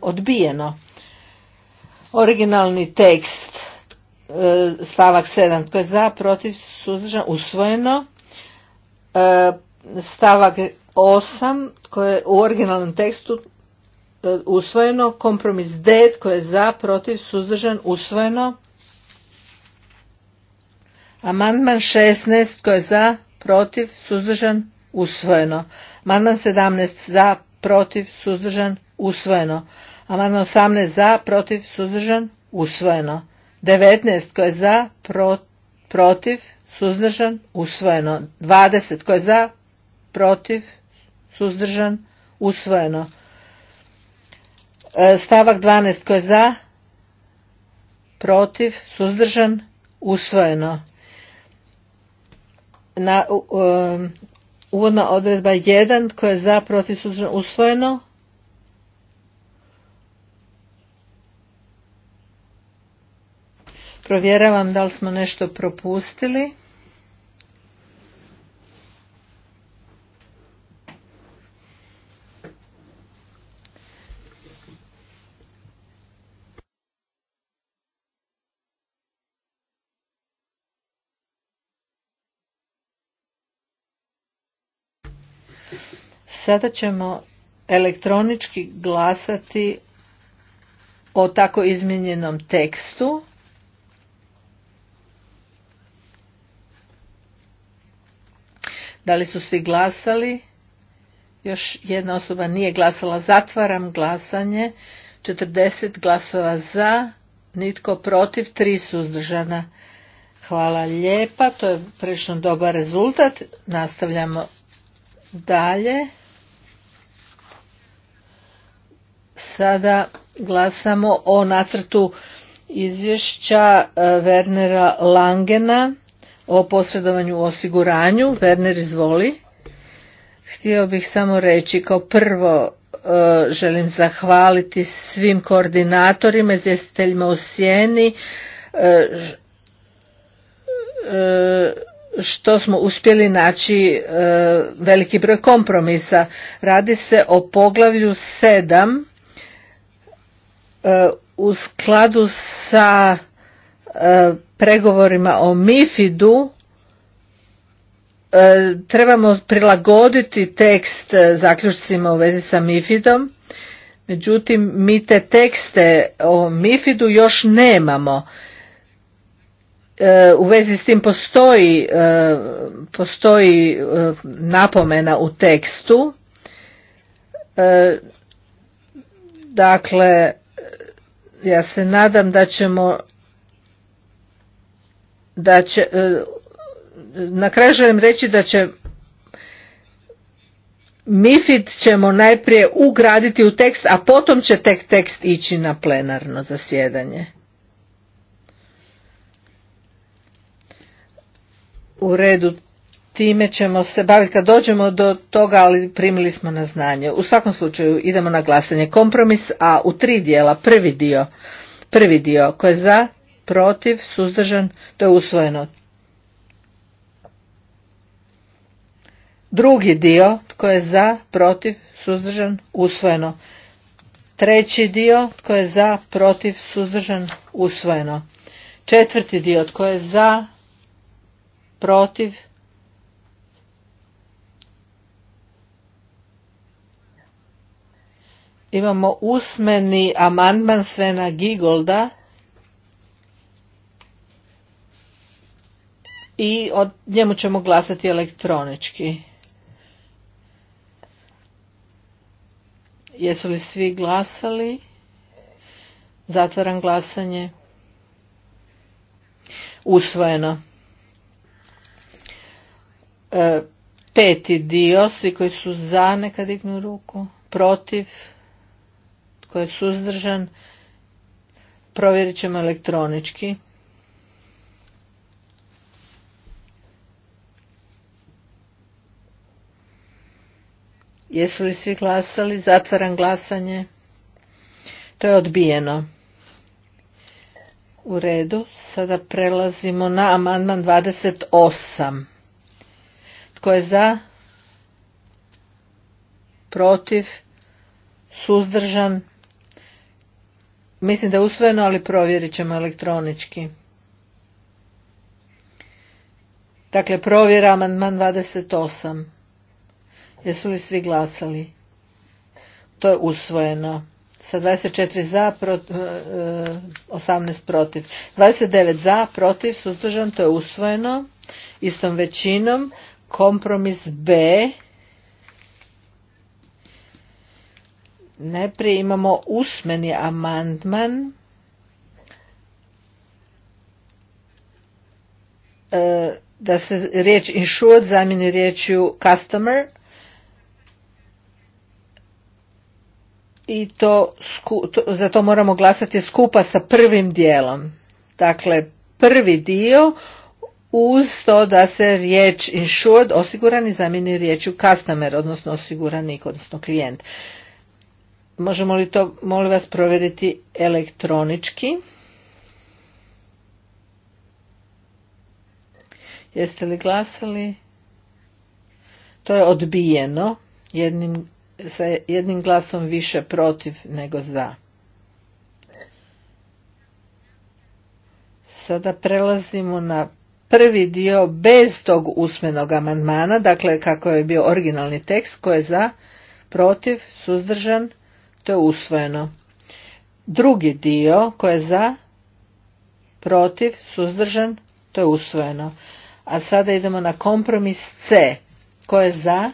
Speaker 3: Odbijeno. Originalni tekst e, stavak 7 koji je za, protiv, suzdržan, usvojeno. E, stavak 8 koji je u originalnom tekstu e, usvojeno. Kompromis D koji je za, protiv, suzdržan, usvojeno. Amandman 16 koji je za, protiv, suzdržan, usvojeno. Amandman 17 za, protiv, suzdržan, usvojeno. Amandman 18 za, protiv, suzdržan, usvojeno. 19 koje je za, pro, protiv, suzdržan, usvojeno. 20 koje je za, protiv, suzdržan, usvojeno. E, stavak 12 koje je za, protiv, suzdržan, usvojeno. Na, u, e, uvodna odredba 1 koje je za, protiv, suzdržan, usvojeno. Provjeravam da li smo nešto propustili. Sada ćemo elektronički glasati o tako izmijenjenom tekstu. Da li su svi glasali? Još jedna osoba nije glasala. Zatvaram glasanje. 40 glasova za, nitko protiv, 3 suzdržana. Hvala lijepa, to je prilično dobar rezultat. Nastavljamo dalje. Sada glasamo o nacrtu izvješća eh, Wernera Langena o posredovanju u osiguranju. Werner, izvoli. Htio bih samo reći kao prvo e, želim zahvaliti svim koordinatorima, izvjestiteljima u Sjeni e, e, što smo uspjeli naći veliki broj kompromisa. Radi se o poglavlju 7 u skladu sa pregovorima o MIFID-u e, trebamo prilagoditi tekst zaključcima u vezi sa MIFID-om. Međutim, mi te tekste o MIFID-u još nemamo. E, u vezi s tim postoji, e, postoji napomena u tekstu. Dakle, ja se nadam da ćemo da će, e, na kraju želim reći da će MIFID ćemo najprije ugraditi u tekst, a potom će tek tekst ići na plenarno zasjedanje. U redu, time ćemo se baviti kad dođemo do toga, ali primili smo na znanje. U svakom slučaju idemo na glasanje kompromis, a u tri dijela prvi dio, prvi dio koji je za, protiv, suzdržan, to je usvojeno. Drugi dio, tko je za, protiv, suzdržan, usvojeno. Treći dio, tko je za, protiv, suzdržan, usvojeno. Četvrti dio, tko je za, protiv, Imamo usmeni amandman Svena Gigolda. i od njemu ćemo glasati elektronički. Jesu li svi glasali? Zatvaram glasanje. Usvojeno. E, peti dio, svi koji su za neka dignu ruku, protiv, koji je suzdržan, provjerit ćemo elektronički. Jesu li svi glasali? Zatvaram glasanje. To je odbijeno. U redu, sada prelazimo na amandman 28. Tko je za? Protiv? Suzdržan? Mislim da je usvojeno, ali provjerit ćemo elektronički. Dakle, provjera amandman 28. Jesu li svi glasali? To je usvojeno. Sa 24 za, prot, e, e, 18 protiv. 29 za, protiv, suzdržan, to je usvojeno. Istom većinom. Kompromis B. Najprije imamo usmeni amandman. E, da se riječ insured zamijeni riječju customer i to, za to moramo glasati skupa sa prvim dijelom. Dakle, prvi dio uz to da se riječ insured osigurani zamijeni riječju customer, odnosno osiguranik, odnosno klijent. Možemo li to, molim vas, provjeriti elektronički? Jeste li glasali? To je odbijeno jednim sa jednim glasom više protiv nego za. Sada prelazimo na prvi dio bez tog usmenog amandmana, dakle kako je bio originalni tekst, ko je za, protiv, suzdržan, to je usvojeno. Drugi dio ko je za, protiv, suzdržan, to je usvojeno. A sada idemo na kompromis C, Ko je za,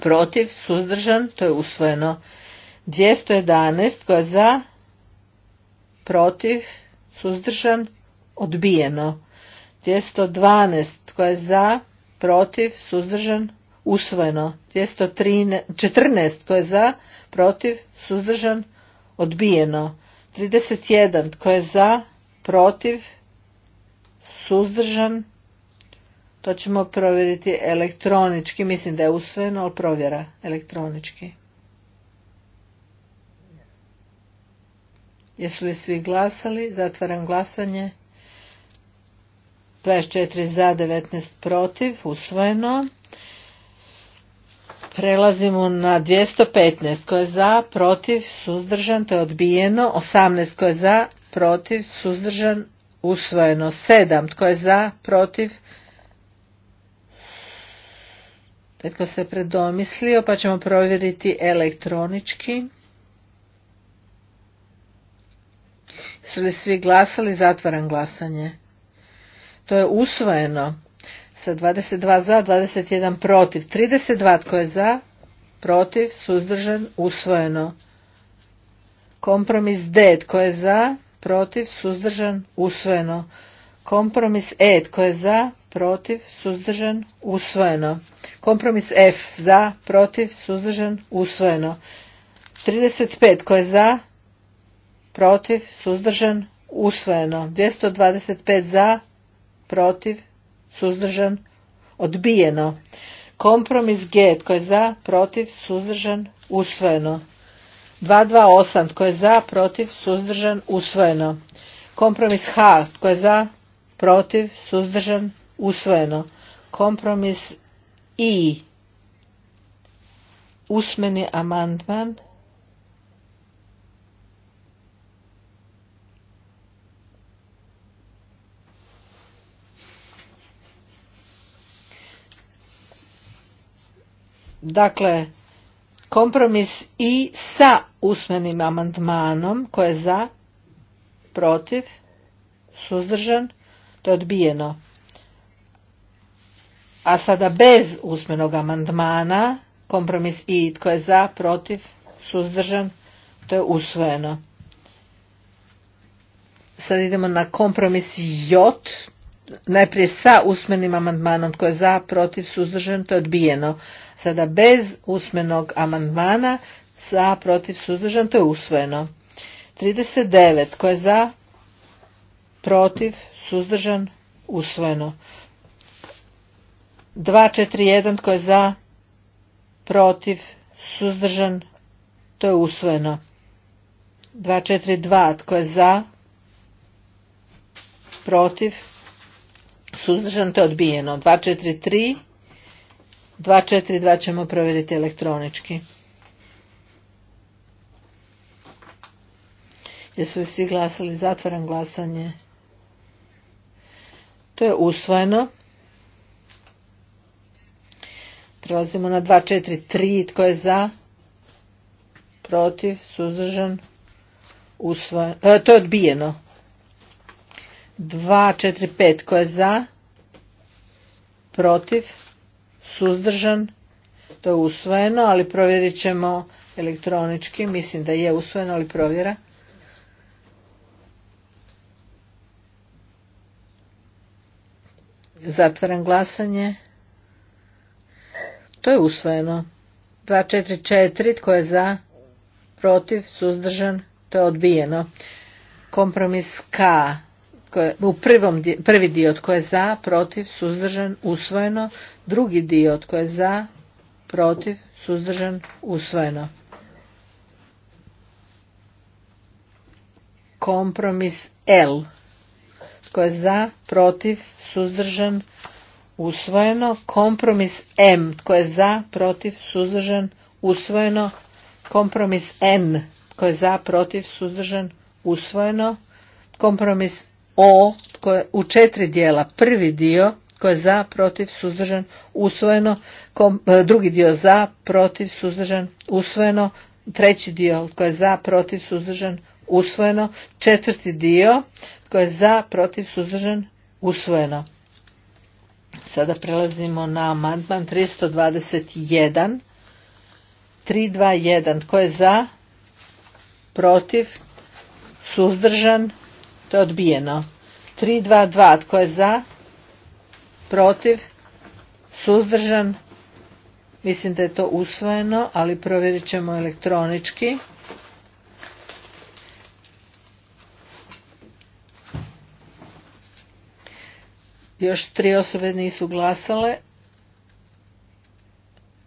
Speaker 3: protiv, suzdržan, to je usvojeno. 211 koja za, protiv, suzdržan, odbijeno. 212 koja je za, protiv, suzdržan, usvojeno. 214 koja je za, protiv, suzdržan, odbijeno. 31 koja je za, protiv, suzdržan, to ćemo provjeriti elektronički. Mislim da je usvojeno, ali provjera elektronički. Jesu li svi glasali? Zatvaram glasanje. 24 za, 19 protiv, usvojeno. Prelazimo na 215 koje je za, protiv, suzdržan, to je odbijeno. 18 koje je za, protiv, suzdržan, usvojeno. 7 koje je za, protiv, Netko se predomislio pa ćemo provjeriti elektronički. Su li svi glasali? Zatvaram glasanje. To je usvojeno sa 22 za, 21 protiv. 32 tko je za, protiv, suzdržan, usvojeno. Kompromis D tko je za, protiv, suzdržan, usvojeno. Kompromis E tko je za, protiv, suzdržan, usvojeno. Kompromis F za, protiv, suzdržan, usvojeno. 35 koje za, protiv, suzdržan, usvojeno. 225 za, protiv, suzdržan, odbijeno. Kompromis G tko je za, protiv, suzdržan, usvojeno. 228 tko je za, protiv, suzdržan, usvojeno. Kompromis H tko je za, protiv, suzdržan, usvojeno. Kompromis i usmeni amandman Dakle, kompromis i sa usmenim amandmanom koje je za, protiv, suzdržan, to je odbijeno. A sada bez usmenog amandmana, kompromis i tko je za, protiv, suzdržan, to je usvojeno. Sad idemo na kompromis J, najprije sa usmenim amandmanom, tko je za, protiv, suzdržan, to je odbijeno. Sada bez usmenog amandmana, za, protiv, suzdržan, to je usvojeno. 39, tko je za, protiv, suzdržan, usvojeno. 241 tko je za, protiv, suzdržan, to je usvojeno. 242 tko je za, protiv, suzdržan, to je odbijeno. 243, 242 ćemo provjeriti elektronički. Jesu li svi glasali? Zatvaram glasanje. To je usvojeno. Prelazimo na 243. Tko je za? Protiv? Suzdržan? Usvojen. E, to je odbijeno. 245. Tko je za? Protiv? Suzdržan? To je usvojeno, ali provjerit ćemo elektronički. Mislim da je usvojeno, ali provjera. Zatvaram glasanje. To je usvojeno. 244 tko je za, protiv, suzdržan, to je odbijeno. Kompromis K u prvi dio tko je za, protiv, suzdržan, usvojeno. Drugi dio tko je za, protiv, suzdržan, usvojeno. Kompromis L tko je za, protiv, suzdržan, usvojeno. Kompromis M tko je za, protiv, suzdržan, usvojeno. Kompromis N tko je za, protiv, suzdržan, usvojeno. Kompromis O tko je u četiri dijela. Prvi dio tko je za, protiv, suzdržan, usvojeno. E, drugi dio za, protiv, suzdržan, usvojeno. Treći dio tko je za, protiv, suzdržan, usvojeno. Četvrti dio tko je za, protiv, suzdržan, usvojeno. Sada prelazimo na amandman 321. 321. Tko je za? Protiv? Suzdržan? To je odbijeno. 322. Tko je za? Protiv? Suzdržan? Mislim da je to usvojeno, ali provjerit ćemo elektronički. Još tri osobe nisu glasale.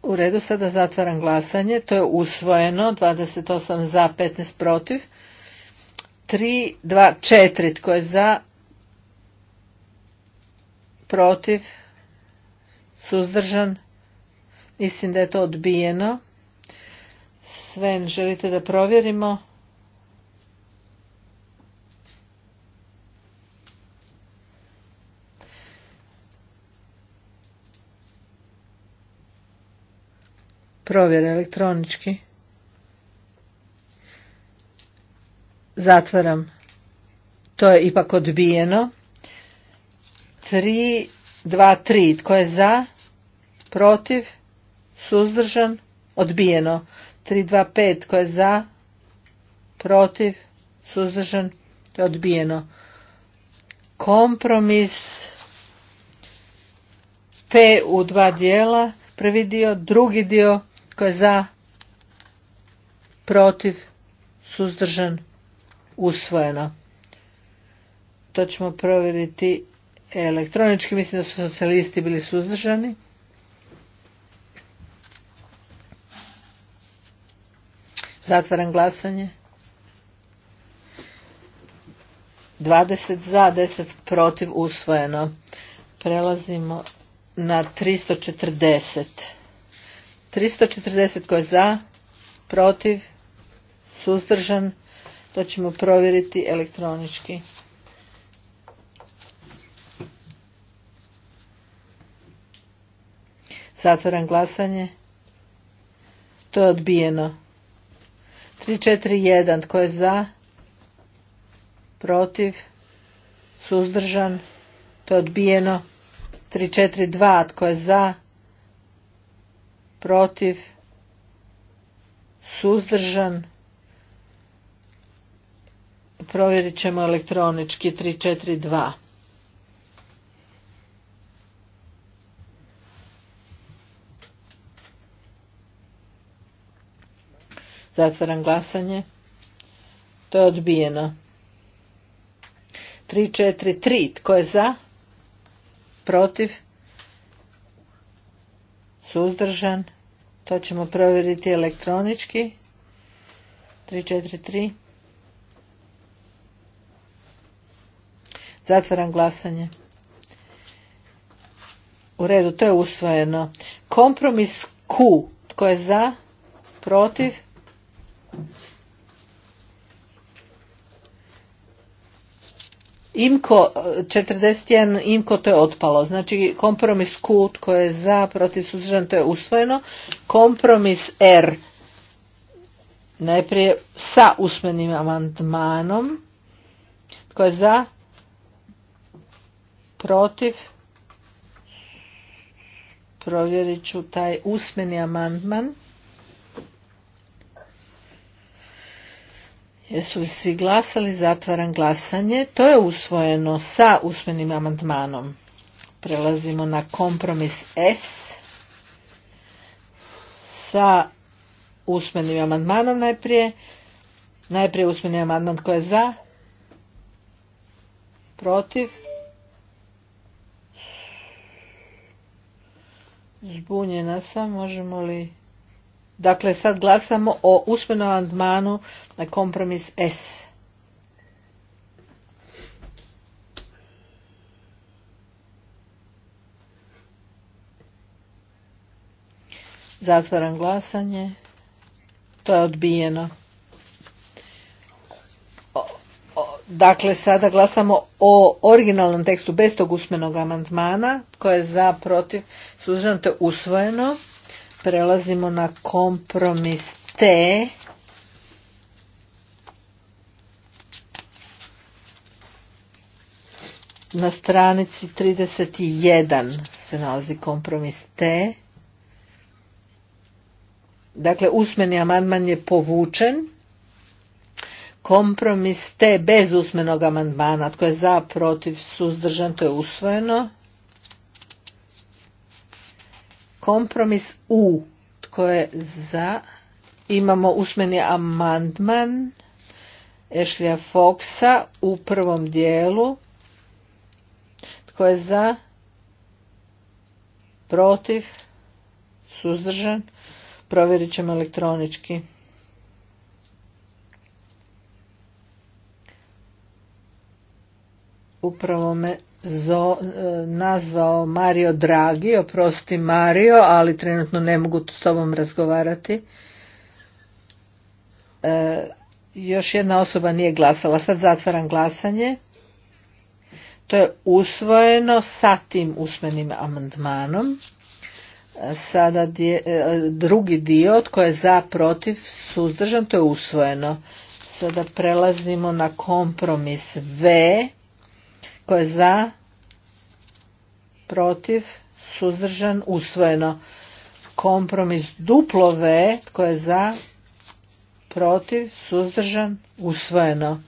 Speaker 3: U redu sada zatvaram glasanje. To je usvojeno. 28 za, 15 protiv. 3, 2, 4. Tko je za? Protiv? Suzdržan? Mislim da je to odbijeno. Sven, želite da provjerimo? provjere elektronički. Zatvaram. To je ipak odbijeno. 3, 2, 3. Tko je za? Protiv? Suzdržan? Odbijeno. 3, 2, 5. Tko je za? Protiv? Suzdržan? To je odbijeno. Kompromis P u dva dijela. Prvi dio, drugi dio tko je za? Protiv? Suzdržan? Usvojeno. To ćemo provjeriti elektronički. Mislim da su socijalisti bili suzdržani. Zatvaram glasanje. 20 za, 10 protiv, usvojeno. Prelazimo na 340. 340 ko je za, protiv, suzdržan, to ćemo provjeriti elektronički. Zatvaram glasanje. To je odbijeno. 341 tko je za, protiv, suzdržan, to je odbijeno. 342 tko je za, protiv, suzdržan. Provjerit ćemo elektronički 3, 4, 2. Zatvaram glasanje. To je odbijeno. 3, 4, 3. Tko je za? Protiv? suzdržan, to ćemo provjeriti elektronički. 343. Zatvaram glasanje. U redu, to je usvojeno. Kompromis Q. Tko je za? Protiv? Imko 41, Imko to je otpalo. Znači kompromis kut tko je za, protiv suzdržan to je usvojeno. Kompromis R najprije sa usmenim amandmanom. Tko je za? Protiv? Provjerit ću taj usmeni amandman. Jesu svi glasali? Zatvaram glasanje. To je usvojeno sa usmenim amandmanom. Prelazimo na kompromis S sa usmenim amandmanom najprije. Najprije usmeni amandman koji je za? Protiv? Zbunjena sam, možemo li Dakle, sad glasamo o usmenom amandmanu na kompromis S. Zatvaram glasanje. To je odbijeno. Dakle, sada glasamo o originalnom tekstu bez tog usmenog amandmana, koje je za, protiv, suzdržano, to je usvojeno. Prelazimo na kompromis T. Na stranici 31 se nalazi kompromis T. Dakle, usmeni amandman je povučen. Kompromis T bez usmenog amandmana. Tko je za, protiv, suzdržan, to je usvojeno. Kompromis U. Tko je za? Imamo usmeni amandman Ešlija Foksa u prvom dijelu. Tko je za? Protiv? Suzdržan? Provjerit ćemo elektronički. Upravo me zo, e, nazvao Mario Draghi, oprosti Mario, ali trenutno ne mogu s tobom razgovarati. E, još jedna osoba nije glasala, sad zatvaram glasanje. To je usvojeno sa tim usmenim amandmanom. E, sada e, drugi dio, tko je za, protiv, suzdržan, to je usvojeno. Sada prelazimo na kompromis V tko je za? Protiv? Suzdržan? Usvojeno. Kompromis duplo V. Tko je za? Protiv? Suzdržan? Usvojeno.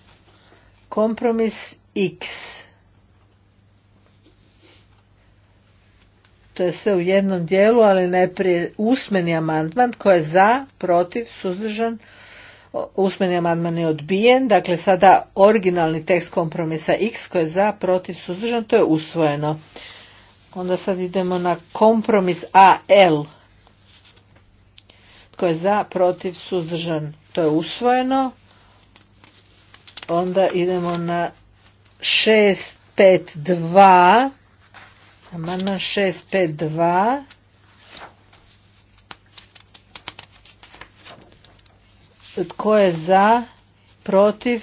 Speaker 3: Kompromis X. To je sve u jednom dijelu, ali najprije usmeni amandman. Tko je za? Protiv? Suzdržan? Usvojeno usmeni amandman je odbijen, dakle sada originalni tekst kompromisa X koji je za, protiv, suzdržan, to je usvojeno. Onda sad idemo na kompromis AL tko je za, protiv, suzdržan, to je usvojeno. Onda idemo na 652, amandman 652, Tko je za? Protiv?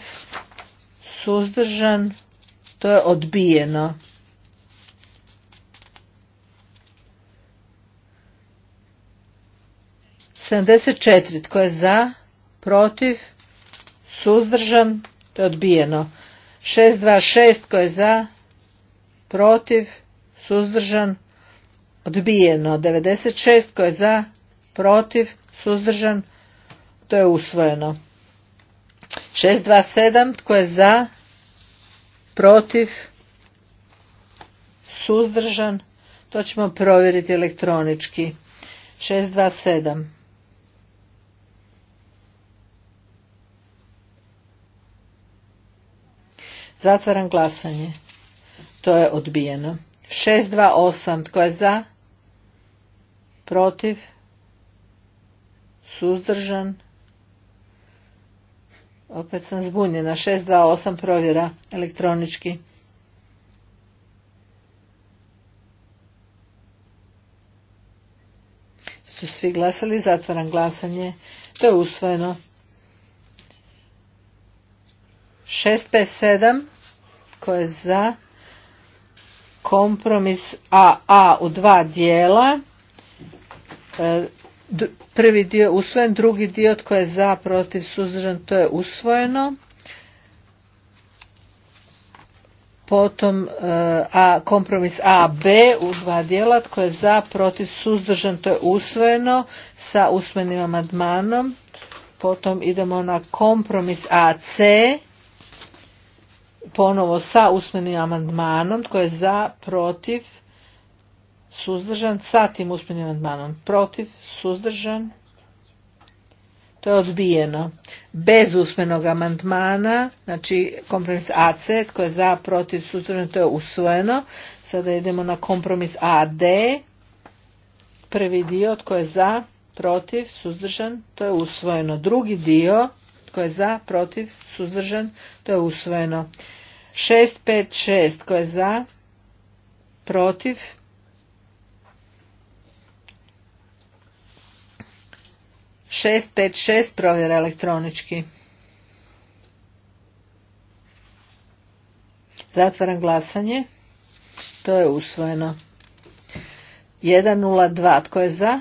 Speaker 3: Suzdržan? To je odbijeno. Sedamdeset četiri. Tko je za? Protiv? Suzdržan? To je odbijeno. 626. dva Tko je za? Protiv? Suzdržan? Odbijeno. 96. šest. Tko je za? Protiv? Suzdržan? To je usvojeno. 627 tko je za, protiv, suzdržan. To ćemo provjeriti elektronički. 627. Zatvaram glasanje. To je odbijeno. 628. Tko je za? Protiv? Suzdržan? Opet sam zbunjena. 628 provjera elektronički. Su svi glasali, zatvaram glasanje. To je usvojeno. 657 koje je za kompromis AA u dva dijela. E, prvi dio usvojen, drugi dio tko je za, protiv, suzdržan, to je usvojeno. Potom eh, a, kompromis A, B u dva dijela, tko je za, protiv, suzdržan, to je usvojeno sa usmenim amandmanom. Potom idemo na kompromis AC, ponovo sa usmenim amandmanom, tko je za, protiv, suzdržan sa tim usmenim amandmanom protiv suzdržan to je odbijeno bez usmenog amandmana znači kompromis AC tko je za protiv suzdržan to je usvojeno sada idemo na kompromis AD prvi dio tko je za protiv suzdržan to je usvojeno drugi dio tko je za protiv suzdržan to je usvojeno 656 tko je za protiv 656 provjera elektronički. Zatvaram glasanje. To je usvojeno. 102. Tko je za?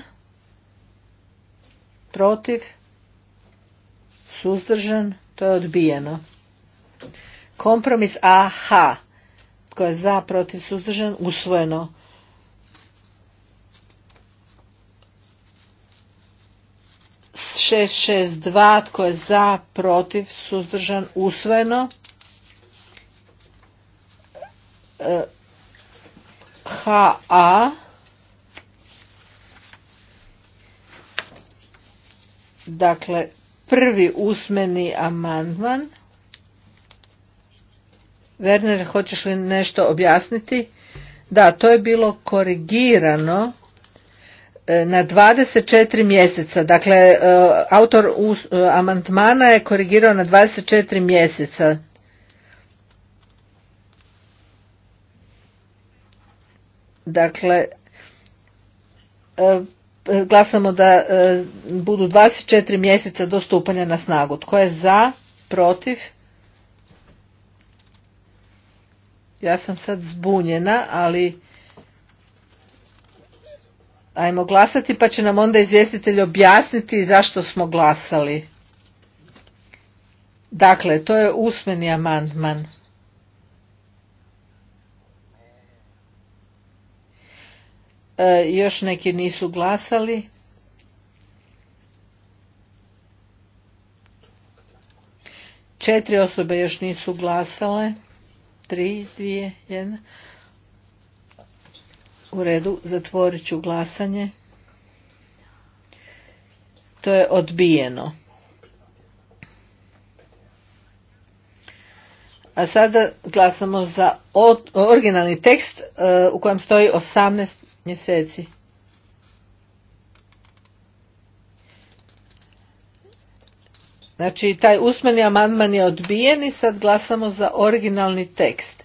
Speaker 3: Protiv? Suzdržan? To je odbijeno. Kompromis AH. Tko je za? Protiv? Suzdržan? Usvojeno. 662 tko je za, protiv, suzdržan, usvojeno. E, HA dakle prvi usmeni amandman Werner hoćeš li nešto objasniti da to je bilo korigirano E, na 24 mjeseca. Dakle, e, autor e, amandmana je korigirao na 24 mjeseca. Dakle, glasamo da budu 24 mjeseca do stupanja na snagu. Tko je za, protiv? Ja sam sad zbunjena, ali Ajmo glasati pa će nam onda izvjestitelj objasniti zašto smo glasali. Dakle, to je usmeni amandman. E, još neki nisu glasali. Četiri osobe još nisu glasale. Tri, dvije, jedna. U redu, zatvorit ću glasanje. To je odbijeno. A sada glasamo za originalni tekst e, u kojem stoji 18 mjeseci. Znači, taj usmeni amandman je odbijen i sad glasamo za originalni tekst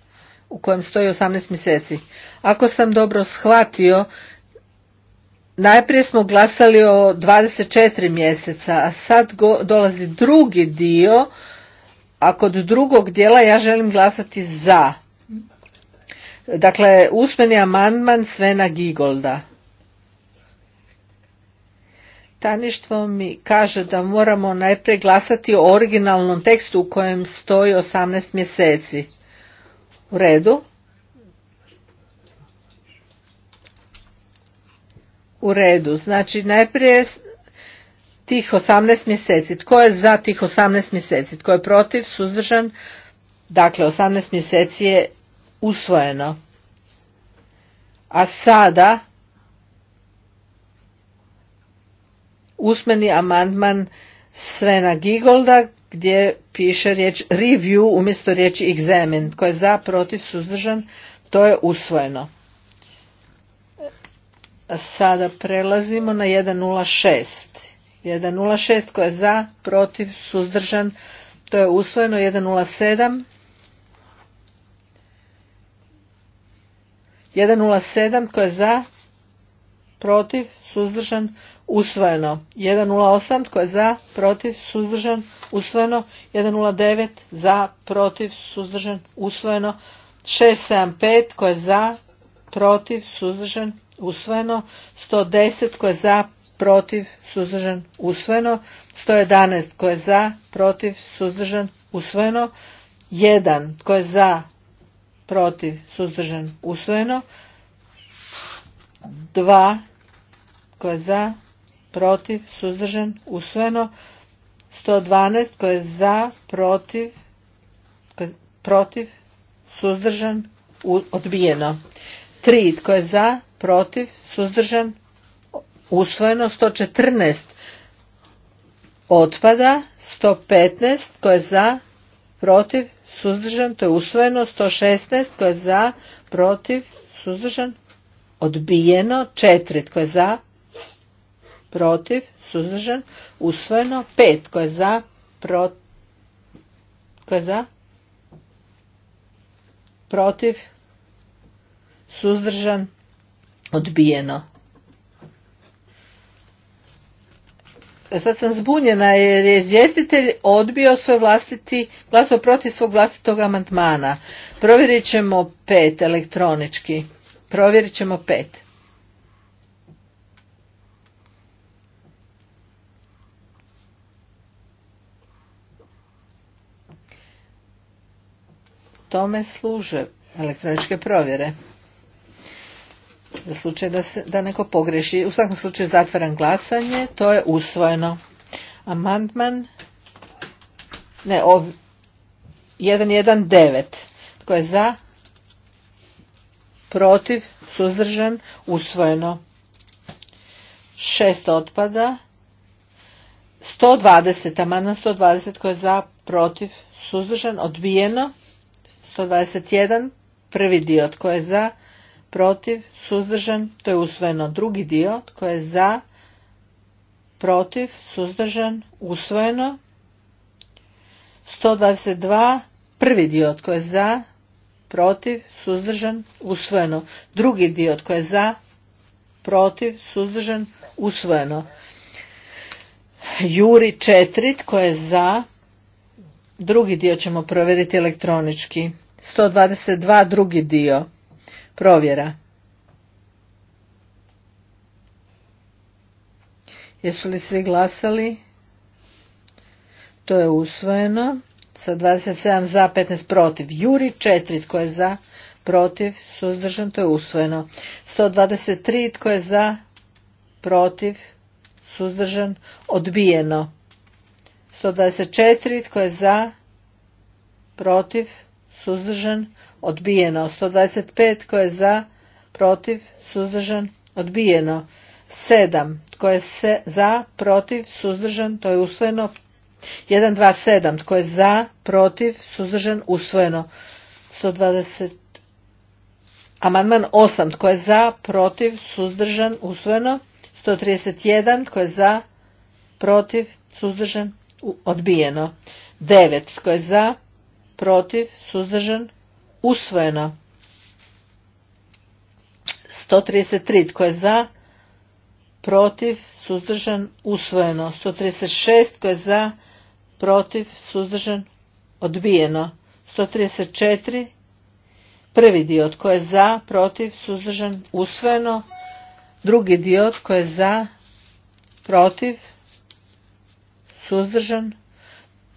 Speaker 3: u kojem stoji 18 mjeseci. Ako sam dobro shvatio, najprije smo glasali o 24 mjeseca, a sad go, dolazi drugi dio, a kod drugog dijela ja želim glasati za. Dakle, usmeni amandman Svena Gigolda. Taništvo mi kaže da moramo najprije glasati o originalnom tekstu u kojem stoji 18 mjeseci. U redu. U redu. Znači najprije tih 18 mjeseci. Tko je za tih 18 mjeseci? Tko je protiv? Suzdržan? Dakle, 18 mjeseci je usvojeno. A sada usmeni amandman Svena Gigolda gdje piše riječ review umjesto riječi examine. Tko je za, protiv, suzdržan, to je usvojeno. Sada prelazimo na 1.06. 1.06 tko je za, protiv, suzdržan, to je usvojeno. 1.07 1.07 tko je za, protiv, suzdržan, usvojeno. 108 tko je za, protiv, suzdržan, usvojeno. 109 za, protiv, suzdržan, usvojeno. 675 tko je za, protiv, suzdržan, usvojeno. 110 tko je za, protiv, suzdržan, usvojeno. 111 tko je za, protiv, suzdržan, usvojeno. 1 tko je za, protiv, suzdržan, usvojeno. 2 tko je za? Protiv? Suzdržan? Usvojeno. 112. koje je za? Protiv? je protiv? Suzdržan? Odbijeno. 3. Tko je za? Protiv? Suzdržan? Usvojeno. 114. Otpada. 115. koje je za? Protiv? Suzdržan? To je usvojeno. 116. koje je za? Protiv? Suzdržan? Odbijeno. 4. koje je za? protiv, suzdržan, usvojeno. pet koje je za, pro, je za, protiv, suzdržan, odbijeno. E, sad sam zbunjena jer je izvjestitelj odbio svoj vlastiti, glaso protiv svog vlastitog amandmana. Provjerit ćemo pet elektronički. Provjerit ćemo pet. tome služe elektroničke provjere. Za slučaj da, se, da neko pogreši. U svakom slučaju zatvaram glasanje. To je usvojeno. Amandman ne, ov, 119. Tko je za? Protiv? Suzdržan? Usvojeno. Šest otpada. 120. Amandman 120. Tko je za? Protiv? Suzdržan? Odbijeno. 121, prvi dio tko je za, protiv, suzdržan, to je usvojeno. Drugi dio tko je za, protiv, suzdržan, usvojeno. 122, prvi dio tko je za, protiv, suzdržan, usvojeno. Drugi dio tko je za, protiv, suzdržan, usvojeno. Juri četiri tko je za, drugi dio ćemo provjeriti elektronički. 122 drugi dio provjera. Jesu li svi glasali? To je usvojeno. Sa 27 za, 15 protiv. Juri 4, tko je za, protiv, suzdržan, to je usvojeno. 123, tko je za, protiv, suzdržan, odbijeno. 124, tko je za, protiv, suzdržan, odbijeno. 125 tko je za, protiv, suzdržan, odbijeno. 7 tko je se, za, protiv, suzdržan, to je usvojeno. 127 tko je za, protiv, suzdržan, usvojeno. 120 Amandman 8 tko je za, protiv, suzdržan, usvojeno. 131 tko je za, protiv, suzdržan, odbijeno. 9 tko je za, protiv, suzdržan, usvojeno. 133 tko je za, protiv, suzdržan, usvojeno. 136 tko je za, protiv, suzdržan, odbijeno. 134 prvi dio tko je za, protiv, suzdržan, usvojeno. Drugi dio tko je za, protiv, suzdržan,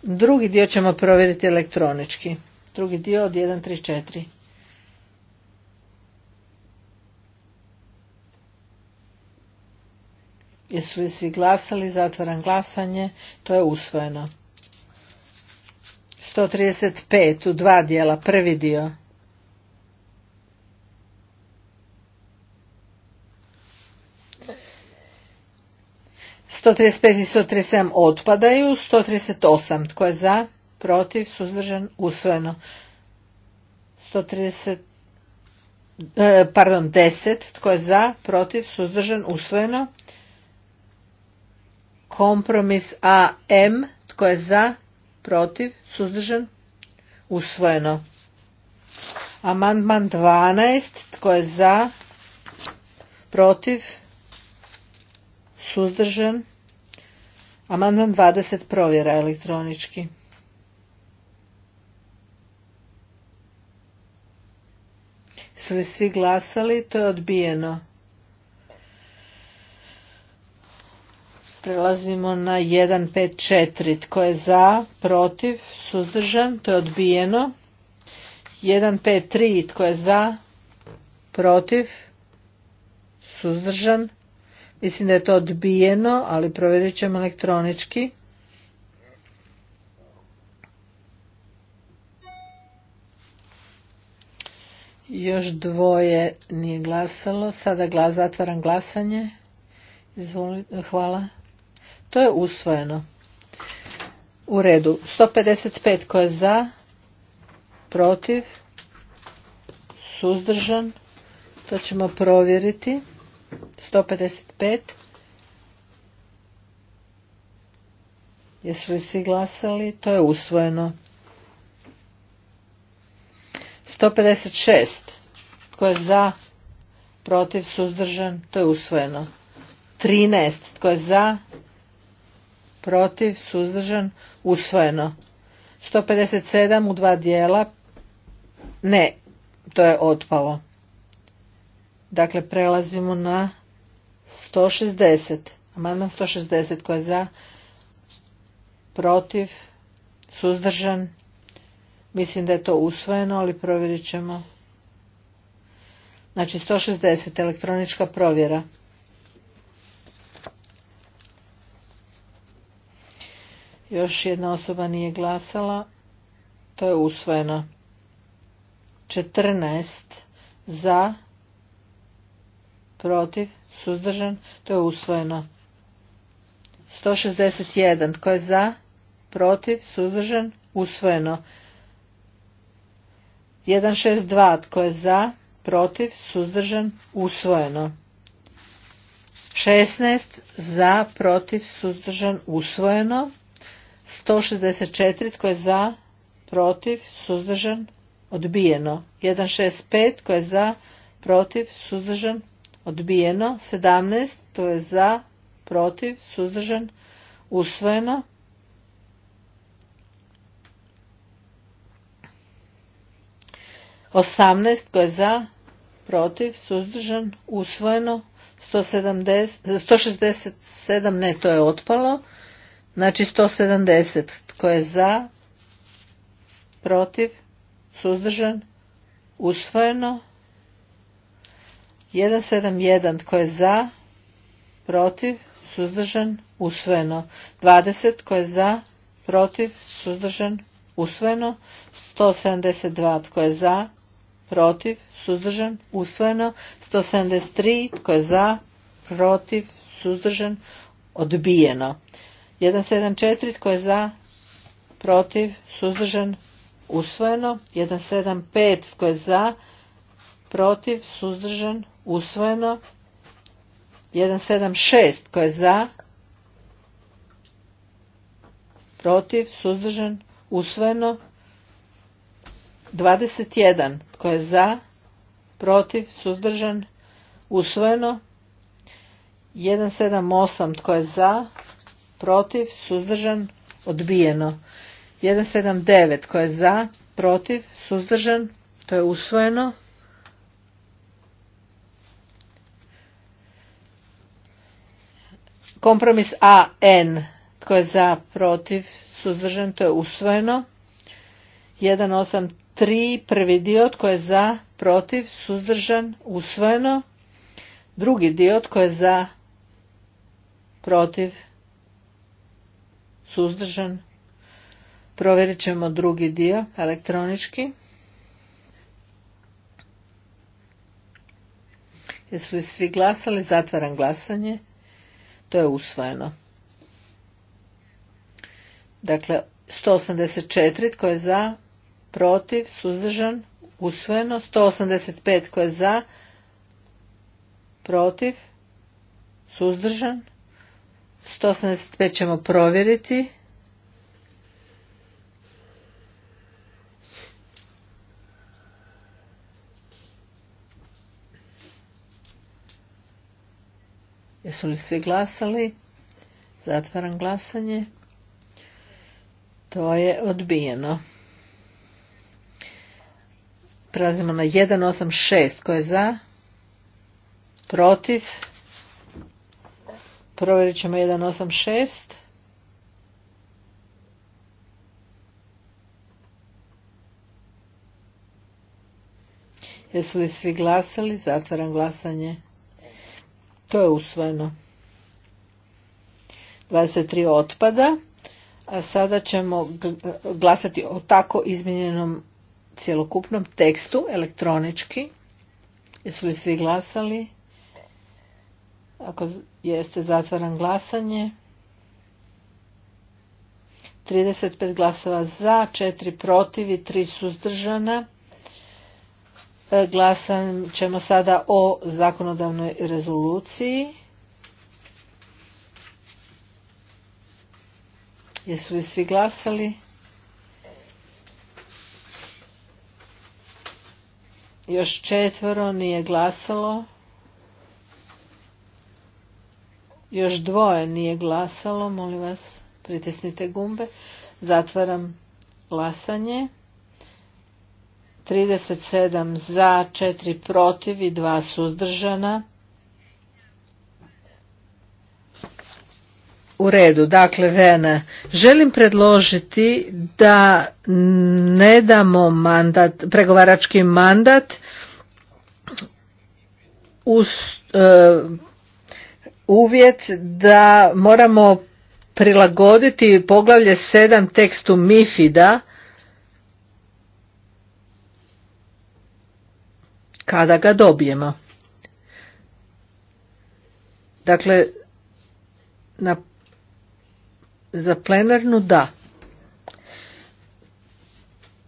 Speaker 3: Drugi dio ćemo provjeriti elektronički. Drugi dio od 1.3.4. Jesu li svi glasali? Zatvaram glasanje. To je usvojeno. 135 u dva dijela. Prvi dio. 135 i 137 otpadaju. 138 tko je za, protiv, suzdržan, usvojeno. 130, e, pardon, 10 tko je za, protiv, suzdržan, usvojeno. Kompromis AM tko je za, protiv, suzdržan, usvojeno. Amandman 12 tko je za, protiv, suzdržan, Amandman 20 provjera elektronički. Su li svi glasali? To je odbijeno. Prelazimo na 154. Tko je za, protiv, suzdržan? To je odbijeno. 153. Tko je za, protiv, suzdržan? Mislim da je to odbijeno, ali provjerit ćemo elektronički. Još dvoje nije glasalo. Sada glas, zatvaram glasanje. hvala. To je usvojeno. U redu. 155 koja je za, protiv, suzdržan. To ćemo provjeriti. 155. Jesu li svi glasali? To je usvojeno. 156. Tko je za? Protiv? Suzdržan? To je usvojeno. 13. Tko je za? Protiv? Suzdržan? Usvojeno. 157 u dva dijela. Ne, to je otpalo. Dakle, prelazimo na 160. Amandman 160 koji je za, protiv, suzdržan. Mislim da je to usvojeno, ali provjerit ćemo. Znači 160 elektronička provjera. Još jedna osoba nije glasala. To je usvojeno. 14 za, protiv, suzdržan, to je usvojeno. 161. Tko je za, protiv, suzdržan, usvojeno. 162. Tko je za, protiv, suzdržan, usvojeno. 16. Za, protiv, suzdržan, usvojeno. 164. Tko je za, protiv, suzdržan, odbijeno. 165. Tko je za, protiv, suzdržan, odbijeno 17 to je za protiv suzdržan usvojeno Osamnaest koje je za, protiv, suzdržan, usvojeno, 167, ne, to je otpalo, znači 170 koje je za, protiv, suzdržan, usvojeno, 171 tko je za, protiv, suzdržan, usvojeno. 20 tko je za, protiv, suzdržan, usvojeno. 172 tko je za, protiv, suzdržan, usvojeno. 173 tko je za, protiv, suzdržan, odbijeno. 174 tko je za, protiv, suzdržan, usvojeno. 175 tko je za, protiv, suzdržan, usvojeno 176 koje je za protiv suzdržan usvojeno 21 tko je za protiv suzdržan usvojeno 178 tko je za protiv suzdržan odbijeno 179 tko je za protiv suzdržan to je usvojeno Kompromis AN. Tko je za, protiv, suzdržan, to je usvojeno. 183, prvi dio, tko je za, protiv, suzdržan, usvojeno. Drugi dio, tko je za, protiv, suzdržan. Provjerit ćemo drugi dio elektronički. Jesu li svi glasali? Zatvaram glasanje. To je usvojeno. Dakle, 184 tko je za, protiv, suzdržan, usvojeno. 185 tko je za, protiv, suzdržan. 185 ćemo provjeriti. Jesu li svi glasali? Zatvaram glasanje. To je odbijeno. Prelazimo na 186. Ko je za? Protiv? Provjerit ćemo 186. Jesu li svi glasali? Zatvaram glasanje. To je usvojeno. 23 otpada. A sada ćemo glasati o tako izmijenjenom cjelokupnom tekstu elektronički. Jesu li svi glasali? Ako jeste, zatvaram glasanje. 35 glasova za, 4 protiv i 3 suzdržana. E, glasan ćemo sada o zakonodavnoj rezoluciji. Jesu li svi glasali? Još četvoro nije glasalo. Još dvoje nije glasalo. Molim vas, pritisnite gumbe. Zatvaram glasanje. 37 za, 4 protiv i 2 suzdržana. U redu, dakle Vene, želim predložiti da ne damo mandat, pregovarački mandat uz e, uvjet da moramo prilagoditi poglavlje 7 tekstu mifida kada ga dobijemo. Dakle, na, za plenarnu da.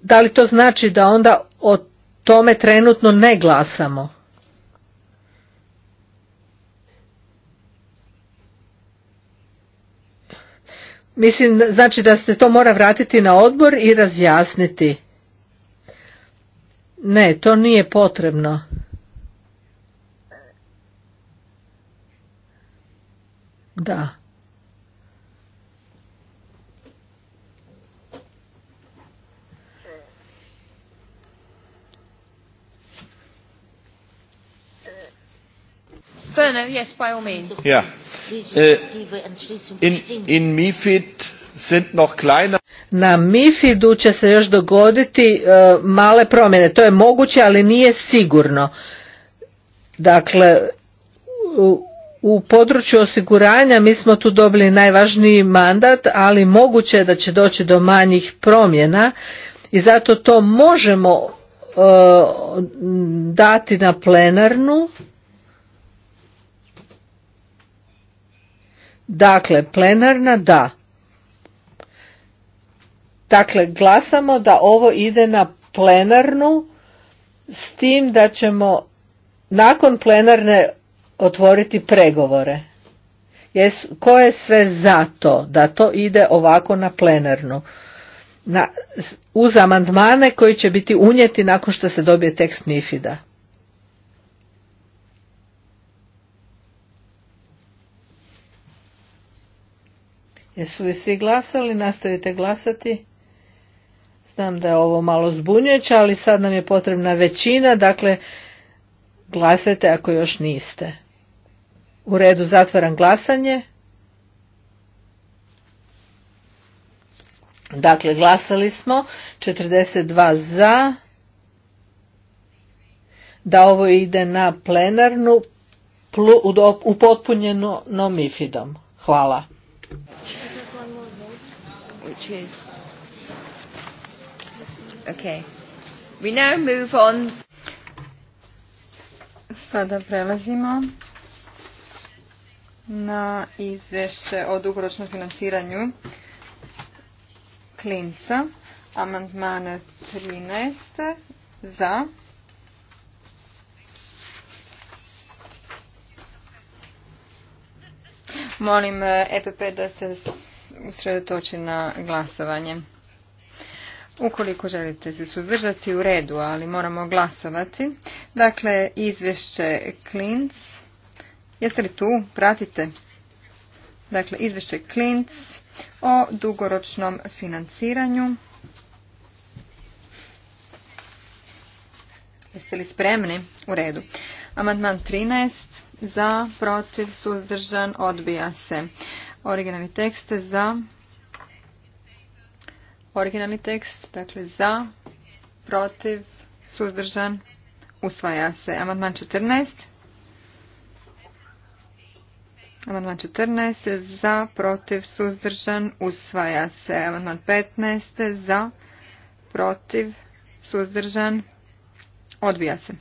Speaker 3: Da li to znači da onda o tome trenutno ne glasamo? Mislim, znači da se to mora vratiti na odbor i razjasniti. Ne, to nije potrebno. Da.
Speaker 4: Yes, by all means. Ja. Äh, in, in
Speaker 3: MIFID sind Na MIFID-u će se još dogoditi e, male promjene. To je moguće, ali nije sigurno. Dakle, u, području osiguranja mi smo tu dobili najvažniji mandat, ali moguće je da će doći do manjih promjena i zato to možemo e, dati na plenarnu. Dakle, plenarna da. Dakle, glasamo da ovo ide na plenarnu s tim da ćemo nakon plenarne otvoriti pregovore. Jes, ko je sve za to da to ide ovako na plenarnu? Na, uz amandmane koji će biti unijeti nakon što se dobije tekst Mifida. Jesu li svi glasali? Nastavite glasati. Znam da je ovo malo zbunjujeće, ali sad nam je potrebna većina, dakle glasajte ako još niste. U redu zatvaram glasanje. Dakle, glasali smo 42 za da ovo ide na plenarnu upotpunjeno no mifidom. Hvala. Okay.
Speaker 4: We now move on. Sada prelazimo na izvješće o dugoročnom financiranju klinca. Amandman 13 za. Molim EPP eh, e da se usredotoči na glasovanje. Ukoliko želite se suzdržati u redu, ali moramo glasovati. Dakle, izvješće Klinc. Jeste li tu? Pratite. Dakle, izvješće Klinc o dugoročnom financiranju. Jeste li spremni? U redu. Amandman 13. Za, protiv, suzdržan, odbija se. Originalni tekst za, Originalni tekst, dakle za, protiv, suzdržan, usvaja se. Amandman 14. Amandman 14. Za, protiv, suzdržan, usvaja se. Amandman 15. Za, protiv, suzdržan, odbija se.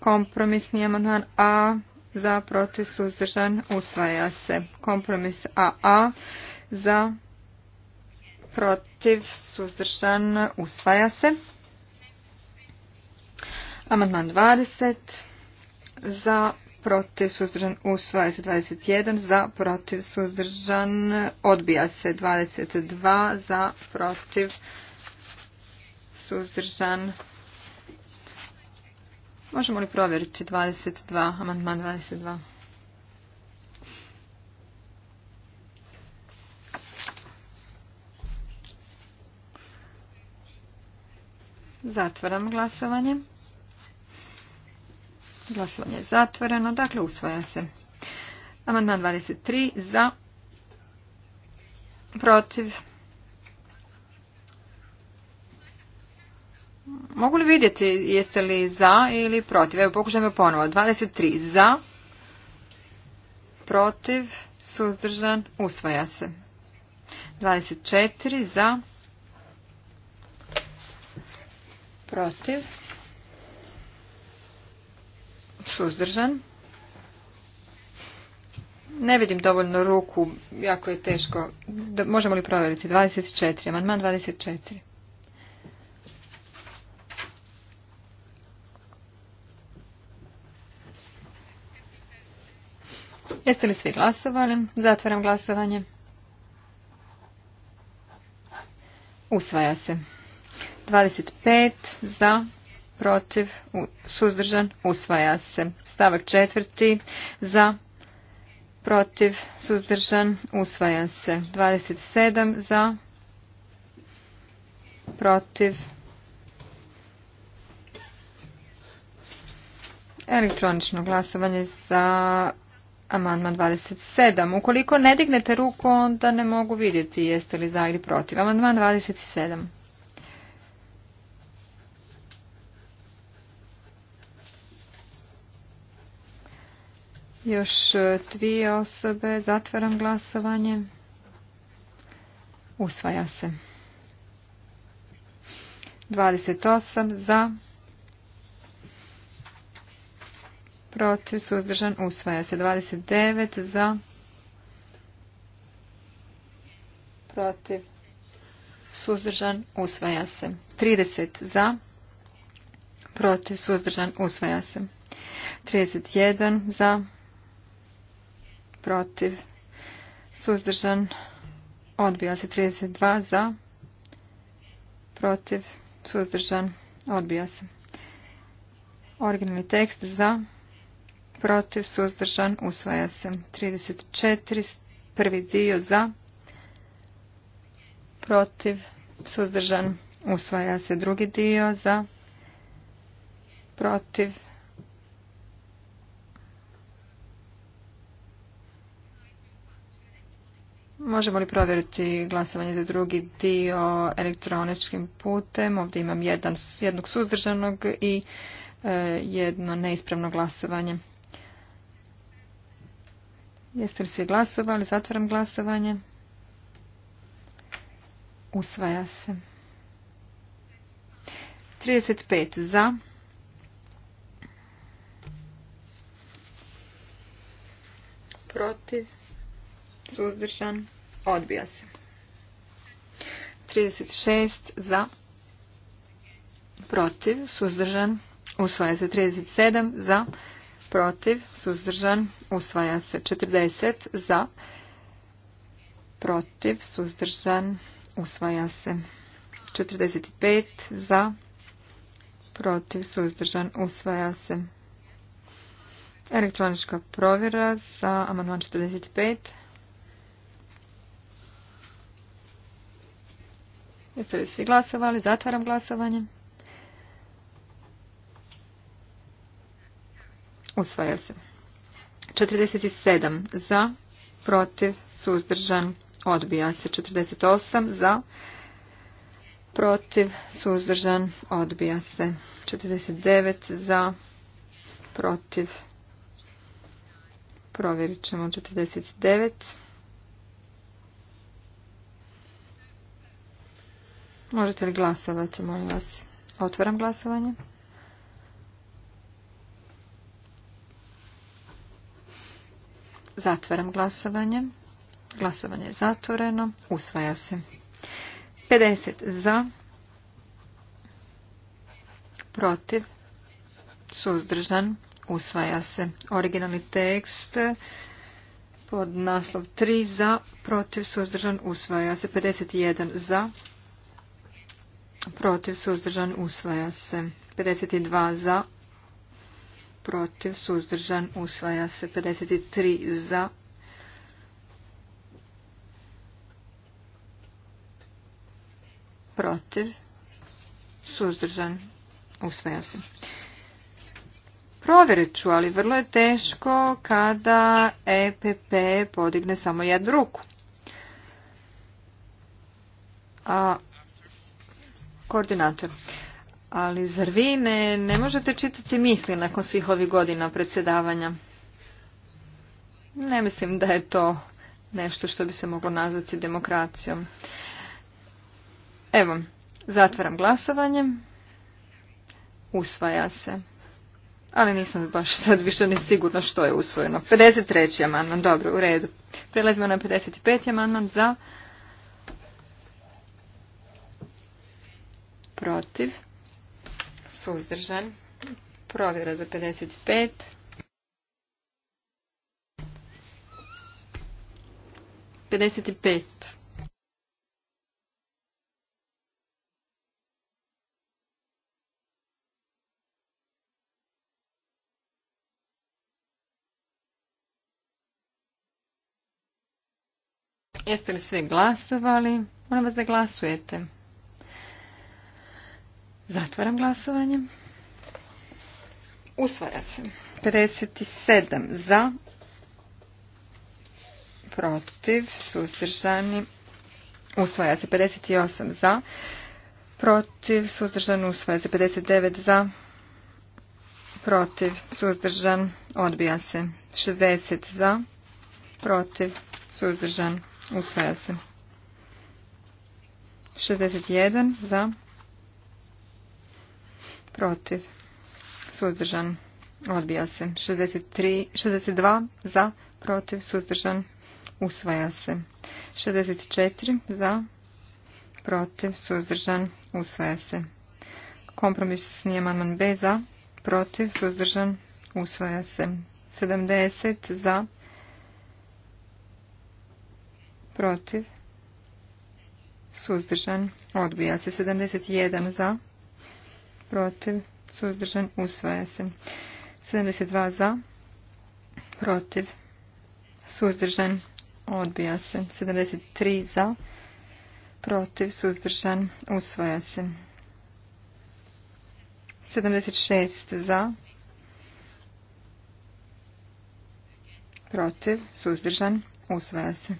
Speaker 4: Kompromisni amandman A. Za, protiv, suzdržan, usvaja se. Kompromis AA. Za, protiv, suzdržan, usvaja se. Amandman 20, za, protiv, suzdržan, usvaja se 21, za, protiv, suzdržan, odbija se 22, za, protiv, suzdržan. Možemo li provjeriti 22, amandman 22? Zatvaram glasovanje. Glasovanje je zatvoreno, dakle usvaja se. Amandman 23 za, protiv. Mogu li vidjeti jeste li za ili protiv? Evo pokušajmo ponovo. 23 za, protiv, suzdržan, usvaja se. 24 za, protiv protiv, suzdržan. Ne vidim dovoljno ruku, jako je teško. Da, možemo li provjeriti? 24, amandman 24. Jeste li svi glasovali? Zatvaram glasovanje. Usvaja se. 25 za, protiv, suzdržan, usvaja se. Stavak četvrti za, protiv, suzdržan, usvaja se. 27 za, protiv, elektronično glasovanje za amandman 27. Ukoliko ne dignete ruku, onda ne mogu vidjeti jeste li za ili protiv. Amandman 27. Još e, dvije osobe. Zatvaram glasovanje. Usvaja se. 28 za. Protiv suzdržan usvaja se. 29 za. Protiv suzdržan usvaja se. 30 za. Protiv suzdržan usvaja se. 31 za protiv, suzdržan, odbija se 32 za, protiv, suzdržan, odbija se. Originalni tekst za, protiv, suzdržan, usvaja se. 34, prvi dio za, protiv, suzdržan, usvaja se. Drugi dio za, protiv, Možemo li provjeriti glasovanje za drugi dio elektroničkim putem? Ovdje imam jedan, jednog suzdržanog i e, jedno neispravno glasovanje. Jeste li svi glasovali? Zatvaram glasovanje. Usvaja se. 35 za. Protiv. Suzdržan. Odbija se. 36 za. Protiv. Suzdržan. Usvaja se. 37 za. Protiv. Suzdržan. Usvaja se. 40 za. Protiv. Suzdržan. Usvaja se. 45 za. Protiv. Suzdržan. Usvaja se. Elektronička provjera za amandman 45. Jeste li svi glasovali? Zatvaram glasovanje. Usvaja se. 47 za, protiv, suzdržan, odbija se. 48 za, protiv, suzdržan, odbija se. 49 za, protiv, provjerit ćemo 49 Možete li glasovati, molim vas? Otvaram glasovanje. Zatvaram glasovanje. Glasovanje je zatvoreno. Usvaja se. 50 za. Protiv. Suzdržan. Usvaja se. Originalni tekst. Pod naslov 3 za. Protiv. Suzdržan. Usvaja se. 51 za protiv suzdržan usvaja se 52 za protiv suzdržan usvaja se 53 za protiv suzdržan usvaja se Provjerit ću, ali vrlo je teško kada EPP podigne samo jednu ruku. A Koordinator. Ali zar vi ne, možete čitati misli nakon svih ovih godina predsjedavanja? Ne mislim da je to nešto što bi se moglo nazvati demokracijom. Evo, zatvaram glasovanje. Usvaja se. Ali nisam baš sad više ni sigurna što je usvojeno. 53. amandman, dobro, u redu. Prelazimo na 55. amandman za protiv, suzdržan, provjera za 55. 55. Jeste li sve glasovali? Moram vas da glasujete. Zatvaram glasovanje. Usvaja se. 57 za, protiv, suzdržani. Usvaja se 58 za, protiv, suzdržan. Usvaja se 59 za, protiv, suzdržan. Odbija se 60 za, protiv, suzdržan. Usvaja se 61 za, protiv protiv, suzdržan, odbija se. 63, 62 za, protiv, suzdržan, usvaja se. 64 za, protiv, suzdržan, usvaja se. Kompromis nije amandman B za, protiv, suzdržan, usvaja se. 70 za, protiv, suzdržan, odbija se. 71 za, protiv, suzdržan, usvaja se. 72 za, protiv, suzdržan, odbija se. 73 za, protiv, suzdržan, usvaja se. 76 za, protiv, suzdržan, usvaja se.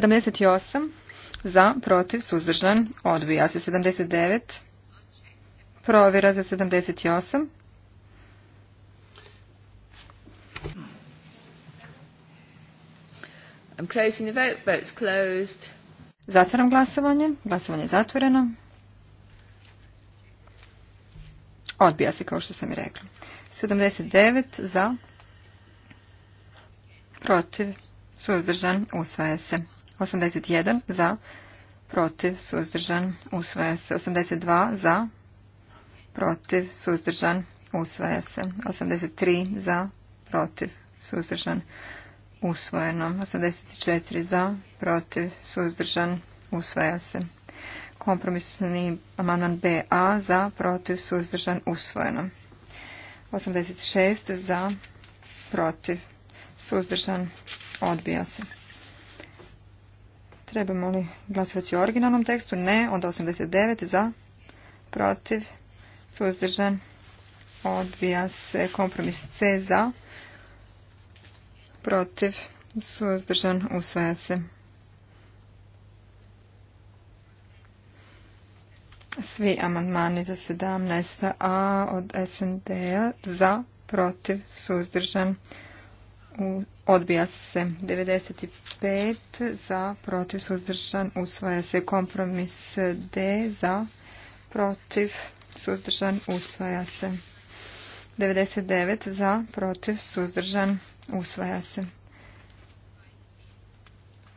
Speaker 4: 78 za, protiv, suzdržan, odbija se 79. Provjera za 78.
Speaker 1: I'm
Speaker 4: Zatvaram glasovanje. Glasovanje je zatvoreno. Odbija se kao što sam i rekla. 79 za, protiv, suzdržan, usvaja se. 81 za, protiv, suzdržan, usvaja se. 82 za, protiv, suzdržan, usvaja se. 83 za, protiv, suzdržan, usvojeno. 84 za, protiv, suzdržan, usvaja se. Kompromisni amandman BA za, protiv, suzdržan, usvojeno. 86 za, protiv, suzdržan, odbija se. Trebamo li glasovati o originalnom tekstu? Ne. Onda 89 za, protiv, suzdržan, odbija se kompromis C za, protiv, suzdržan, usvaja se. Svi amandmani za 17a od SND-a za, protiv, suzdržan, Odbija se 95 za, protiv, suzdržan, usvaja se kompromis D za, protiv, suzdržan, usvaja se. 99 za, protiv, suzdržan, usvaja se.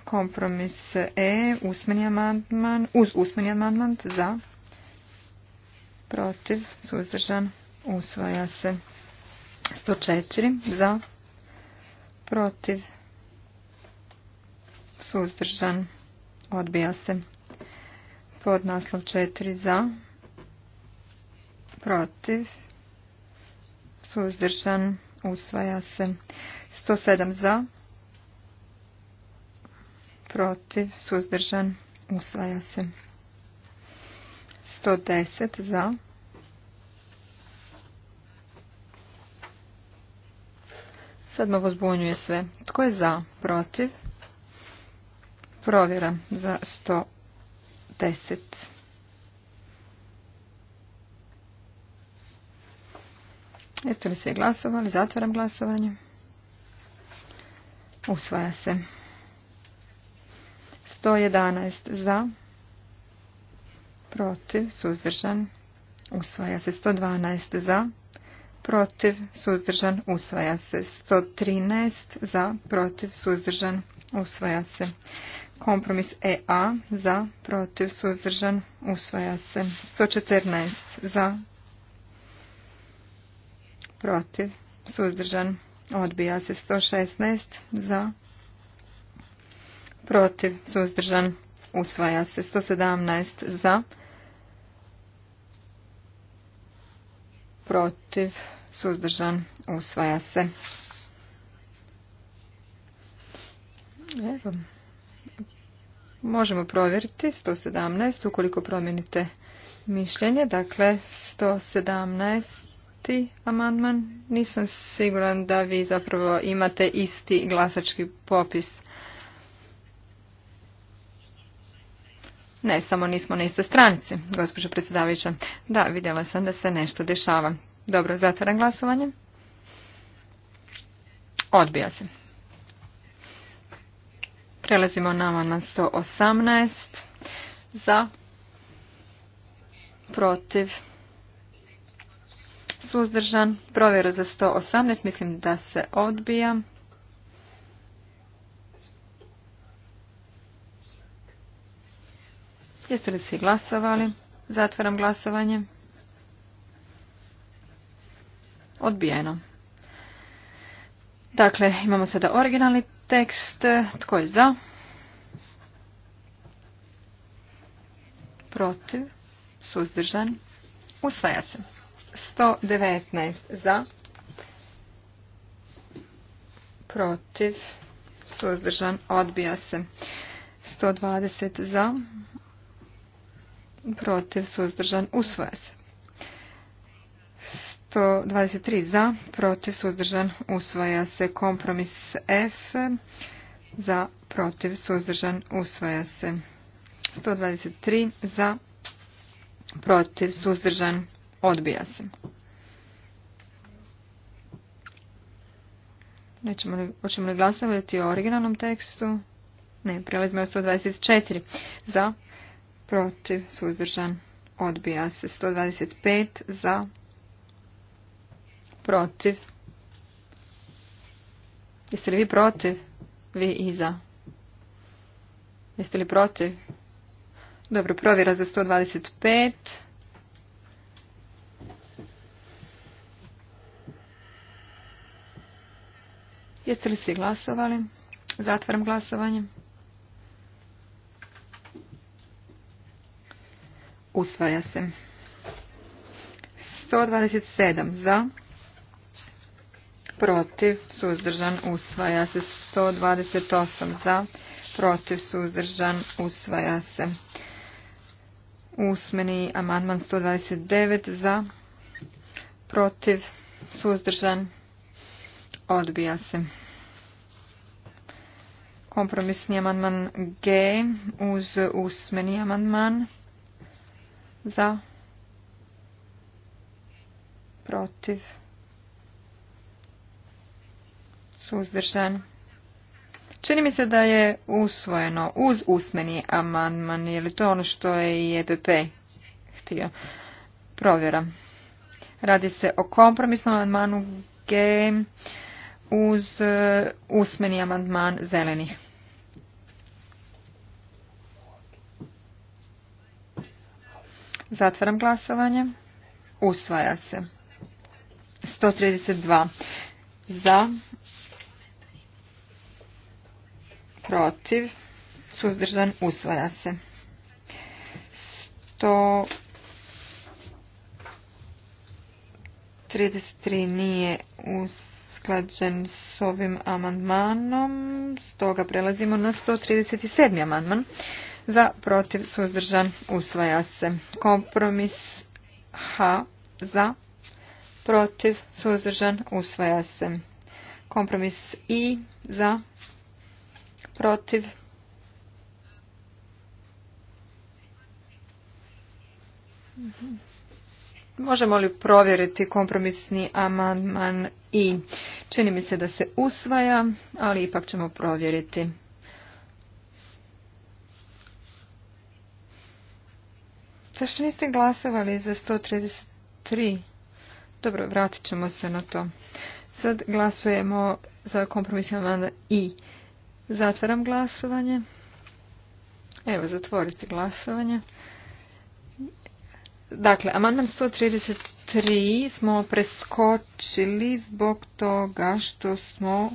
Speaker 4: Kompromis E, usmeni amandman, uz usmeni amandman za, protiv, suzdržan, usvaja se. 104 za, protiv, suzdržan, odbija se. Pod naslov četiri, za, protiv, suzdržan, usvaja se. 107 za, protiv, suzdržan, usvaja se. 110 za, Sad me sve. Tko je za? Protiv? Provjera za 110. Jeste li svi glasovali? Zatvaram glasovanje. Usvaja se. 111 za. Protiv. Suzdržan. Usvaja se. 112 za protiv, suzdržan, usvaja se. 113 za, protiv, suzdržan, usvaja se. Kompromis EA za, protiv, suzdržan, usvaja se. 114 za, protiv, suzdržan, odbija se. 116 za, protiv, suzdržan, usvaja se. 117 za, protiv, suzdržan, usvaja se. Evo. Možemo provjeriti 117 ukoliko promijenite mišljenje. Dakle, 117. amandman. Nisam siguran da vi zapravo imate isti glasački popis. Ne, samo nismo na istoj stranici, gospođo predsjedavajuća. Da, vidjela sam da se nešto dešava. Dobro, zatvaram glasovanje. Odbija se. Prelazimo nama na 118. Za. Protiv. Suzdržan. Provjera za 118. Mislim da se odbija. Jeste li svi glasovali? Zatvaram glasovanje. Odbijeno. Dakle, imamo sada originalni tekst. Tko je za? Protiv. Suzdržan. Usvaja se. 119 za. Protiv. Suzdržan. Odbija se. 120 za. Protiv. Suzdržan. Usvaja se. 123 za, protiv, suzdržan, usvaja se. Kompromis F za, protiv, suzdržan, usvaja se. 123 za, protiv, suzdržan, odbija se. Nećemo li, hoćemo li glasovati o originalnom tekstu? Ne, prelazimo 124. Za, protiv, suzdržan, odbija se. 125 za, Protiv. Jeste li vi protiv? Vi iza. Jeste li protiv? Dobro, provjera za 125. Jeste li svi glasovali? Zatvaram glasovanje. Usvaja se. 127 za protiv, suzdržan, usvaja se. 128 za, protiv, suzdržan, usvaja se. Usmeni amandman 129 za, protiv, suzdržan, odbija se. Kompromisni amandman G uz usmeni amandman za, protiv, Suzdržan. Čini mi se da je usvojeno uz usmeni amandman, je li to ono što je i EPP htio? Provjera. Radi se o kompromisnom amandmanu G uz e, usmeni amandman zelenih. Zatvaram glasovanje. Usvaja se. 132 za, protiv, suzdržan, usvaja se. 133 nije usklađen s ovim amandmanom, stoga prelazimo na 137. amandman. Za protiv suzdržan usvaja se. Kompromis H za protiv suzdržan usvaja se. Kompromis I za protiv Možemo li provjeriti kompromisni amandman i čini mi se da se usvaja, ali ipak ćemo provjeriti. Zašto niste glasovali za 133? Dobro, vratit ćemo se na to. Sad glasujemo za kompromisni amandman i. Zatvaram glasovanje. Evo, zatvorite glasovanje. Dakle, amandman 133 smo preskočili zbog toga što smo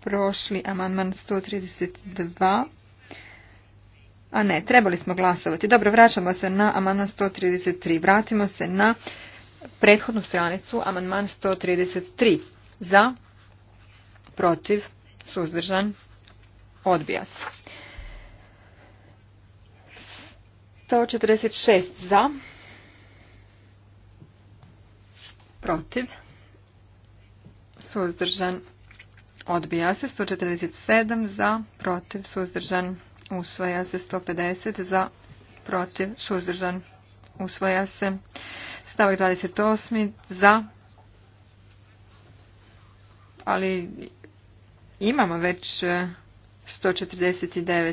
Speaker 4: prošli amandman 132. A ne, trebali smo glasovati. Dobro, vraćamo se na amandman 133. Vratimo se na prethodnu stranicu, amandman 133. Za, protiv, suzdržan, odbija se. 146 za, protiv, suzdržan, odbija se. 147 za, protiv, suzdržan, usvaja se. 150 za, protiv, suzdržan, usvaja se. Stavak 28 za, ali Imamo već 149. E,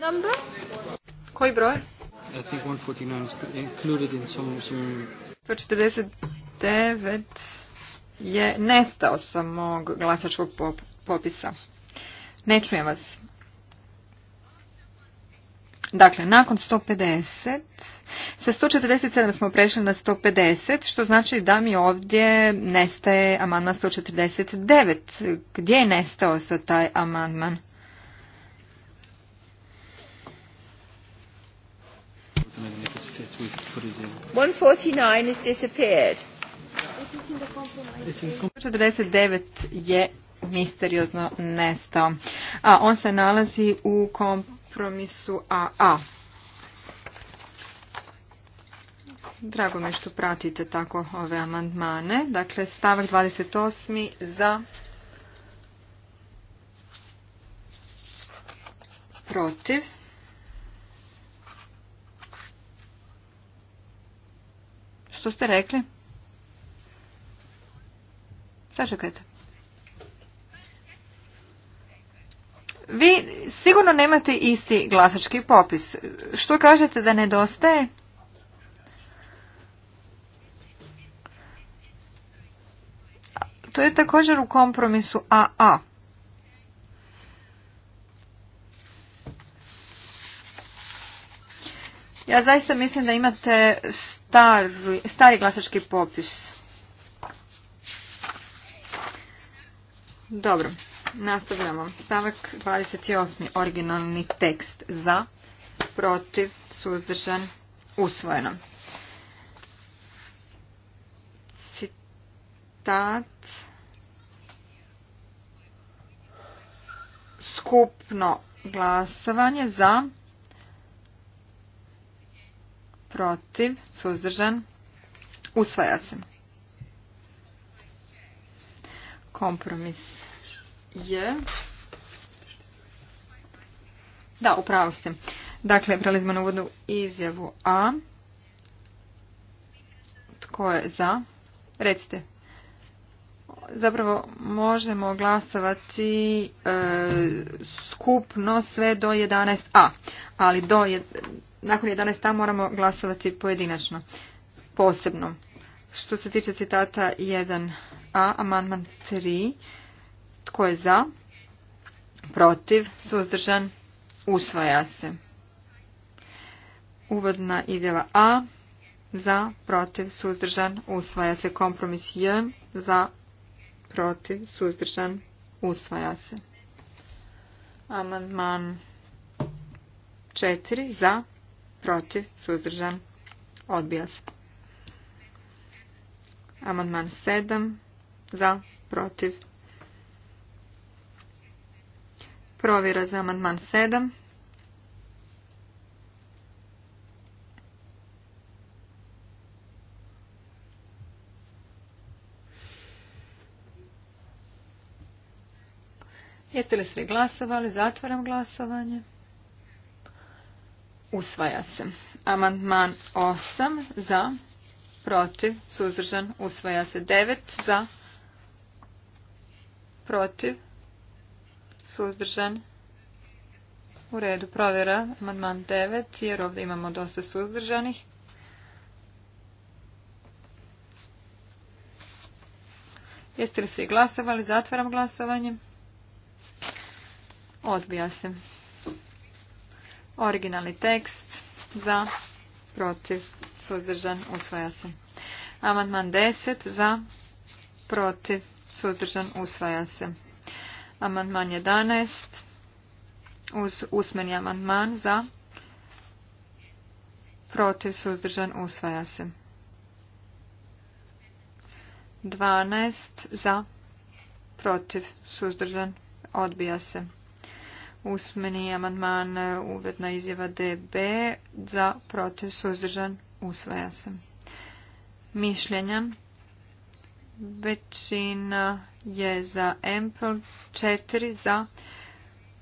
Speaker 4: Number? Koji broj?
Speaker 1: 149 included in some, some...
Speaker 4: 149 je nestao sa mog glasačkog popisa. Ne čujem vas. Dakle, nakon 150, sa 147 smo prešli na 150, što znači da mi ovdje nestaje amandman 149. Gdje je nestao sa taj amandman? 149 je misteriozno nestao. A on se nalazi u kompromisu kompromisu AA. Drago mi što pratite tako ove amandmane. Dakle, stavak 28. za protiv. Što ste rekli? Sačekajte. Vi sigurno nemate isti glasački popis. Što kažete da nedostaje? To je također u kompromisu AA. Ja zaista mislim da imate stari, stari glasački popis. Dobro. Nastavljamo. Stavak 28. Originalni tekst za, protiv, suzdržan, usvojeno. Citat. Skupno glasovanje za, protiv, suzdržan, usvaja se. Kompromis je... Da, upravo ste. Dakle, smo na uvodnu izjavu A. Tko je za? Recite. Zapravo možemo glasovati e, skupno sve do 11a, ali do je, nakon 11a moramo glasovati pojedinačno, posebno. Što se tiče citata 1a, amandman 3, tko je za? Protiv? Suzdržan? Usvaja se. Uvodna izjava A. Za, protiv, suzdržan, usvaja se. Kompromis J. Za, protiv, suzdržan, usvaja se. Amandman 4. Za, protiv, suzdržan, odbija se. Amandman 7. Za, protiv, Provjera za amandman 7. Jeste li svi glasovali? Zatvaram glasovanje. Usvaja se. Amandman 8 za, protiv, suzdržan, usvaja se 9 za, protiv, Suzdržan? U redu, provjera amandman 9, jer ovdje imamo dosta suzdržanih. Jeste li svi glasovali? Zatvaram glasovanje. Odbija se. Originalni tekst za, protiv, suzdržan, usvaja se. Amandman 10 za, protiv, suzdržan, usvaja se. Amandman 11 usmeni amandman za protiv suzdržan usvaja se. 12 za protiv suzdržan odbija se. Usmeni amandman uvedna izjava DB za protiv suzdržan usvaja se. Mišljenja većina je za Ample 4 za,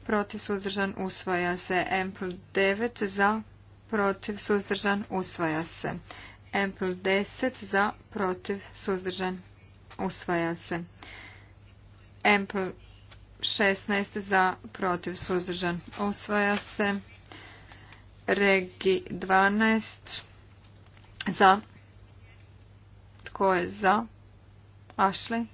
Speaker 4: protiv suzdržan usvaja se. Ample 9 za, protiv suzdržan usvaja se. Ample 10 za, protiv suzdržan usvaja se. Ample 16 za, protiv suzdržan usvaja se. Regi 12 za, tko je za, Ashley.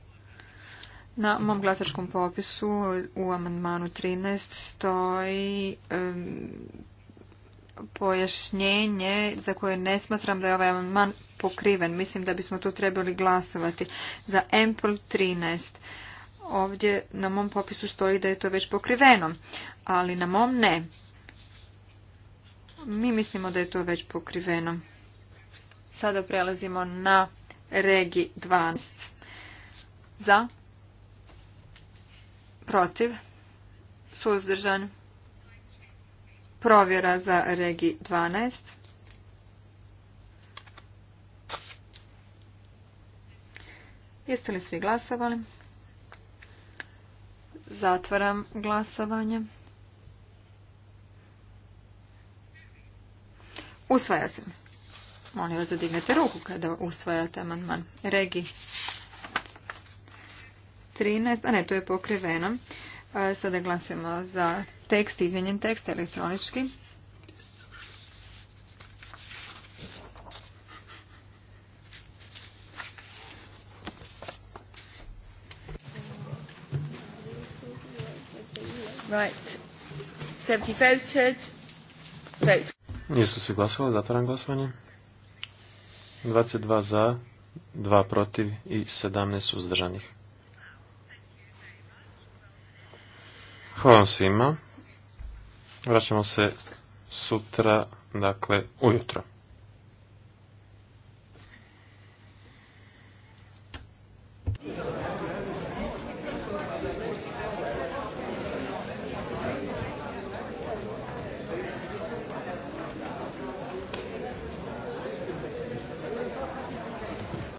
Speaker 4: Na mom glasačkom popisu u amandmanu 13 stoji pojašnjenje za koje ne smatram da je ovaj amandman pokriven. Mislim da bismo tu trebali glasovati za Ample 13. Ovdje na mom popisu stoji da je to već pokriveno, ali na mom ne. Mi mislimo da je to već pokriveno. Sada prelazimo na regi 12. Za. Protiv. Suzdržan. Provjera za regi 12. Jeste li svi glasovali? Zatvaram glasovanje. Usvaja se. Molim vas da dignete ruku kada usvajate amandman. Regi 13, a ne, to je pokriveno. Sada glasujemo za tekst, izmjenjen tekst elektronički.
Speaker 2: Nisu se glasovali, zatvaram glasovanje. 22 za, 2 protiv i 17 uzdržanih. Hvala vam svima. Vraćamo se sutra, dakle, ujutro.